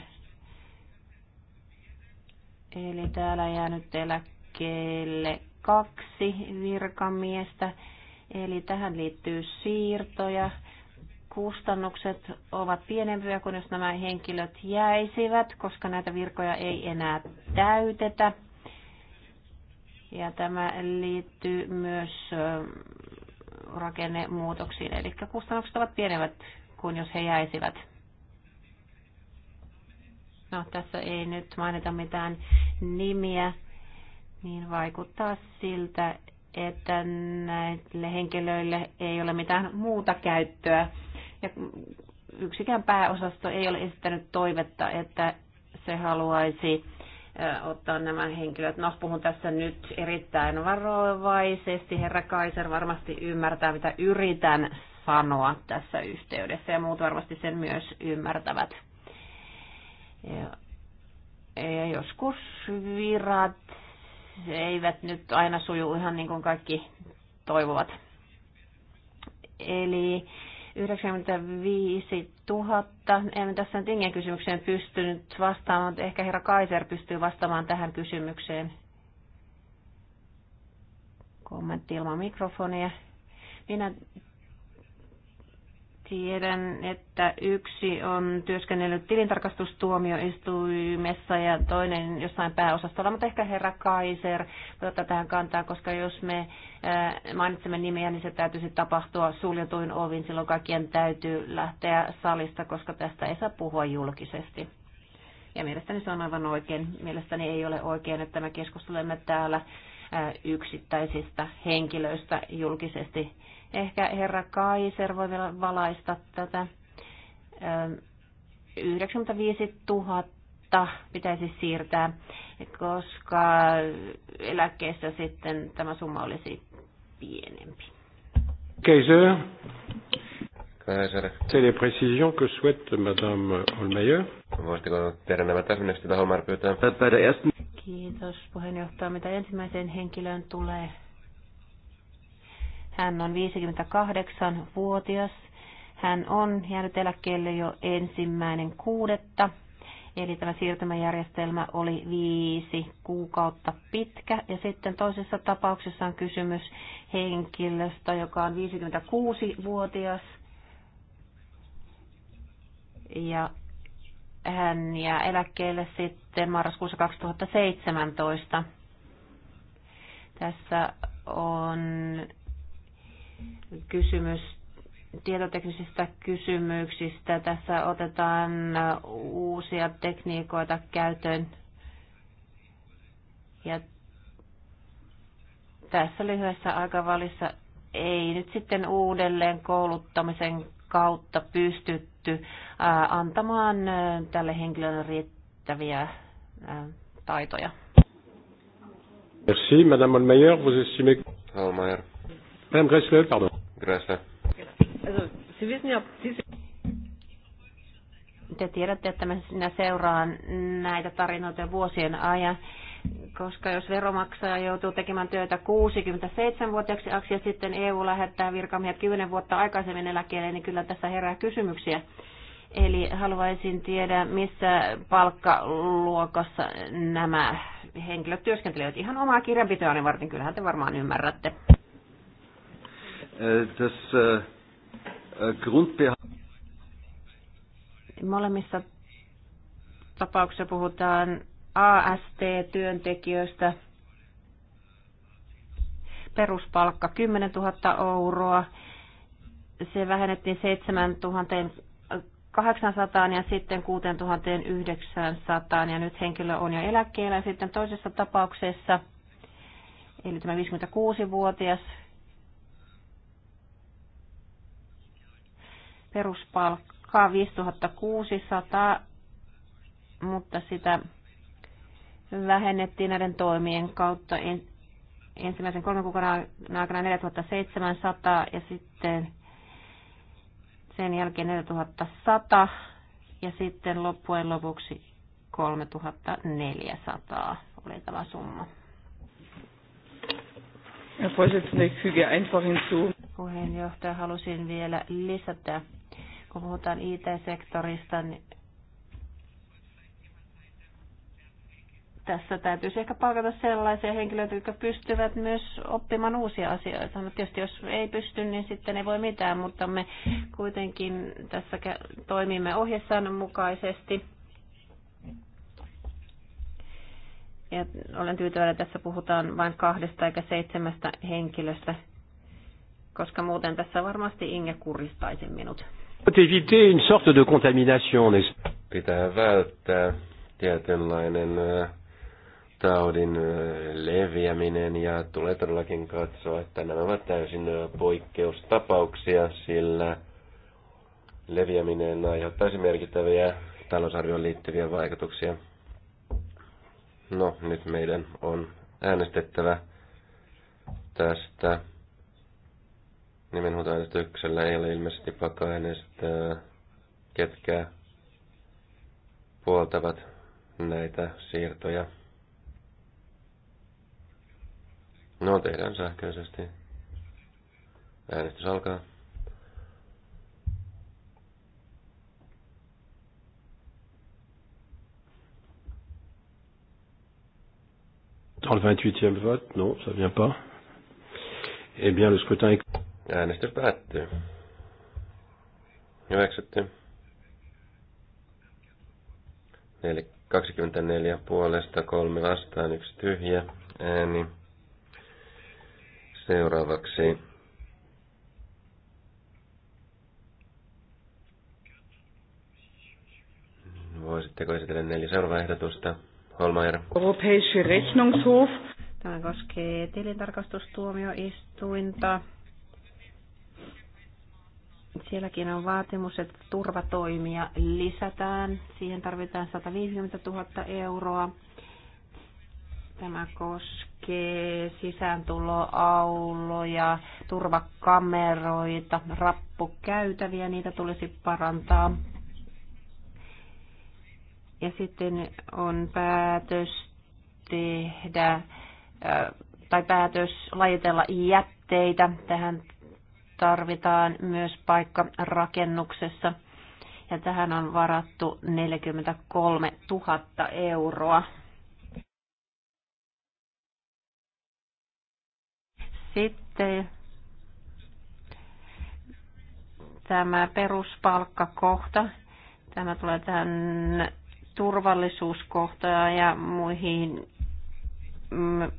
Eli täällä jää nyt eläkkeelle kaksi virkamiestä, eli tähän liittyy siirtoja. Kustannukset ovat pienempiä kuin jos nämä henkilöt jäisivät, koska näitä virkoja ei enää täytetä. Ja tämä liittyy myös rakennemuutoksiin, eli kustannukset ovat pienemmät kuin jos he jäisivät. No, tässä ei nyt mainita mitään nimiä, niin vaikuttaa siltä, että näille henkilöille ei ole mitään muuta käyttöä. Ja yksikään pääosasto ei ole esittänyt toivetta, että se haluaisi ottaa nämä henkilöt. No, puhun tässä nyt erittäin varovaisesti. Herra Kaiser varmasti ymmärtää, mitä yritän sanoa tässä yhteydessä, ja muut varmasti sen myös ymmärtävät. Ja joskus virat eivät nyt aina suju ihan niin kuin kaikki toivovat. Eli 95 000. En tässä nyt ingen kysymykseen pystynyt vastaamaan, mutta ehkä herra Kaiser pystyy vastaamaan tähän kysymykseen. Kommentti ilman mikrofonia. Minä Tiedän, että yksi on työskennellyt tilintarkastustuomioistuimessa ja toinen jossain pääosastolla, mutta ehkä herra Kaiser ottaa tähän kantaa, koska jos me äh, mainitsemme nimiä, niin se täytyisi tapahtua suljetuin ovin. Silloin kaikkien täytyy lähteä salista, koska tästä ei saa puhua julkisesti. Ja mielestäni se on aivan oikein. Mielestäni ei ole oikein, että me keskustelemme täällä äh, yksittäisistä henkilöistä julkisesti Ehkä herra Kaiser voi vielä valaista tätä. 95 000 pitäisi siirtää, koska eläkkeessä sitten tämä summa olisi pienempi. Kaiser. Kaiser. C'est les précisions que souhaite Madame Holmeyer. Voisitteko tehdä nämä täsmennykset, mitä Holmeyer pyytää? Äh, Kiitos puheenjohtaja. Mitä ensimmäiseen henkilöön tulee, hän on 58-vuotias. Hän on jäänyt eläkkeelle jo ensimmäinen kuudetta. Eli tämä siirtymäjärjestelmä oli viisi kuukautta pitkä. Ja sitten toisessa tapauksessa on kysymys henkilöstä, joka on 56-vuotias. Ja hän jää eläkkeelle sitten marraskuussa 2017. Tässä on kysymys tietoteknisistä kysymyksistä. Tässä otetaan uusia tekniikoita käyttöön. Ja tässä lyhyessä aikavälissä ei nyt sitten uudelleen kouluttamisen kautta pystytty antamaan tälle henkilölle riittäviä taitoja. Merci, Madame Olmeyer, vous estimez... Olmeyer. Madame Gressler, pardon. Gressler. Te tiedätte, että minä sinä seuraan näitä tarinoita vuosien ajan, koska jos veromaksaja joutuu tekemään työtä 67-vuotiaaksi ja sitten EU lähettää virkamiehet 10 vuotta aikaisemmin eläkkeelle, niin kyllä tässä herää kysymyksiä. Eli haluaisin tiedä, missä palkkaluokassa nämä henkilöt työskentelevät ihan omaa kirjanpitoani varten. Kyllähän te varmaan ymmärrätte. Äh, das äh, äh, Molemmissa tapauksissa puhutaan AST-työntekijöistä. Peruspalkka 10 000 euroa. Se vähennettiin 7 800 ja sitten 6 900 ja nyt henkilö on jo eläkkeellä. Ja sitten toisessa tapauksessa, eli tämä 56-vuotias peruspalkkaa 5600, mutta sitä vähennettiin näiden toimien kautta ensimmäisen kolmen kuukauden aikana 4700 ja sitten sen jälkeen 4100 ja sitten loppujen lopuksi 3400 oli tämä summa. Puheenjohtaja, halusin vielä lisätä, kun puhutaan IT-sektorista, niin tässä täytyisi ehkä palkata sellaisia henkilöitä, jotka pystyvät myös oppimaan uusia asioita. No tietysti jos ei pysty, niin sitten ei voi mitään, mutta me kuitenkin tässä toimimme ohjesäännön mukaisesti. Ja olen tyytyväinen, että tässä puhutaan vain kahdesta eikä seitsemästä henkilöstä, koska muuten tässä varmasti Inge kuristaisi minut. Pitää välttää tietynlainen taudin leviäminen ja tulee todellakin katsoa, että nämä ovat täysin poikkeustapauksia, sillä leviäminen aiheuttaisi merkittäviä talousarvioon liittyviä vaikutuksia. No, nyt meidän on äänestettävä tästä Nimenhuutoäänestyksellä ei ole ilmeisesti pakko äänestää, ketkä puoltavat näitä siirtoja. No, tehdään sähköisesti. Äänestys alkaa. Dans le 28e vote, non, ça vient pas. Eh bien, le scrutin est... Äänestys päättyy. Hyväksytty. 24 puolesta, kolme vastaan, yksi tyhjä ääni. Seuraavaksi Voisitteko esitellä neljä seuraavaa ehdotusta? Holmeier. Europäische Rechnungshof. Tämä koskee tilintarkastustuomioistuinta. Sielläkin on vaatimus, että turvatoimia lisätään. Siihen tarvitaan 150 000 euroa. Tämä koskee sisääntuloauloja, turvakameroita, rappukäytäviä, niitä tulisi parantaa. Ja sitten on päätös tehdä tai päätös lajitella jätteitä. Tähän tarvitaan myös paikka rakennuksessa ja tähän on varattu 43 000 euroa. Sitten tämä peruspalkkakohta. Tämä tulee tähän turvallisuuskohtaan ja muihin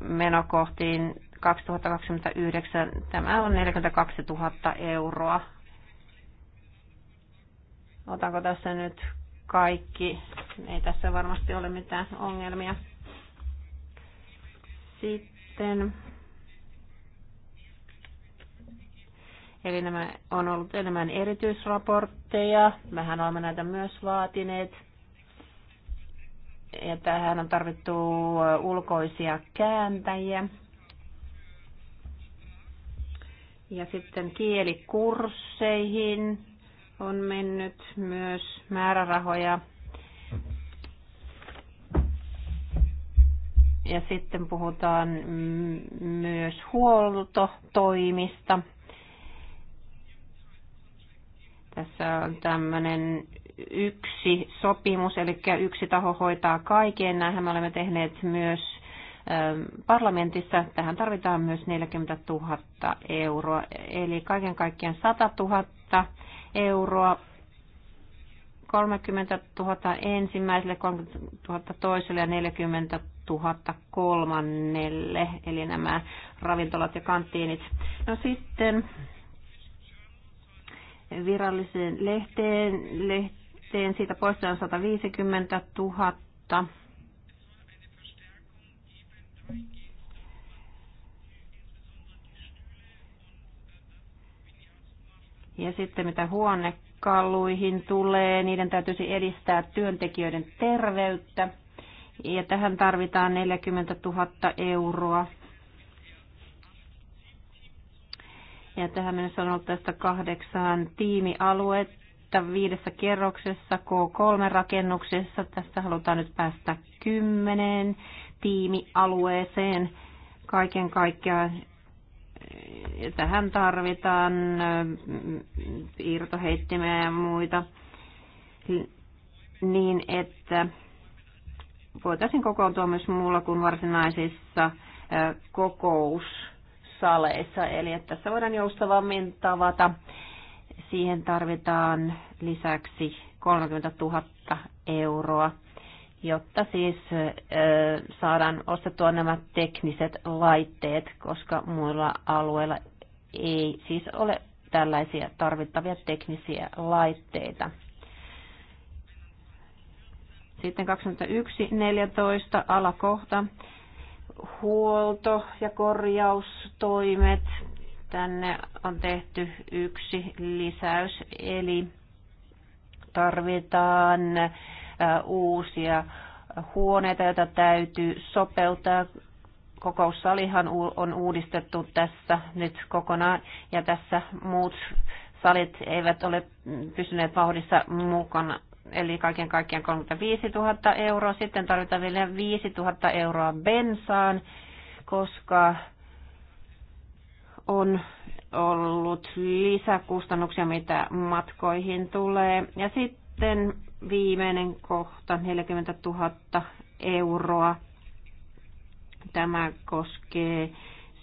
menokohtiin 2029. Tämä on 42 000 euroa. Otanko tässä nyt kaikki? Ei tässä varmasti ole mitään ongelmia. Sitten Eli nämä on ollut enemmän erityisraportteja. Mehän olemme näitä myös vaatineet. Ja tähän on tarvittu ulkoisia kääntäjiä. Ja sitten kielikursseihin on mennyt myös määrärahoja. Ja sitten puhutaan myös huoltotoimista. Tässä on tämmöinen yksi sopimus, eli yksi taho hoitaa kaiken. Näinhän me olemme tehneet myös parlamentissa. Tähän tarvitaan myös 40 000 euroa, eli kaiken kaikkiaan 100 000 euroa 30 000 ensimmäiselle, 30 000 toiselle ja 40 000 kolmannelle, eli nämä ravintolat ja kanttiinit. No sitten viralliseen lehteen, lehteen siitä poistetaan 150 000 Ja sitten mitä huonekaluihin tulee, niiden täytyisi edistää työntekijöiden terveyttä. Ja tähän tarvitaan 40 000 euroa. Ja tähän mennessä on ollut tästä kahdeksan tiimialuetta viidessä kerroksessa, K3-rakennuksessa. Tästä halutaan nyt päästä kymmeneen tiimialueeseen. Kaiken kaikkiaan Tähän tarvitaan äh, irtoheittimiä ja muita niin, että voitaisiin kokoontua myös muulla kuin varsinaisissa äh, kokoussaleissa. Eli että tässä voidaan joustavammin tavata. Siihen tarvitaan lisäksi 30 000 euroa jotta siis saadaan ostettua nämä tekniset laitteet, koska muilla alueilla ei siis ole tällaisia tarvittavia teknisiä laitteita. Sitten 21.14 alakohta. Huolto- ja korjaustoimet. Tänne on tehty yksi lisäys, eli tarvitaan uusia huoneita, joita täytyy sopeuttaa. Kokoussalihan on uudistettu tässä nyt kokonaan ja tässä muut salit eivät ole pysyneet vauhdissa mukana. Eli kaiken kaikkiaan 35 000 euroa. Sitten tarvitaan vielä 5 000 euroa bensaan, koska on ollut lisäkustannuksia, mitä matkoihin tulee. Ja sitten viimeinen kohta, 40 000 euroa. Tämä koskee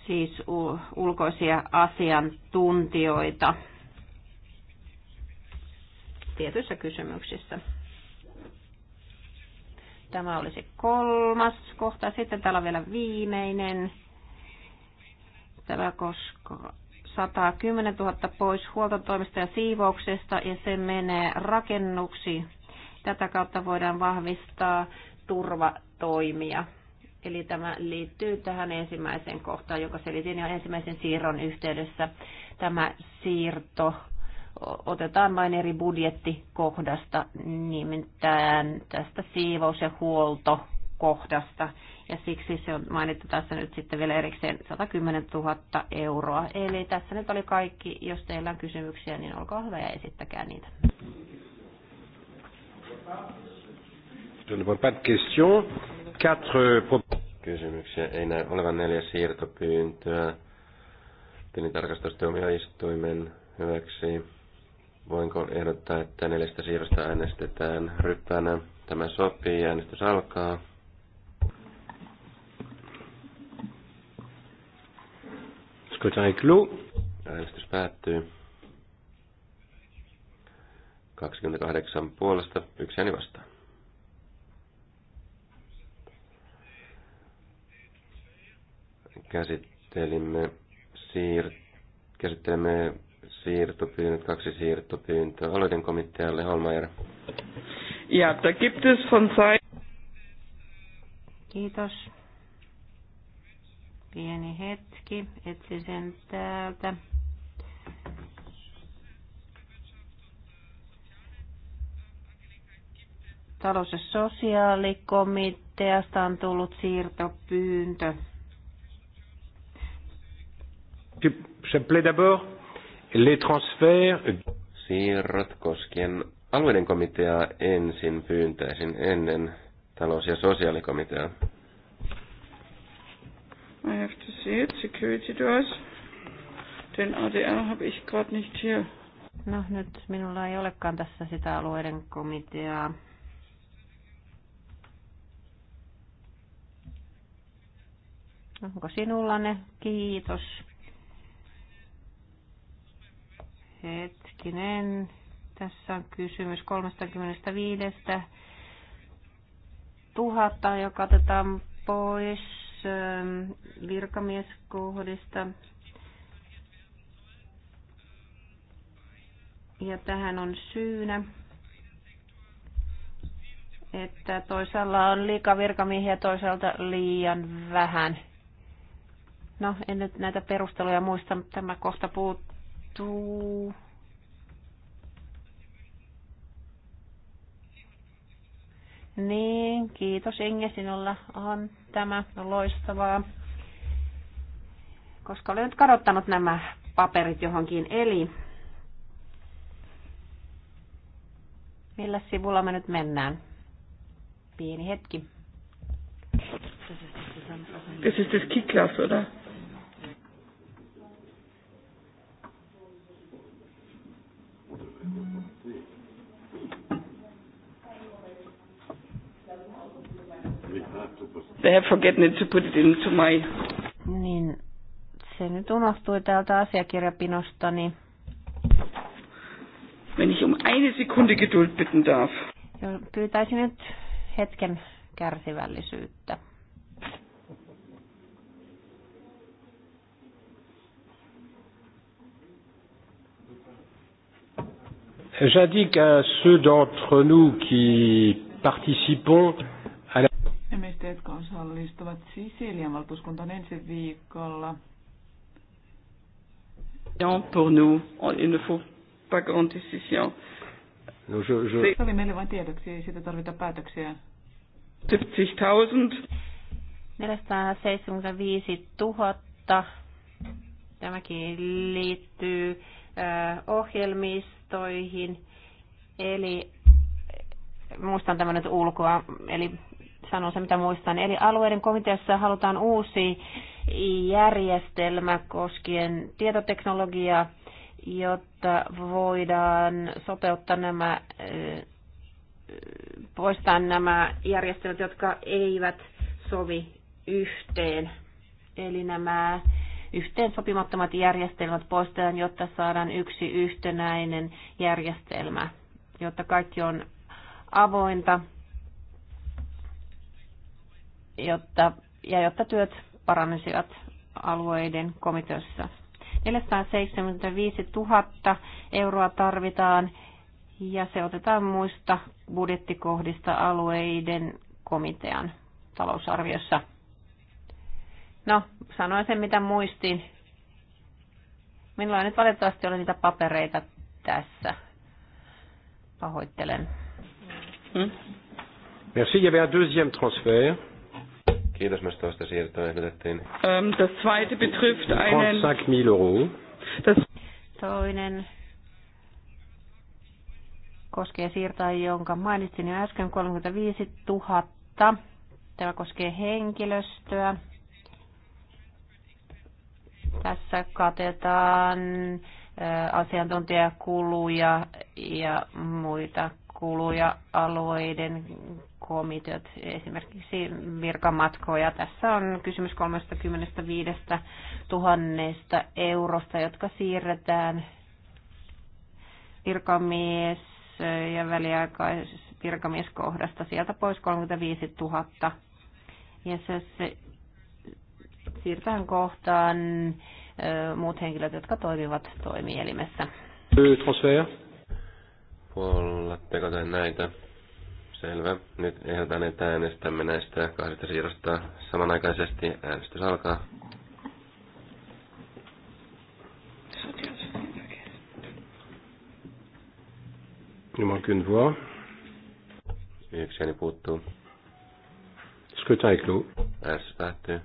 siis ulkoisia asiantuntijoita tietyissä kysymyksissä. Tämä olisi kolmas kohta. Sitten täällä on vielä viimeinen. Tämä koska 110 000 pois huoltotoimista ja siivouksesta ja se menee rakennuksiin Tätä kautta voidaan vahvistaa turvatoimia. Eli tämä liittyy tähän ensimmäiseen kohtaan, joka selitin jo ensimmäisen siirron yhteydessä. Tämä siirto otetaan vain eri budjettikohdasta, nimittäin tästä siivous- ja huoltokohdasta. Ja siksi se on mainittu tässä nyt sitten vielä erikseen 110 000 euroa. Eli tässä nyt oli kaikki. Jos teillä on kysymyksiä, niin olkaa hyvä ja esittäkää niitä. Je ne vois pas de questions. Quatre kysymyksiä. Ei näy olevan neljä siirtopyyntöä tilintarkastustuomioistuimen hyväksi. Voinko ehdottaa, että neljästä siirrosta äänestetään ryppänä? Tämä sopii. Äänestys alkaa. Scrutin clos. Äänestys päättyy. 28 puolesta, yksi ääni vastaan. Käsittelimme siir- käsittelemme siirtopyynnöt, kaksi siirtopyyntöä. Aloitin komitealle Holmeier. Ja, da gibt es von Kiitos. Pieni hetki, etsin sen täältä. talous- ja sosiaalikomiteasta on tullut siirtopyyntö. Siirrot koskien alueiden komiteaa ensin pyyntäisin ennen talous- ja sosiaalikomiteaa. I have to see it, security doors. Den ADR habe ich gerade nicht hier. No nyt minulla ei olekaan tässä sitä alueiden komiteaa. Onko sinulla ne? Kiitos. Hetkinen. Tässä on kysymys 35 000, joka otetaan pois ähm, virkamieskohdista. Ja tähän on syynä, että toisaalla on liikaa virkamiehiä, toisaalta liian vähän No, en nyt näitä perusteluja muista, mutta tämä kohta puuttuu. Niin, kiitos Inge, sinulla on tämä on no, loistavaa. Koska olen nyt kadottanut nämä paperit johonkin, eli millä sivulla me nyt mennään? Pieni hetki. Es ist das Kicklas, oder? They have forgotten it to put it into my... Niin, se nyt unohtui täältä asiakirjapinostani. Wenn ich um eine Sekunde Geduld bitten darf. Pyytäisin nyt hetken kärsivällisyyttä. J'indique à ceux d'entre nous qui participons järjestöt, jotka osallistuvat Sisilian valtuuskuntaan ensi viikolla. Pour nous, il ne faut pas grande décision. No, je, je... Se oli meille vain tiedoksi, ei siitä tarvita päätöksiä. 70 000. 475 000. Tämäkin liittyy ohjelmistoihin. Eli muistan tämän nyt ulkoa, eli sanon se, mitä muistan. Eli alueiden komiteassa halutaan uusi järjestelmä koskien tietoteknologiaa, jotta voidaan sopeuttaa nämä, eh, poistaa nämä järjestelmät, jotka eivät sovi yhteen. Eli nämä yhteen sopimattomat järjestelmät poistetaan, jotta saadaan yksi yhtenäinen järjestelmä, jotta kaikki on avointa jotta, ja jotta työt paranisivat alueiden komiteossa. 475 000 euroa tarvitaan ja se otetaan muista budjettikohdista alueiden komitean talousarviossa. No, sanoin sen mitä muistin. Minulla ei nyt valitettavasti ole niitä papereita tässä. Pahoittelen. Mm. Merci, il y avait un deuxième transfert. Kiitos myös tuosta siirtoa ehdotettiin. Um, das zweite betrifft einen... Das... Toinen koskee siirtoa, jonka mainitsin jo äsken, 35 000. Tämä koskee henkilöstöä. Tässä katetaan äh, asiantuntijakuluja ja muita kuluja alueiden komiteat, esimerkiksi virkamatkoja. Tässä on kysymys 35 000 eurosta, jotka siirretään virkamies ja väliaikais virkamieskohdasta sieltä pois 35 000. Ja se, se siirretään kohtaan muut henkilöt, jotka toimivat toimielimessä. Transfer puollatteko te näitä? Selvä. Nyt ehdotan, että äänestämme näistä kahdesta siirrosta samanaikaisesti. Äänestys alkaa. Il manque Yksi ääni puuttuu. Scrutin est Äänestys päättyy.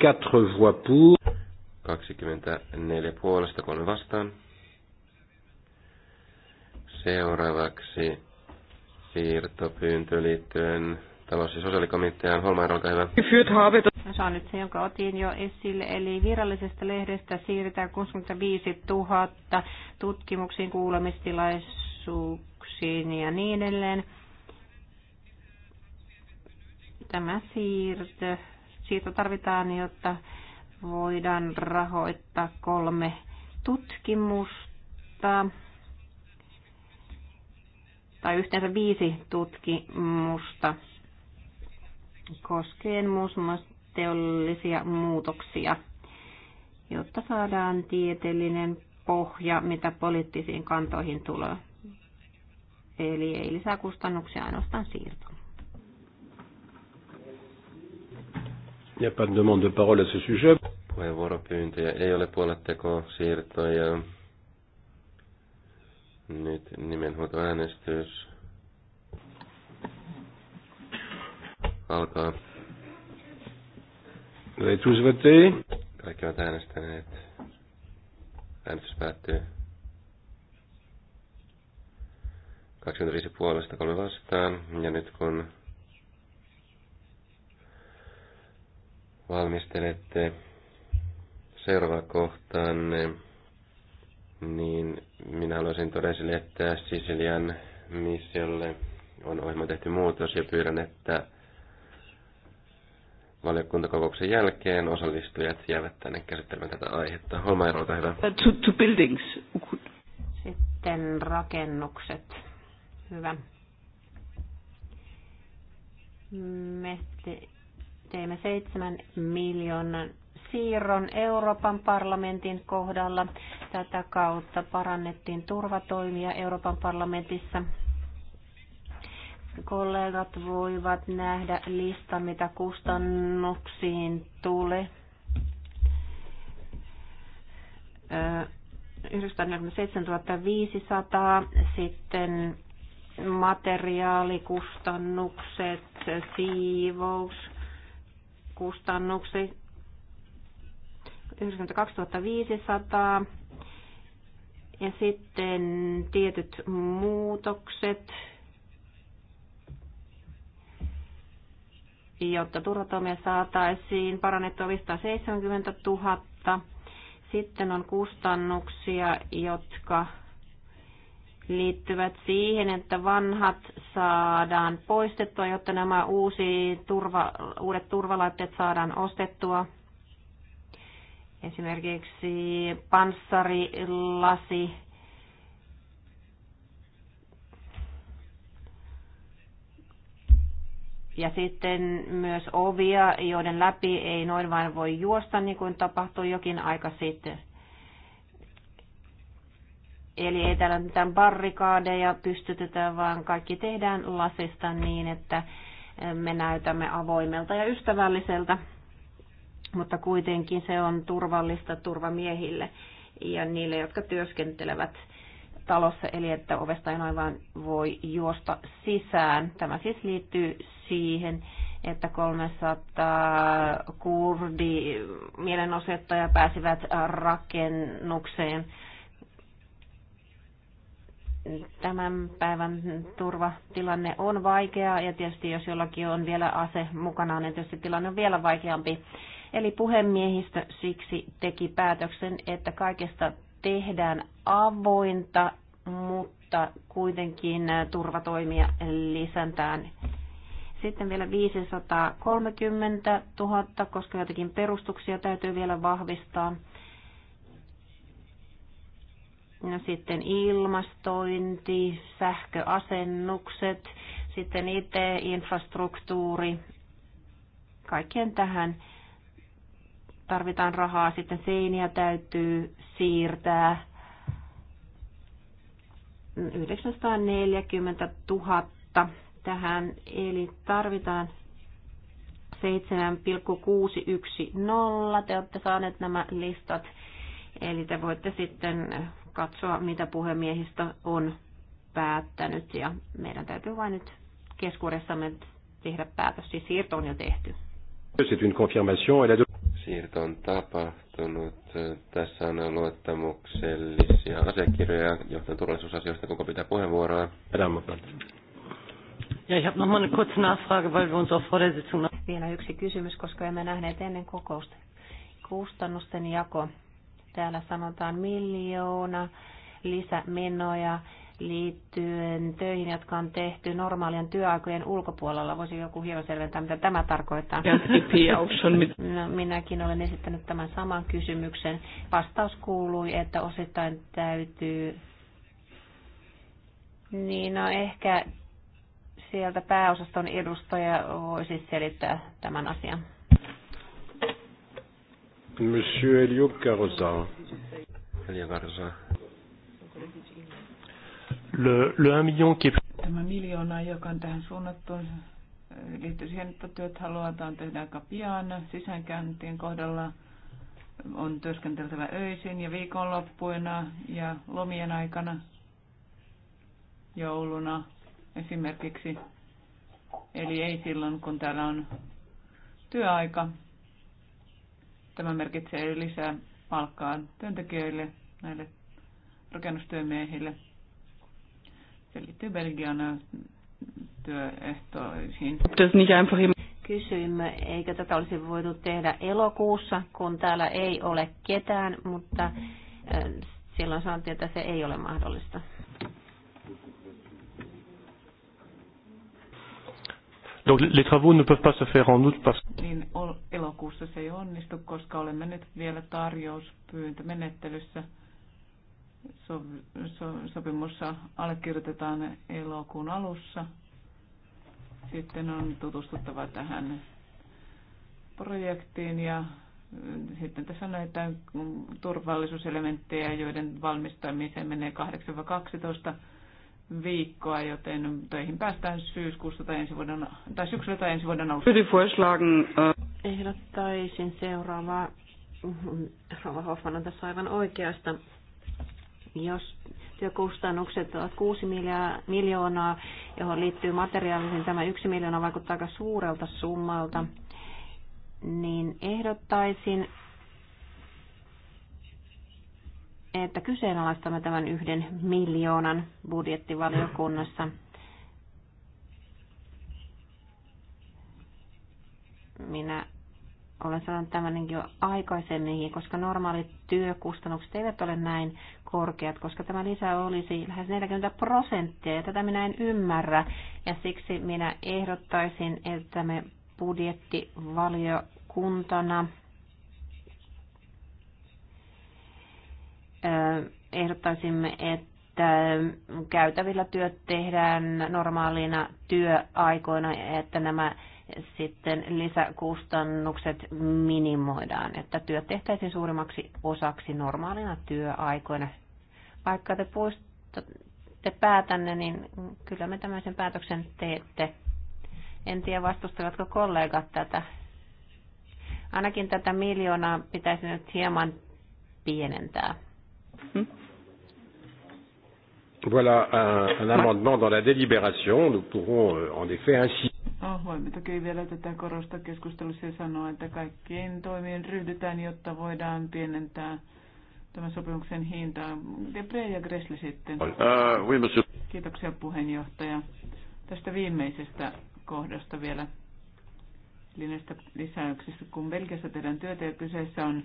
24 voix pour. 24 puolesta, 3 vastaan. Seuraavaksi siirtopyyntö liittyen talous- ja sosiaalikomitean. Holmaer, olkaa hyvä. se on nyt se, jonka otin jo esille. Eli virallisesta lehdestä siirretään 65 000 tutkimuksiin, kuulemistilaisuuksiin ja niin edelleen. Tämä siirto, siirto tarvitaan, jotta voidaan rahoittaa kolme tutkimusta tai yhteensä viisi tutkimusta koskien teollisia muutoksia, jotta saadaan tieteellinen pohja, mitä poliittisiin kantoihin tulee. Eli ei lisää kustannuksia, ainoastaan siirto. Il pas demande de parole à ce sujet. Puheenvuoropyyntöjä ei ole puoletteko siirtoja nyt nimenhuutoäänestys. Alkaa. Leitsuus Kaikki ovat äänestäneet. Äänestys päättyy. 25 puolesta, kolme vastaan. Ja nyt kun valmistelette seuraavaa kohtaan, niin niin minä haluaisin todeta sille, että Sisilian missiolle on ohjelma tehty muutos ja pyydän, että valiokuntakokouksen jälkeen osallistujat jäävät tänne käsittelemään tätä aihetta. Holmaero, olkaa hyvä. Uh, to, to buildings. Sitten rakennukset. Hyvä. Me te, teimme seitsemän miljoonan siirron Euroopan parlamentin kohdalla. Tätä kautta parannettiin turvatoimia Euroopan parlamentissa. Kollegat voivat nähdä listan, mitä kustannuksiin tulee. 7500, sitten materiaalikustannukset, siivous, kustannukset 2500 ja sitten tietyt muutokset, jotta turvatoimia saataisiin parannettua 570 000. Sitten on kustannuksia, jotka liittyvät siihen, että vanhat saadaan poistettua, jotta nämä uusi turva, uudet turvalaitteet saadaan ostettua. Esimerkiksi panssarilasi. Ja sitten myös ovia, joiden läpi ei noin vain voi juosta, niin kuin tapahtui jokin aika sitten. Eli ei täällä mitään barrikaadeja pystytetä, vaan kaikki tehdään lasista niin, että me näytämme avoimelta ja ystävälliseltä mutta kuitenkin se on turvallista turvamiehille ja niille, jotka työskentelevät talossa, eli että ovesta ei noin vaan voi juosta sisään. Tämä siis liittyy siihen, että 300 kurdi mielenosoittaja pääsivät rakennukseen. Tämän päivän turvatilanne on vaikea ja tietysti jos jollakin on vielä ase mukana, niin tietysti tilanne on vielä vaikeampi. Eli puhemiehistö siksi teki päätöksen, että kaikesta tehdään avointa, mutta kuitenkin turvatoimia lisätään. Sitten vielä 530 000, koska jotakin perustuksia täytyy vielä vahvistaa. No sitten ilmastointi, sähköasennukset, sitten IT-infrastruktuuri, kaikkien tähän tarvitaan rahaa, sitten seiniä täytyy siirtää. 940 000 tähän, eli tarvitaan 7,610. Te olette saaneet nämä listat, eli te voitte sitten katsoa, mitä puhemiehistä on päättänyt, ja meidän täytyy vain nyt keskuudessamme tehdä päätös, siis siirto on jo tehty siirto on tapahtunut. Tässä on luottamuksellisia asiakirjoja johtajan turvallisuusasioista, kuka pitää puheenvuoroa. Ja, ich habe nochmal Nachfrage, weil wir uns vor der Sitzung... Vielä yksi kysymys, koska emme nähneet ennen kokousta. Kustannusten jako. Täällä sanotaan miljoona lisämenoja liittyen töihin, jotka on tehty normaalien työaikojen ulkopuolella. Voisi joku hieman selventää, mitä tämä tarkoittaa? No, minäkin olen esittänyt tämän saman kysymyksen. Vastaus kuului, että osittain täytyy... Niin, no ehkä sieltä pääosaston edustaja voisi selittää tämän asian. Monsieur Elio Carosa. Elio Carosa le, le 1 million qui est... Tämä miljoona, joka on tähän suunnattu, liittyy siihen, että työt halutaan tehdä aika pian. Sisäänkäyntien kohdalla on työskenteltävä öisin ja viikonloppuina ja lomien aikana, jouluna esimerkiksi. Eli ei silloin, kun täällä on työaika. Tämä merkitsee lisää palkkaa työntekijöille, näille rakennustyömiehille – se liittyy Belgian työehtoihin. Niin Kysyimme, eikö tätä olisi voitu tehdä elokuussa, kun täällä ei ole ketään, mutta silloin sanottiin, että se ei ole mahdollista. Donc les travaux ne peuvent pas se faire en août parce niin elokuussa se ei onnistu, koska olemme nyt vielä tarjouspyyntömenettelyssä. menettelyssä Sopimussa allekirjoitetaan elokuun alussa. Sitten on tutustuttava tähän projektiin ja mm, sitten tässä on näitä turvallisuuselementtejä, joiden valmistamiseen menee 8-12 viikkoa, joten töihin päästään syyskuussa tai, ensi vuoden, tai syksyllä tai ensi vuoden alussa. Äh, Ehdottaisin seuraavaa. Rova Hoffman on tässä aivan oikeasta. Jos työkustannukset ovat 6 miljoonaa, johon liittyy materiaalisen niin tämä 1 miljoona vaikuttaa aika suurelta summalta, niin ehdottaisin, että kyseenalaistamme tämän yhden miljoonan budjettivaliokunnassa. Minä olen sanonut tämän jo aikaisemminkin, koska normaalit työkustannukset eivät ole näin korkeat, koska tämä lisä olisi lähes 40 prosenttia, ja tätä minä en ymmärrä, ja siksi minä ehdottaisin, että me budjettivaliokuntana ehdottaisimme, että käytävillä työt tehdään normaalina työaikoina, ja että nämä sitten lisäkustannukset minimoidaan, että työ tehtäisiin suurimmaksi osaksi normaalina työaikoina. Vaikka te poistatte päätänne, niin kyllä me tämmöisen päätöksen teette. En tiedä, vastustavatko kollegat tätä. Ainakin tätä miljoonaa pitäisi nyt hieman pienentää. Voilà un, euh, un amendement dans la délibération. Nous pourrons euh, en effet ainsi. No, voimme toki vielä tätä korostaa keskustelussa ja sanoa, että kaikkiin toimiin ryhdytään, jotta voidaan pienentää tämän sopimuksen hintaa. Debre ja Gressle sitten. Äh, Kiitoksia puheenjohtaja. Tästä viimeisestä kohdasta vielä eli näistä lisäyksistä, kun Belgiassa tehdään työtä ja kyseessä on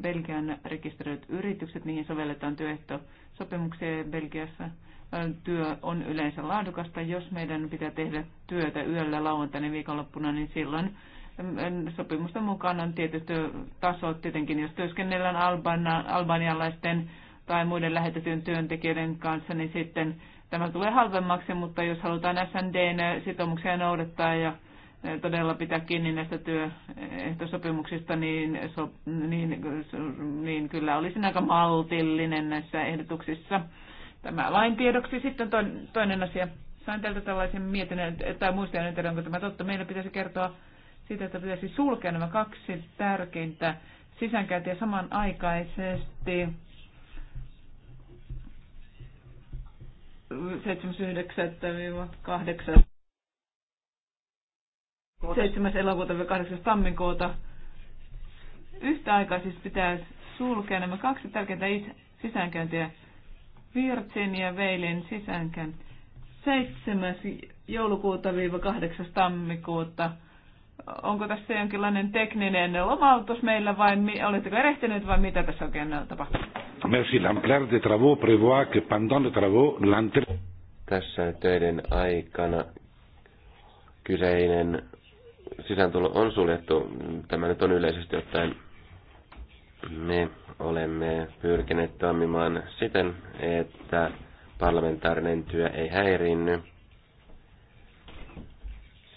Belgian rekisteröidyt yritykset, niihin sovelletaan työehtosopimuksia Belgiassa työ on yleensä laadukasta. Jos meidän pitää tehdä työtä yöllä lauantaina viikonloppuna, niin silloin sopimusten mukaan on tietyt tasot. Tietenkin jos työskennellään albana, albanialaisten tai muiden lähetetyn työntekijöiden kanssa, niin sitten tämä tulee halvemmaksi, mutta jos halutaan snd sitoumuksia noudattaa ja e, todella pitää kiinni näistä työehtosopimuksista, niin, so, niin, niin kyllä olisin aika maltillinen näissä ehdotuksissa tämä lain tiedoksi. Sitten toinen asia. Sain tältä tällaisen mietinnän, tai muistan, että onko tämä totta. Meillä pitäisi kertoa siitä, että pitäisi sulkea nämä kaksi tärkeintä sisäänkäyntiä samanaikaisesti. 7.9.8. 7. elokuuta 8. tammikuuta. Yhtäaikaisesti siis sulkea nämä kaksi tärkeintä sisäänkäyntiä Virtsin ja Veilin sisäänkään 7. joulukuuta 8. tammikuuta. Onko tässä jonkinlainen tekninen lomautus meillä vai mi- oletteko erehtyneet vai mitä tässä oikein tapahtuu? Merci. L'ampleur des travaux prévoit que pendant les travaux, Tässä töiden aikana kyseinen sisääntulo on suljettu. Tämä nyt on yleisesti ottaen me olemme pyrkineet toimimaan siten, että parlamentaarinen työ ei häirinny,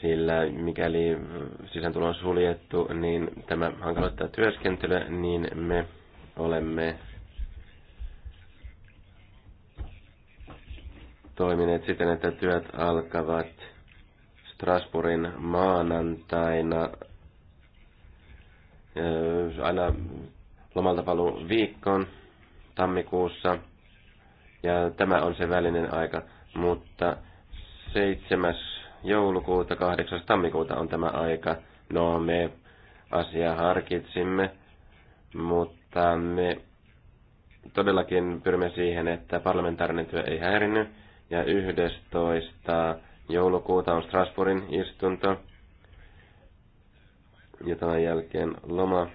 sillä mikäli sisääntulo on suljettu, niin tämä hankaloittaa työskentelyä, niin me olemme toimineet siten, että työt alkavat Strasbourgin maanantaina öö, aina lomalta paluu viikkoon tammikuussa. Ja tämä on se välinen aika, mutta 7. joulukuuta, 8. tammikuuta on tämä aika. No, me asiaa harkitsimme, mutta me todellakin pyrimme siihen, että parlamentaarinen työ ei häirinny. Ja 11. joulukuuta on Strasbourgin istunto. Ja tämän jälkeen loma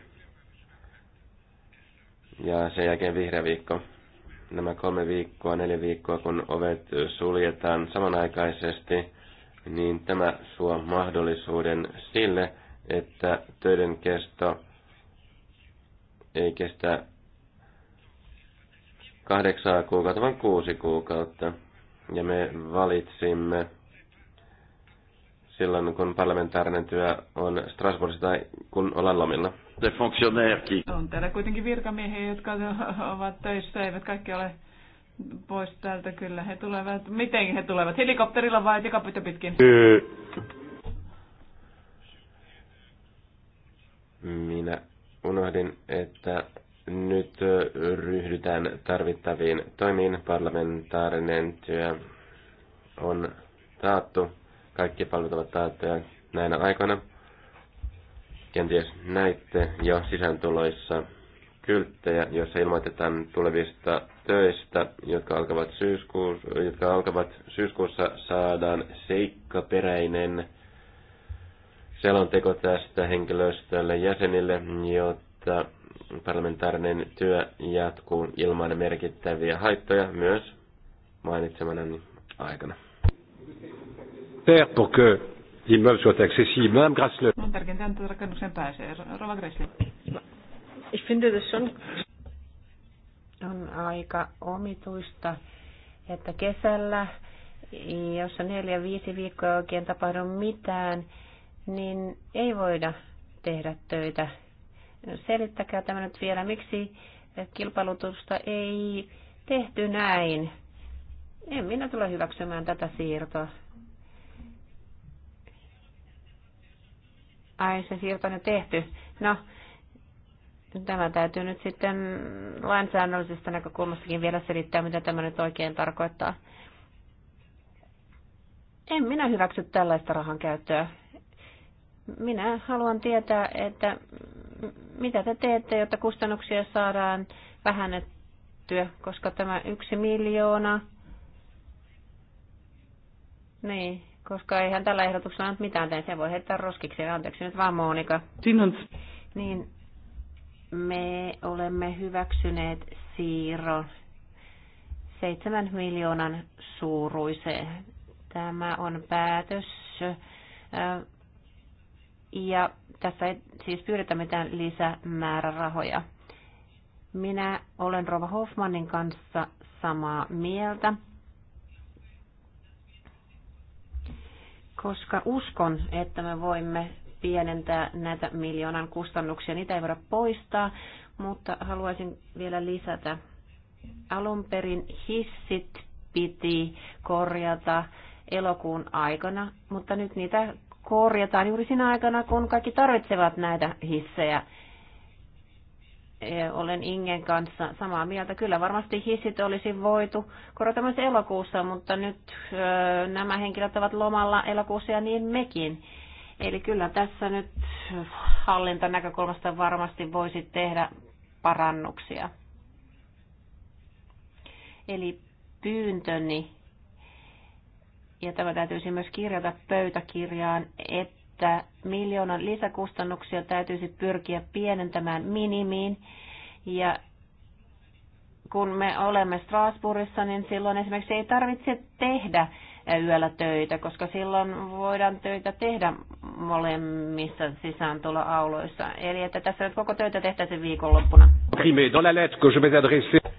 ja sen jälkeen vihreä viikko. Nämä kolme viikkoa, neljä viikkoa, kun ovet suljetaan samanaikaisesti, niin tämä suo mahdollisuuden sille, että töiden kesto ei kestä kahdeksaa kuukautta, vaan kuusi kuukautta. Ja me valitsimme silloin, kun parlamentaarinen työ on Strasbourgissa tai kun ollaan lomilla de fonctionnaires On täällä kuitenkin virkamiehiä, jotka ovat töissä, eivät kaikki ole pois täältä kyllä. He tulevat, miten he tulevat? Helikopterilla vai tikapyttä pitkin? Minä unohdin, että nyt ryhdytään tarvittaviin toimiin. Parlamentaarinen työ on taattu. Kaikki palvelut ovat taattuja näinä aikoina. Kenties näitte jo sisääntuloissa kylttejä, joissa ilmoitetaan tulevista töistä, jotka alkavat, syyskuussa, jotka alkavat syyskuussa saadaan seikkaperäinen selonteko tästä henkilöstölle jäsenille, jotta parlamentaarinen työ jatkuu ilman merkittäviä haittoja myös mainitsemanani aikana. Teppo Köö immeubles soient accessibles. Madame Grassler. On on aika omituista, että kesällä, jos on neljä viisi viikkoa oikein tapahdu mitään, niin ei voida tehdä töitä. Selittäkää tämä nyt vielä, miksi kilpailutusta ei tehty näin. En minä tule hyväksymään tätä siirtoa. ai se siirto on jo tehty. No, tämä täytyy nyt sitten lainsäädännöllisestä näkökulmastakin vielä selittää, mitä tämä nyt oikein tarkoittaa. En minä hyväksy tällaista rahan käyttöä. Minä haluan tietää, että mitä te teette, jotta kustannuksia saadaan vähennettyä, koska tämä yksi miljoona, niin koska eihän tällä ehdotuksella nyt mitään tee. Se voi heittää roskiksi. Anteeksi nyt vaan Monika. Sinun. Niin, me olemme hyväksyneet siirron 7 miljoonan suuruiseen. Tämä on päätös. Äh, ja tässä ei siis pyydetä mitään lisämäärärahoja. Minä olen Rova Hoffmanin kanssa samaa mieltä. koska uskon, että me voimme pienentää näitä miljoonan kustannuksia. Niitä ei voida poistaa, mutta haluaisin vielä lisätä. Alun perin hissit piti korjata elokuun aikana, mutta nyt niitä korjataan juuri sinä aikana, kun kaikki tarvitsevat näitä hissejä. Eh, olen Ingen kanssa samaa mieltä. Kyllä varmasti hissit olisi voitu korota myös elokuussa, mutta nyt ö, eh, nämä henkilöt ovat lomalla elokuussa ja niin mekin. Eli kyllä tässä nyt hallintanäkökulmasta varmasti voisi tehdä parannuksia. Eli pyyntöni, ja tämä täytyisi myös kirjata pöytäkirjaan, että miljoonan lisäkustannuksia täytyisi pyrkiä pienentämään minimiin. Ja kun me olemme Strasbourgissa, niin silloin esimerkiksi ei tarvitse tehdä yöllä töitä, koska silloin voidaan töitä tehdä molemmissa sisääntuloauloissa. Eli että tässä nyt koko töitä tehtäisiin viikonloppuna.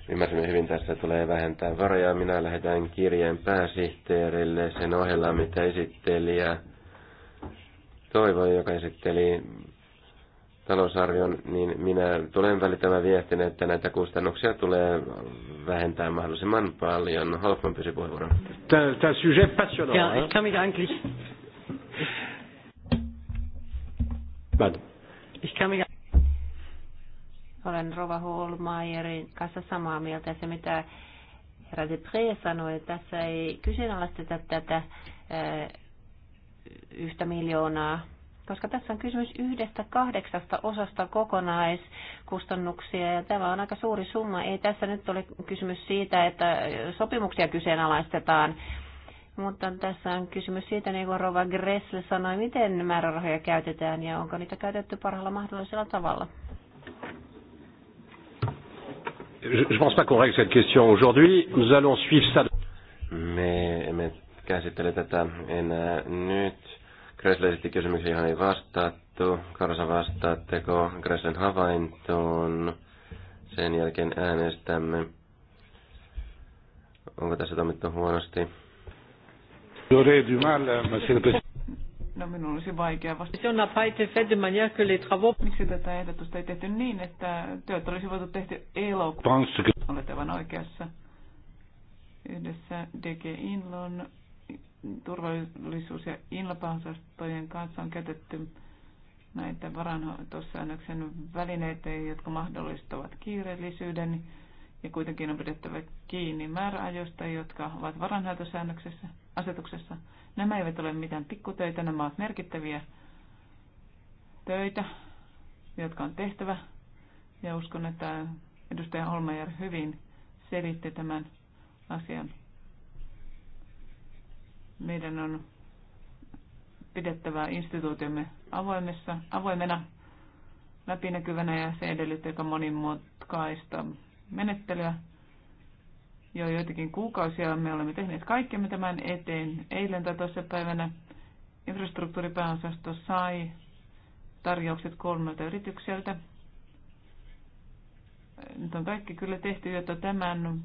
Ymmärsimme hyvin, tässä tulee vähentää varoja. Minä lähetän kirjeen pääsihteerille sen ohella, mitä esittelijä Toivo, joka esitteli talousarvion, niin minä tulen välittämään viestin, että näitä kustannuksia tulee vähentää mahdollisimman paljon. Hoffman pysyi puheenvuoron. Tämä sujet passionnant. Olen Rova Holmeierin kanssa samaa mieltä. Se, mitä herra Depré sanoi, tässä ei kyseenalaisteta tätä äh, yhtä miljoonaa, koska tässä on kysymys yhdestä kahdeksasta osasta kokonaiskustannuksia ja tämä on aika suuri summa. Ei tässä nyt ole kysymys siitä, että sopimuksia kyseenalaistetaan, mutta tässä on kysymys siitä, niin kuin Rova Gressle sanoi, miten määrärahoja käytetään ja onko niitä käytetty parhaalla mahdollisella tavalla. Je pense pas qu'on règle cette question aujourd'hui. Nous allons suivre ça. Mais, mais käsittele tätä enää nyt. Gressel esitti kysymyksiä, johon ei vastattu. Karsa vastaatteko Gresslen havaintoon. Sen jälkeen äänestämme. Onko tässä toimittu huonosti? No minun olisi vaikea vastata. Miksi tätä ehdotusta ei tehty niin, että työt olisi voitu tehty elokuvan? Olette vain oikeassa. Yhdessä DG Inlon turvallisuus- ja inlapaosastojen kanssa on käytetty näitä varanhoitossäännöksen välineitä, jotka mahdollistavat kiireellisyyden ja kuitenkin on pidettävä kiinni määräajoista, jotka ovat varanhoitosäännöksessä asetuksessa. Nämä eivät ole mitään pikkutöitä, nämä ovat merkittäviä töitä, jotka on tehtävä. Ja uskon, että edustaja Holmeyer hyvin selitti tämän asian meidän on pidettävä instituutiomme avoimessa, avoimena, läpinäkyvänä ja se edellyttää monimutkaista menettelyä. Jo joitakin kuukausia me olemme tehneet kaikkemme tämän eteen. Eilen tai toisessa päivänä infrastruktuuripääosasto sai tarjoukset kolmelta yritykseltä. Nyt on kaikki kyllä tehty, jotta tämän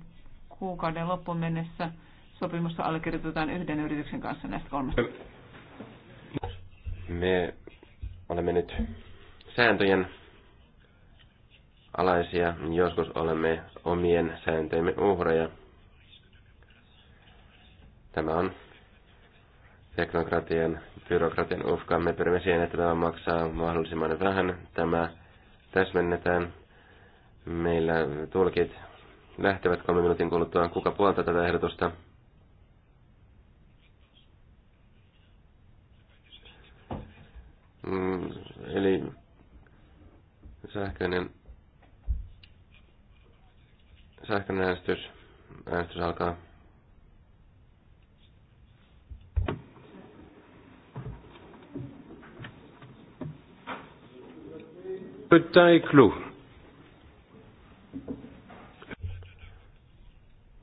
kuukauden loppuun mennessä sopimusta allekirjoitetaan yhden yrityksen kanssa näistä kolmesta? Me olemme nyt sääntöjen alaisia, joskus olemme omien sääntöjemme uhreja. Tämä on teknokratian, byrokratian uhka. Me pyrimme siihen, että tämä maksaa mahdollisimman vähän. Tämä täsmennetään. Meillä tulkit lähtevät kolmen minuutin kuluttua. Kuka puolta tätä ehdotusta? Mm, eli sähköinen sähköinen äänestys. Äänestys alkaa. Pyttää klu.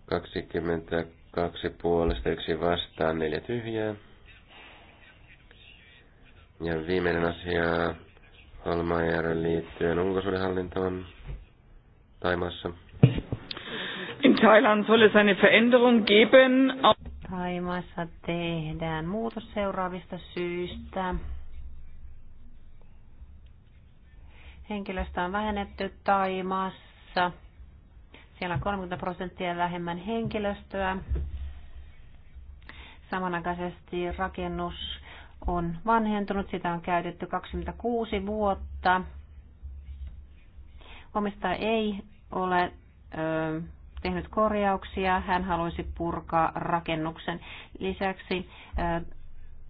Kaksikymmentä kaksi puolesta, yksi vastaan, neljä tyhjää. Ja viimeinen asia Holmeier liittyen ulkosuudenhallintoon Taimaassa. In Thailand soll es eine Veränderung geben. Taimaassa tehdään muutos seuraavista syistä. Henkilöstä on vähennetty Taimaassa. Siellä on 30 prosenttia vähemmän henkilöstöä. Samanaikaisesti rakennus on vanhentunut, sitä on käytetty 26 vuotta. Omistaja ei ole ö, tehnyt korjauksia, hän haluaisi purkaa rakennuksen. Lisäksi ö,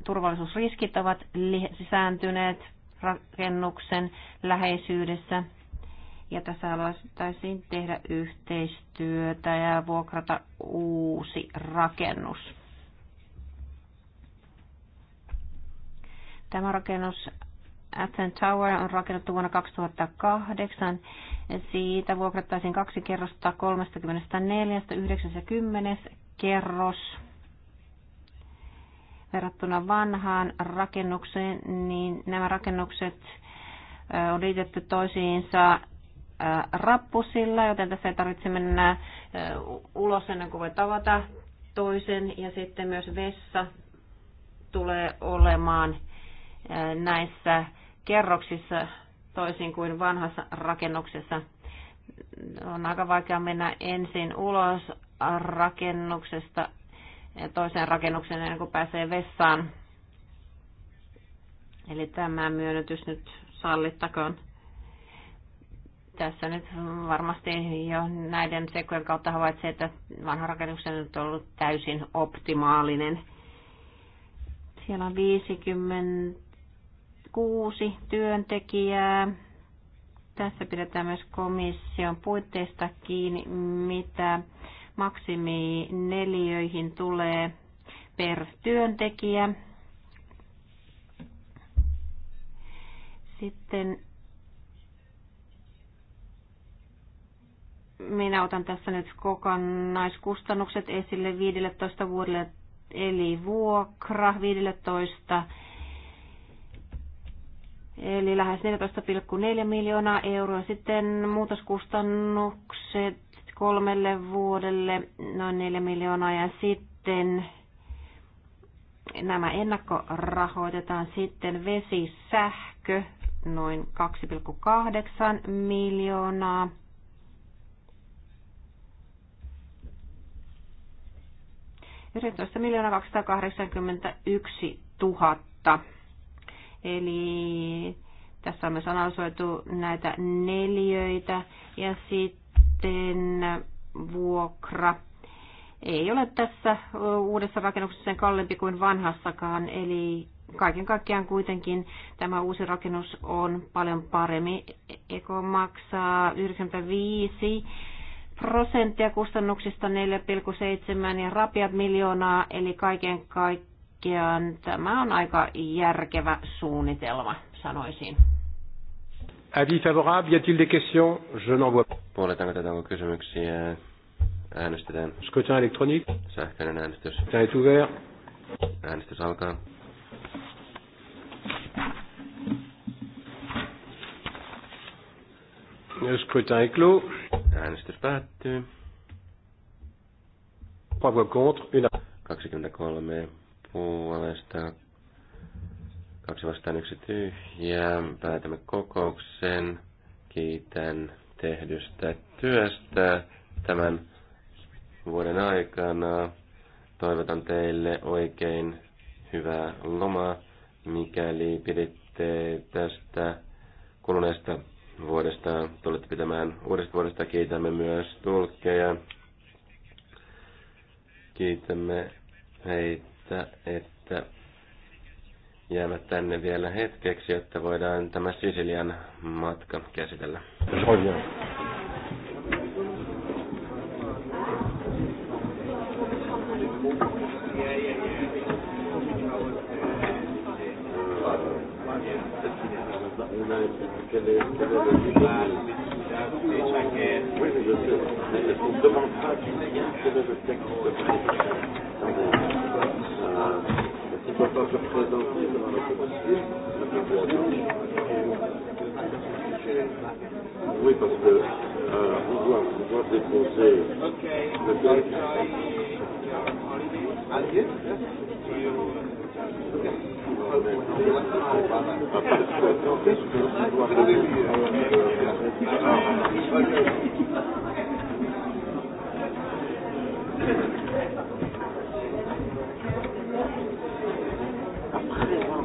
turvallisuusriskit ovat lisääntyneet rakennuksen läheisyydessä ja tässä haluaisin tehdä yhteistyötä ja vuokrata uusi rakennus. Tämä rakennus Athen Tower on rakennettu vuonna 2008. Siitä vuokrattaisiin kaksi kerrosta 34, 9 ja 10 kerros. Verrattuna vanhaan rakennukseen, niin nämä rakennukset on liitetty toisiinsa rappusilla, joten tässä ei tarvitse mennä ulos ennen kuin voi tavata toisen. Ja sitten myös vessa tulee olemaan näissä kerroksissa toisin kuin vanhassa rakennuksessa. On aika vaikea mennä ensin ulos rakennuksesta toiseen rakennukseen ennen kuin pääsee vessaan. Eli tämä myönnytys nyt sallittakoon. Tässä nyt varmasti jo näiden sekojen kautta havaitsee, että vanha rakennuksen on nyt ollut täysin optimaalinen. Siellä on 50 kuusi työntekijää. Tässä pidetään myös komission puitteista kiinni, mitä maksimineliöihin tulee per työntekijä. Sitten minä otan tässä nyt kokonaiskustannukset esille 15 vuodelle, eli vuokra 15 eli lähes 14,4 miljoonaa euroa. Sitten muutoskustannukset kolmelle vuodelle noin 4 miljoonaa ja sitten nämä ennakkorahoitetaan sitten vesi, sähkö noin 2,8 miljoonaa. Yritystä miljoonaa 281 000. Eli tässä on myös analysoitu näitä neljöitä ja sitten vuokra. Ei ole tässä uudessa rakennuksessa sen kalliimpi kuin vanhassakaan, eli kaiken kaikkiaan kuitenkin tämä uusi rakennus on paljon paremmin. Eko maksaa 95 prosenttia kustannuksista 4,7 ja rapiat miljoonaa, eli kaiken kaikkiaan kaikkiaan tämä on aika järkevä suunnitelma, sanoisin. Avis favorable, y a-t-il des questions Je n'en vois pas. Puoletaanko tätä, onko kysymyksiä? Äänestetään. Scrutin électronique. Sähköinen äänestys. Scrutin est ouvert. Äänestys alkaa. Scrutin est clos. Äänestys päättyy. 3 voix contre, une. 23 puolesta. Kaksi vastaan yksi tyhjää. Päätämme kokouksen. Kiitän tehdystä työstä tämän vuoden aikana. Toivotan teille oikein hyvää lomaa, mikäli piditte tästä kuluneesta vuodesta. Tulette pitämään uudesta vuodesta. Kiitämme myös tulkkeja. Kiitämme heitä että että jäävät tänne vielä hetkeksi, että voidaan tämä Sisilian matka käsitellä. quelle je ne demande pas le texte si ne pas se présenter devant la commission, oui, parce que euh, on, doit, on doit déposer le Thank you.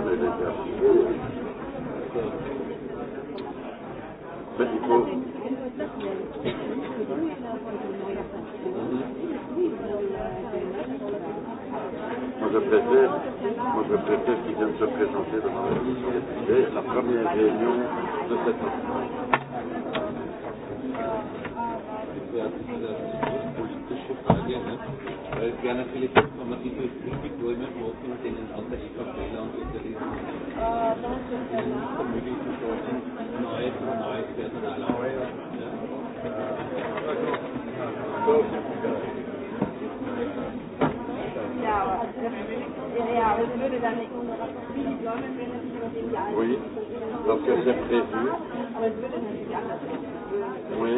bonne à la faire. Ben, il faut... Moi je préfère, moi je préfère qu'ils viennent se présenter devant la commission des budgets, la première réunion de septembre. politische Frage. Ne? Weil Werner Philipp noch mal diese Kritik, wo immer wo in den Aussage kommt, Oui, parce que c'est prévu. Oui,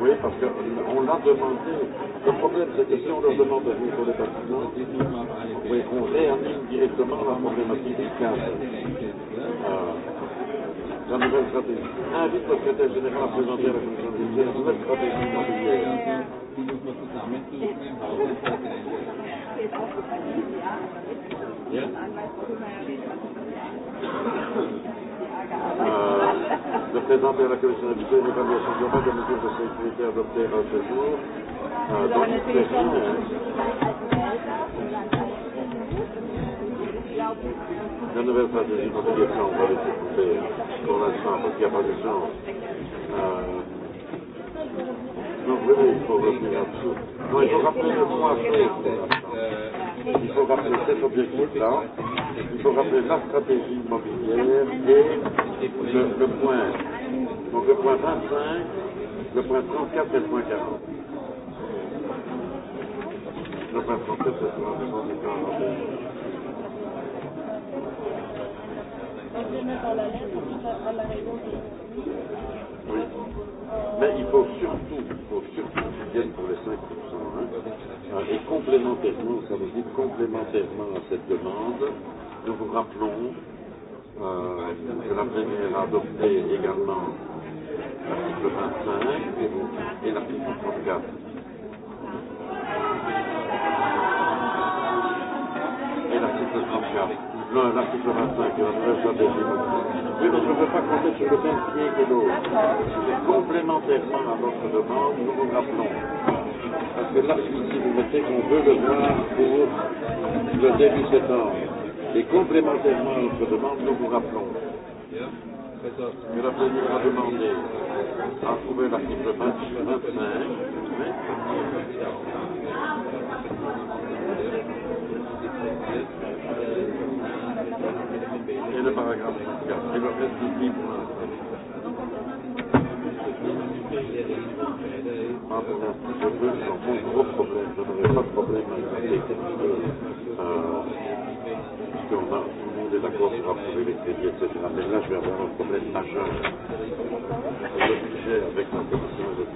oui, parce qu'on l'a demandé. Le problème, c'est que si on leur demande d'avenir sur les bâtiments, oui, on réanime directement la problématique du cadre. Euh, la nouvelle stratégie. Invite le secrétaire général à présenter à la commission des la nouvelle stratégie immobilière. Yeah. Euh, de présenter à la commission des évaluation globale des mesures de sécurité adoptées à ce jour Ah, Je ne vais pas Euh... La nouvelle phase on va laisser tomber pour l'instant parce qu'il n'y a pas d'urgence. Euh... Donc, oui, il faut revenir à tout. Non, il faut rappeler le point fait. Il faut rappeler cet objectif-là. Il faut rappeler la stratégie immobilière et le, le point. Donc, le point 25, le point 34 et le point 40. Oui. Mais il faut surtout, il faut surtout qu'ils viennent pour les 5%. Hein. Euh, et complémentairement, ça veut dire complémentairement à cette demande, nous vous rappelons euh, que la première a adopté également l'article 25 et l'article 34. Et l'article 25. Non, l'article 25, il va falloir s'adhérer. Oui, mais je ne veux pas compter sur le même pied que l'autre. Complémentairement à notre demande, nous vous rappelons. Parce que là, si vous mettez qu'on veut le voir pour le début septembre, et complémentairement à notre demande, nous vous rappelons. Yeah. Mais la plénière a demandé à trouver l'article 25, mais le paragraphe 4 et le reste du je veux un bon gros problème. Je n'aurais pas de problème à graver parce que, euh, puisqu'on a tout le monde est d'accord pour approuver les crédits, etc. Mais là, je vais avoir un problème majeur. Le budget avec la commission européenne.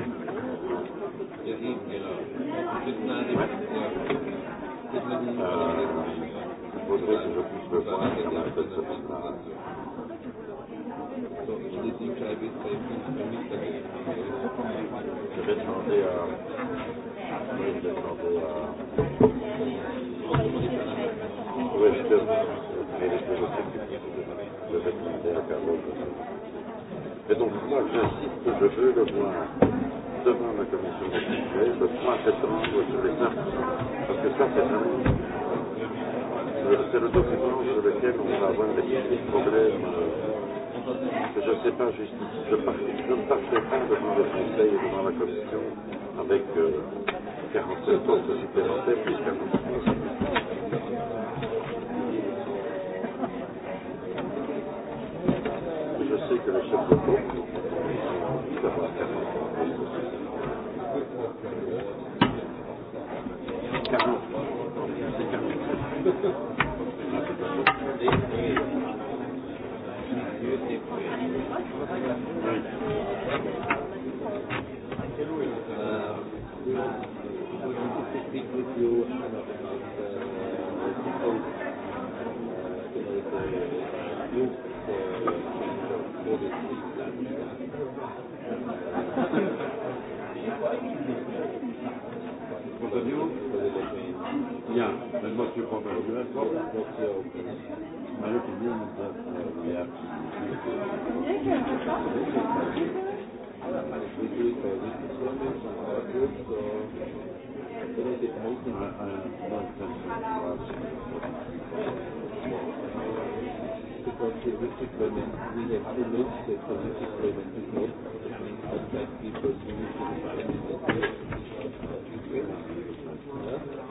terribile. Euh, faudrait que je puisse le voir sur la fête ce matin. Je vais demander à. Oui, je vais demander à. Oui, je vais. Mais je sais que je vais demander à Carlos. Et donc, moi, j'insiste que je veux le voir devant la commission des budgets le 3 septembre sur les impôts. Parce que ça, c'est vraiment. C'est le document sur lequel on va avoir des petits problèmes que je ne sais pas juste. Je, ne partirai pas devant le Conseil et devant la Commission avec euh, 47 postes supplémentaires plus 47 postes. sais que le chef de groupe, il va avoir 40 Bravo. much your point You have problem, but uh, my to do it. We do it for and our have to we have to look at the risk women people and affect people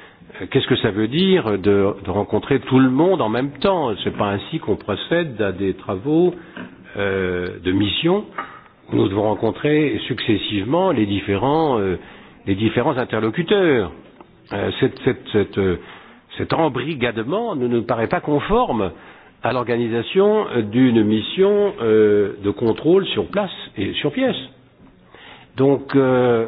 Qu'est-ce que ça veut dire de, de rencontrer tout le monde en même temps Ce n'est pas ainsi qu'on procède à des travaux euh, de mission où nous devons rencontrer successivement les différents, euh, les différents interlocuteurs. Euh, cette, cette, cette, euh, cet embrigadement ne nous paraît pas conforme à l'organisation d'une mission euh, de contrôle sur place et sur pièce. Donc, euh,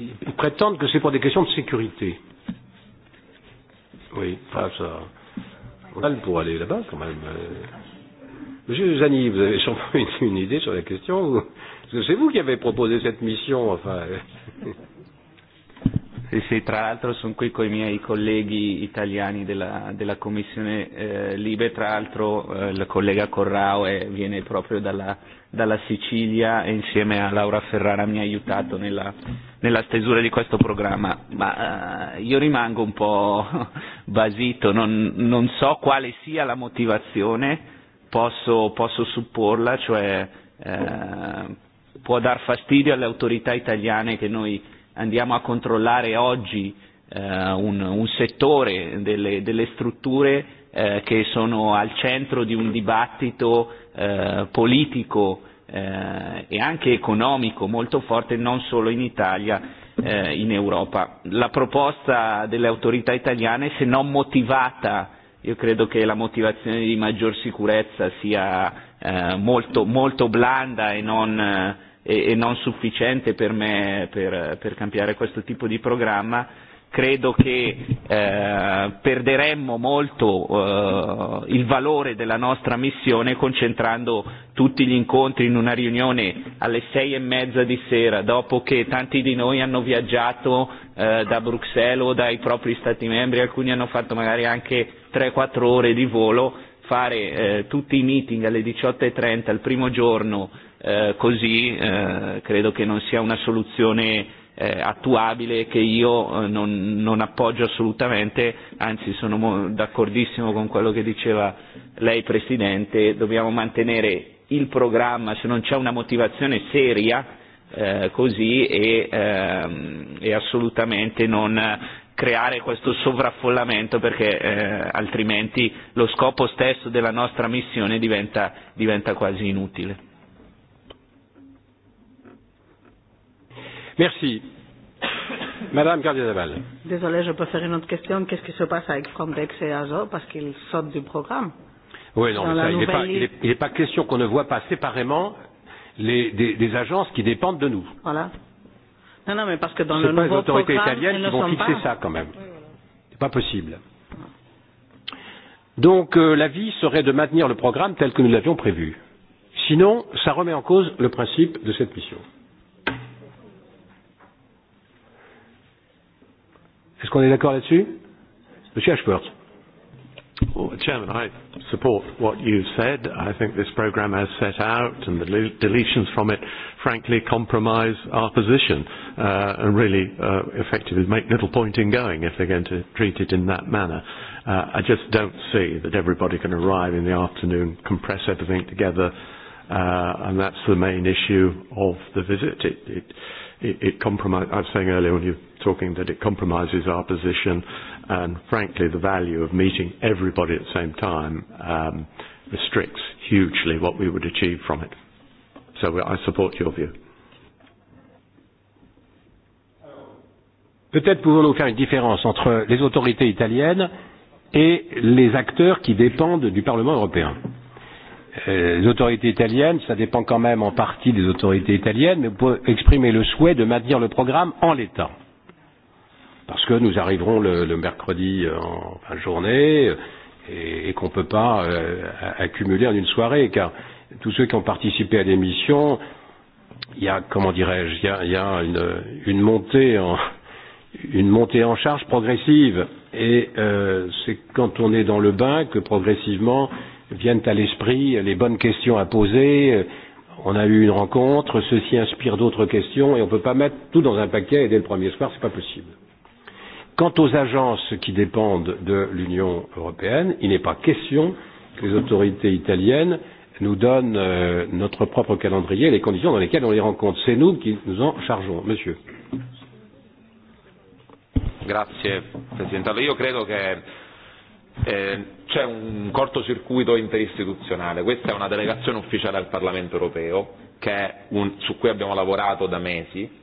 ils prétendent que c'est pour des questions de sécurité. Oui, enfin ça. On a le pour aller là-bas quand même. Euh, Monsieur Zani, vous avez sûrement une, une idée sur la question. Parce que c'est vous qui avez proposé cette mission, enfin. Sì, sì, tra l'altro sono qui con i miei colleghi italiani della, della Commissione eh, Libe, tra l'altro eh, il collega Corrao è, viene proprio dalla, dalla Sicilia e insieme a Laura Ferrara mi ha aiutato nella, nella stesura di questo programma, ma eh, io rimango un po' basito, non, non so quale sia la motivazione, posso, posso supporla, cioè eh, può dar fastidio alle autorità italiane che noi andiamo a controllare oggi eh, un, un settore delle, delle strutture eh, che sono al centro di un dibattito eh, politico eh, e anche economico molto forte non solo in Italia eh, in Europa. La proposta delle autorità italiane se non motivata io credo che la motivazione di maggior sicurezza sia eh, molto, molto blanda e non eh, e, e non sufficiente per me per, per cambiare questo tipo di programma, credo che eh, perderemmo molto eh, il valore della nostra missione concentrando tutti gli incontri in una riunione alle sei e mezza di sera, dopo che tanti di noi hanno viaggiato eh, da Bruxelles o dai propri Stati membri, alcuni hanno fatto magari anche 3-4 ore di volo, fare eh, tutti i meeting alle 18.30 e il primo giorno eh, così eh, credo che non sia una soluzione eh, attuabile che io eh, non, non appoggio assolutamente, anzi sono mo- d'accordissimo con quello che diceva lei Presidente, dobbiamo mantenere il programma se non c'è una motivazione seria eh, così e, ehm, e assolutamente non creare questo sovraffollamento perché eh, altrimenti lo scopo stesso della nostra missione diventa, diventa quasi inutile. Merci. Madame Gardiazabal. Désolé, je peux faire une autre question. Qu'est-ce qui se passe avec Frontex et Azo parce qu'ils sortent du programme Oui, non, mais ça, il n'est pas, il est, il est pas question qu'on ne voit pas séparément les, des, des agences qui dépendent de nous. Voilà. Non, non, mais parce que dans le nouveau programme, les autorités italiennes qui vont fixer pas. ça quand même. Oui, voilà. C'est pas possible. Donc euh, l'avis serait de maintenir le programme tel que nous l'avions prévu. Sinon, ça remet en cause le principe de cette mission. Est-ce qu'on est, qu est d'accord là-dessus Monsieur Ashworth. Well, Chairman, I support what you've said. I think this programme has set out and the deletions from it, frankly, compromise our position uh, and really uh, effectively make little point in going if they're going to treat it in that manner. Uh, I just don't see that everybody can arrive in the afternoon, compress everything together, uh, and that's the main issue of the visit. It, it, uh, it, it compromise. I was saying earlier when you were talking that it compromises our position and frankly the value of meeting everybody at the same time um, restricts hugely what we would achieve from it. So I support your view. Peut-être pouvons-nous faire une différence entre les autorités italiennes et les acteurs qui dépendent du Parlement européen les euh, autorités italiennes, ça dépend quand même en partie des autorités italiennes, mais pour exprimer le souhait de maintenir le programme en l'état. Parce que nous arriverons le, le mercredi euh, en fin de journée et, et qu'on ne peut pas euh, accumuler en une soirée, car tous ceux qui ont participé à l'émission, il y a, comment dirais-je, il y a, y a une, une, montée en, une montée en charge progressive. Et euh, c'est quand on est dans le bain que progressivement, euh, viennent à l'esprit les bonnes questions à poser. On a eu une rencontre, ceci inspire d'autres questions et on ne peut pas mettre tout dans un paquet et dès le premier soir, ce n'est pas possible. Quant aux agences qui dépendent de l'Union européenne, il n'est pas question que les autorités italiennes nous donnent euh, notre propre calendrier et les conditions dans lesquelles on les rencontre. C'est nous qui nous en chargeons. Monsieur. Grazie Presidente. Allora, io credo che eh, c'è un cortocircuito interistituzionale. Questa è una delegazione ufficiale al Parlamento europeo che è un, su cui abbiamo lavorato da mesi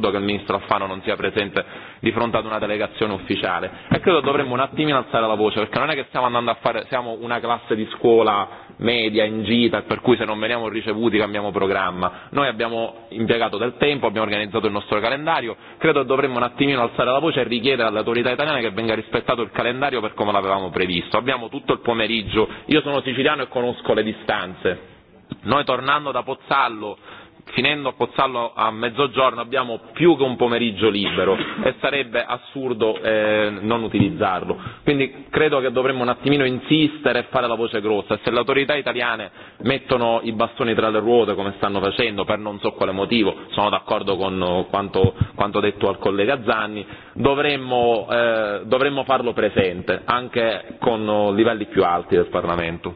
assurdo che il ministro Alfano non sia presente di fronte ad una delegazione ufficiale e credo dovremmo un attimino alzare la voce perché non è che stiamo andando a fare, siamo una classe di scuola media in gita per cui se non veniamo ricevuti cambiamo programma, noi abbiamo impiegato del tempo, abbiamo organizzato il nostro calendario, credo dovremmo un attimino alzare la voce e richiedere alle autorità italiane che venga rispettato il calendario per come l'avevamo previsto, abbiamo tutto il pomeriggio, io sono siciliano e conosco le distanze, noi tornando da Pozzallo finendo a Pozzallo a mezzogiorno abbiamo più che un pomeriggio libero e sarebbe assurdo eh, non utilizzarlo. Quindi credo che dovremmo un attimino insistere e fare la voce grossa. Se le autorità italiane mettono i bastoni tra le ruote come stanno facendo per non so quale motivo, sono d'accordo con eh, quanto, quanto detto al collega Zanni, dovremmo, eh, dovremmo farlo presente anche con livelli più alti del Parlamento.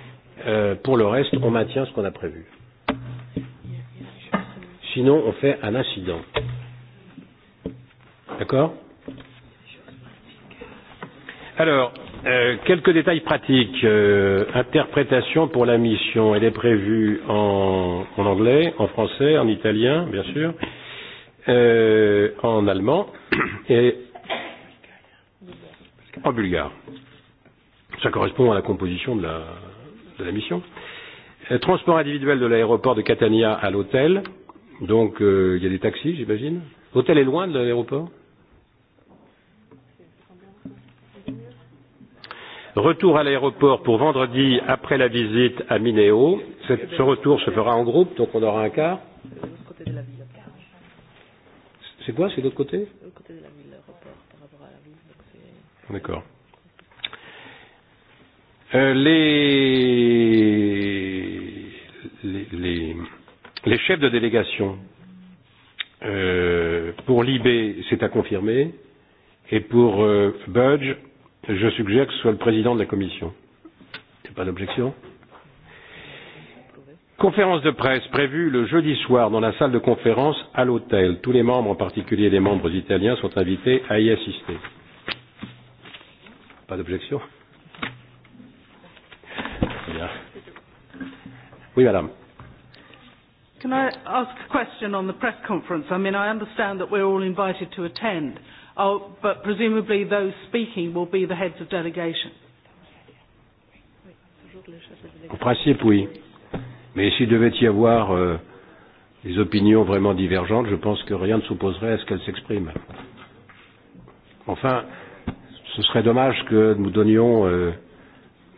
Euh, pour le reste, on maintient ce qu'on a prévu. Sinon, on fait un incident. D'accord Alors, euh, quelques détails pratiques. Euh, interprétation pour la mission, elle est prévue en, en anglais, en français, en italien, bien sûr, euh, en allemand et en bulgare. Ça correspond à la composition de la, de la mission. Euh, transport individuel de l'aéroport de Catania à l'hôtel. Donc, euh, il euh, y a des taxis, j'imagine. L'hôtel est loin de l'aéroport Retour à l'aéroport pour vendredi après la visite à Mineo. Ce retour se fera en groupe, donc on aura un car. C'est quoi C'est de l'autre côté D'accord. Euh, les, les, les, les chefs de délégation euh, pour l'IB, c'est à confirmer, et pour euh, Budge, je suggère que ce soit le président de la commission. C'est Pas d'objection Conférence de presse prévue le jeudi soir dans la salle de conférence à l'hôtel. Tous les membres, en particulier les membres italiens, sont invités à y assister. Pas d'objection Oui, madame. Can I ask a question on the press conference? I mean, I understand that we're all invited to attend, oh, but presumably those speaking will be the heads of delegation. En principe, oui. Mais s'il devait y avoir euh, des opinions vraiment divergentes, je pense que rien ne s'opposerait à ce qu'elles s'expriment. Enfin, ce serait dommage que nous donnions euh,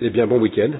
Eh bien, bon week-end.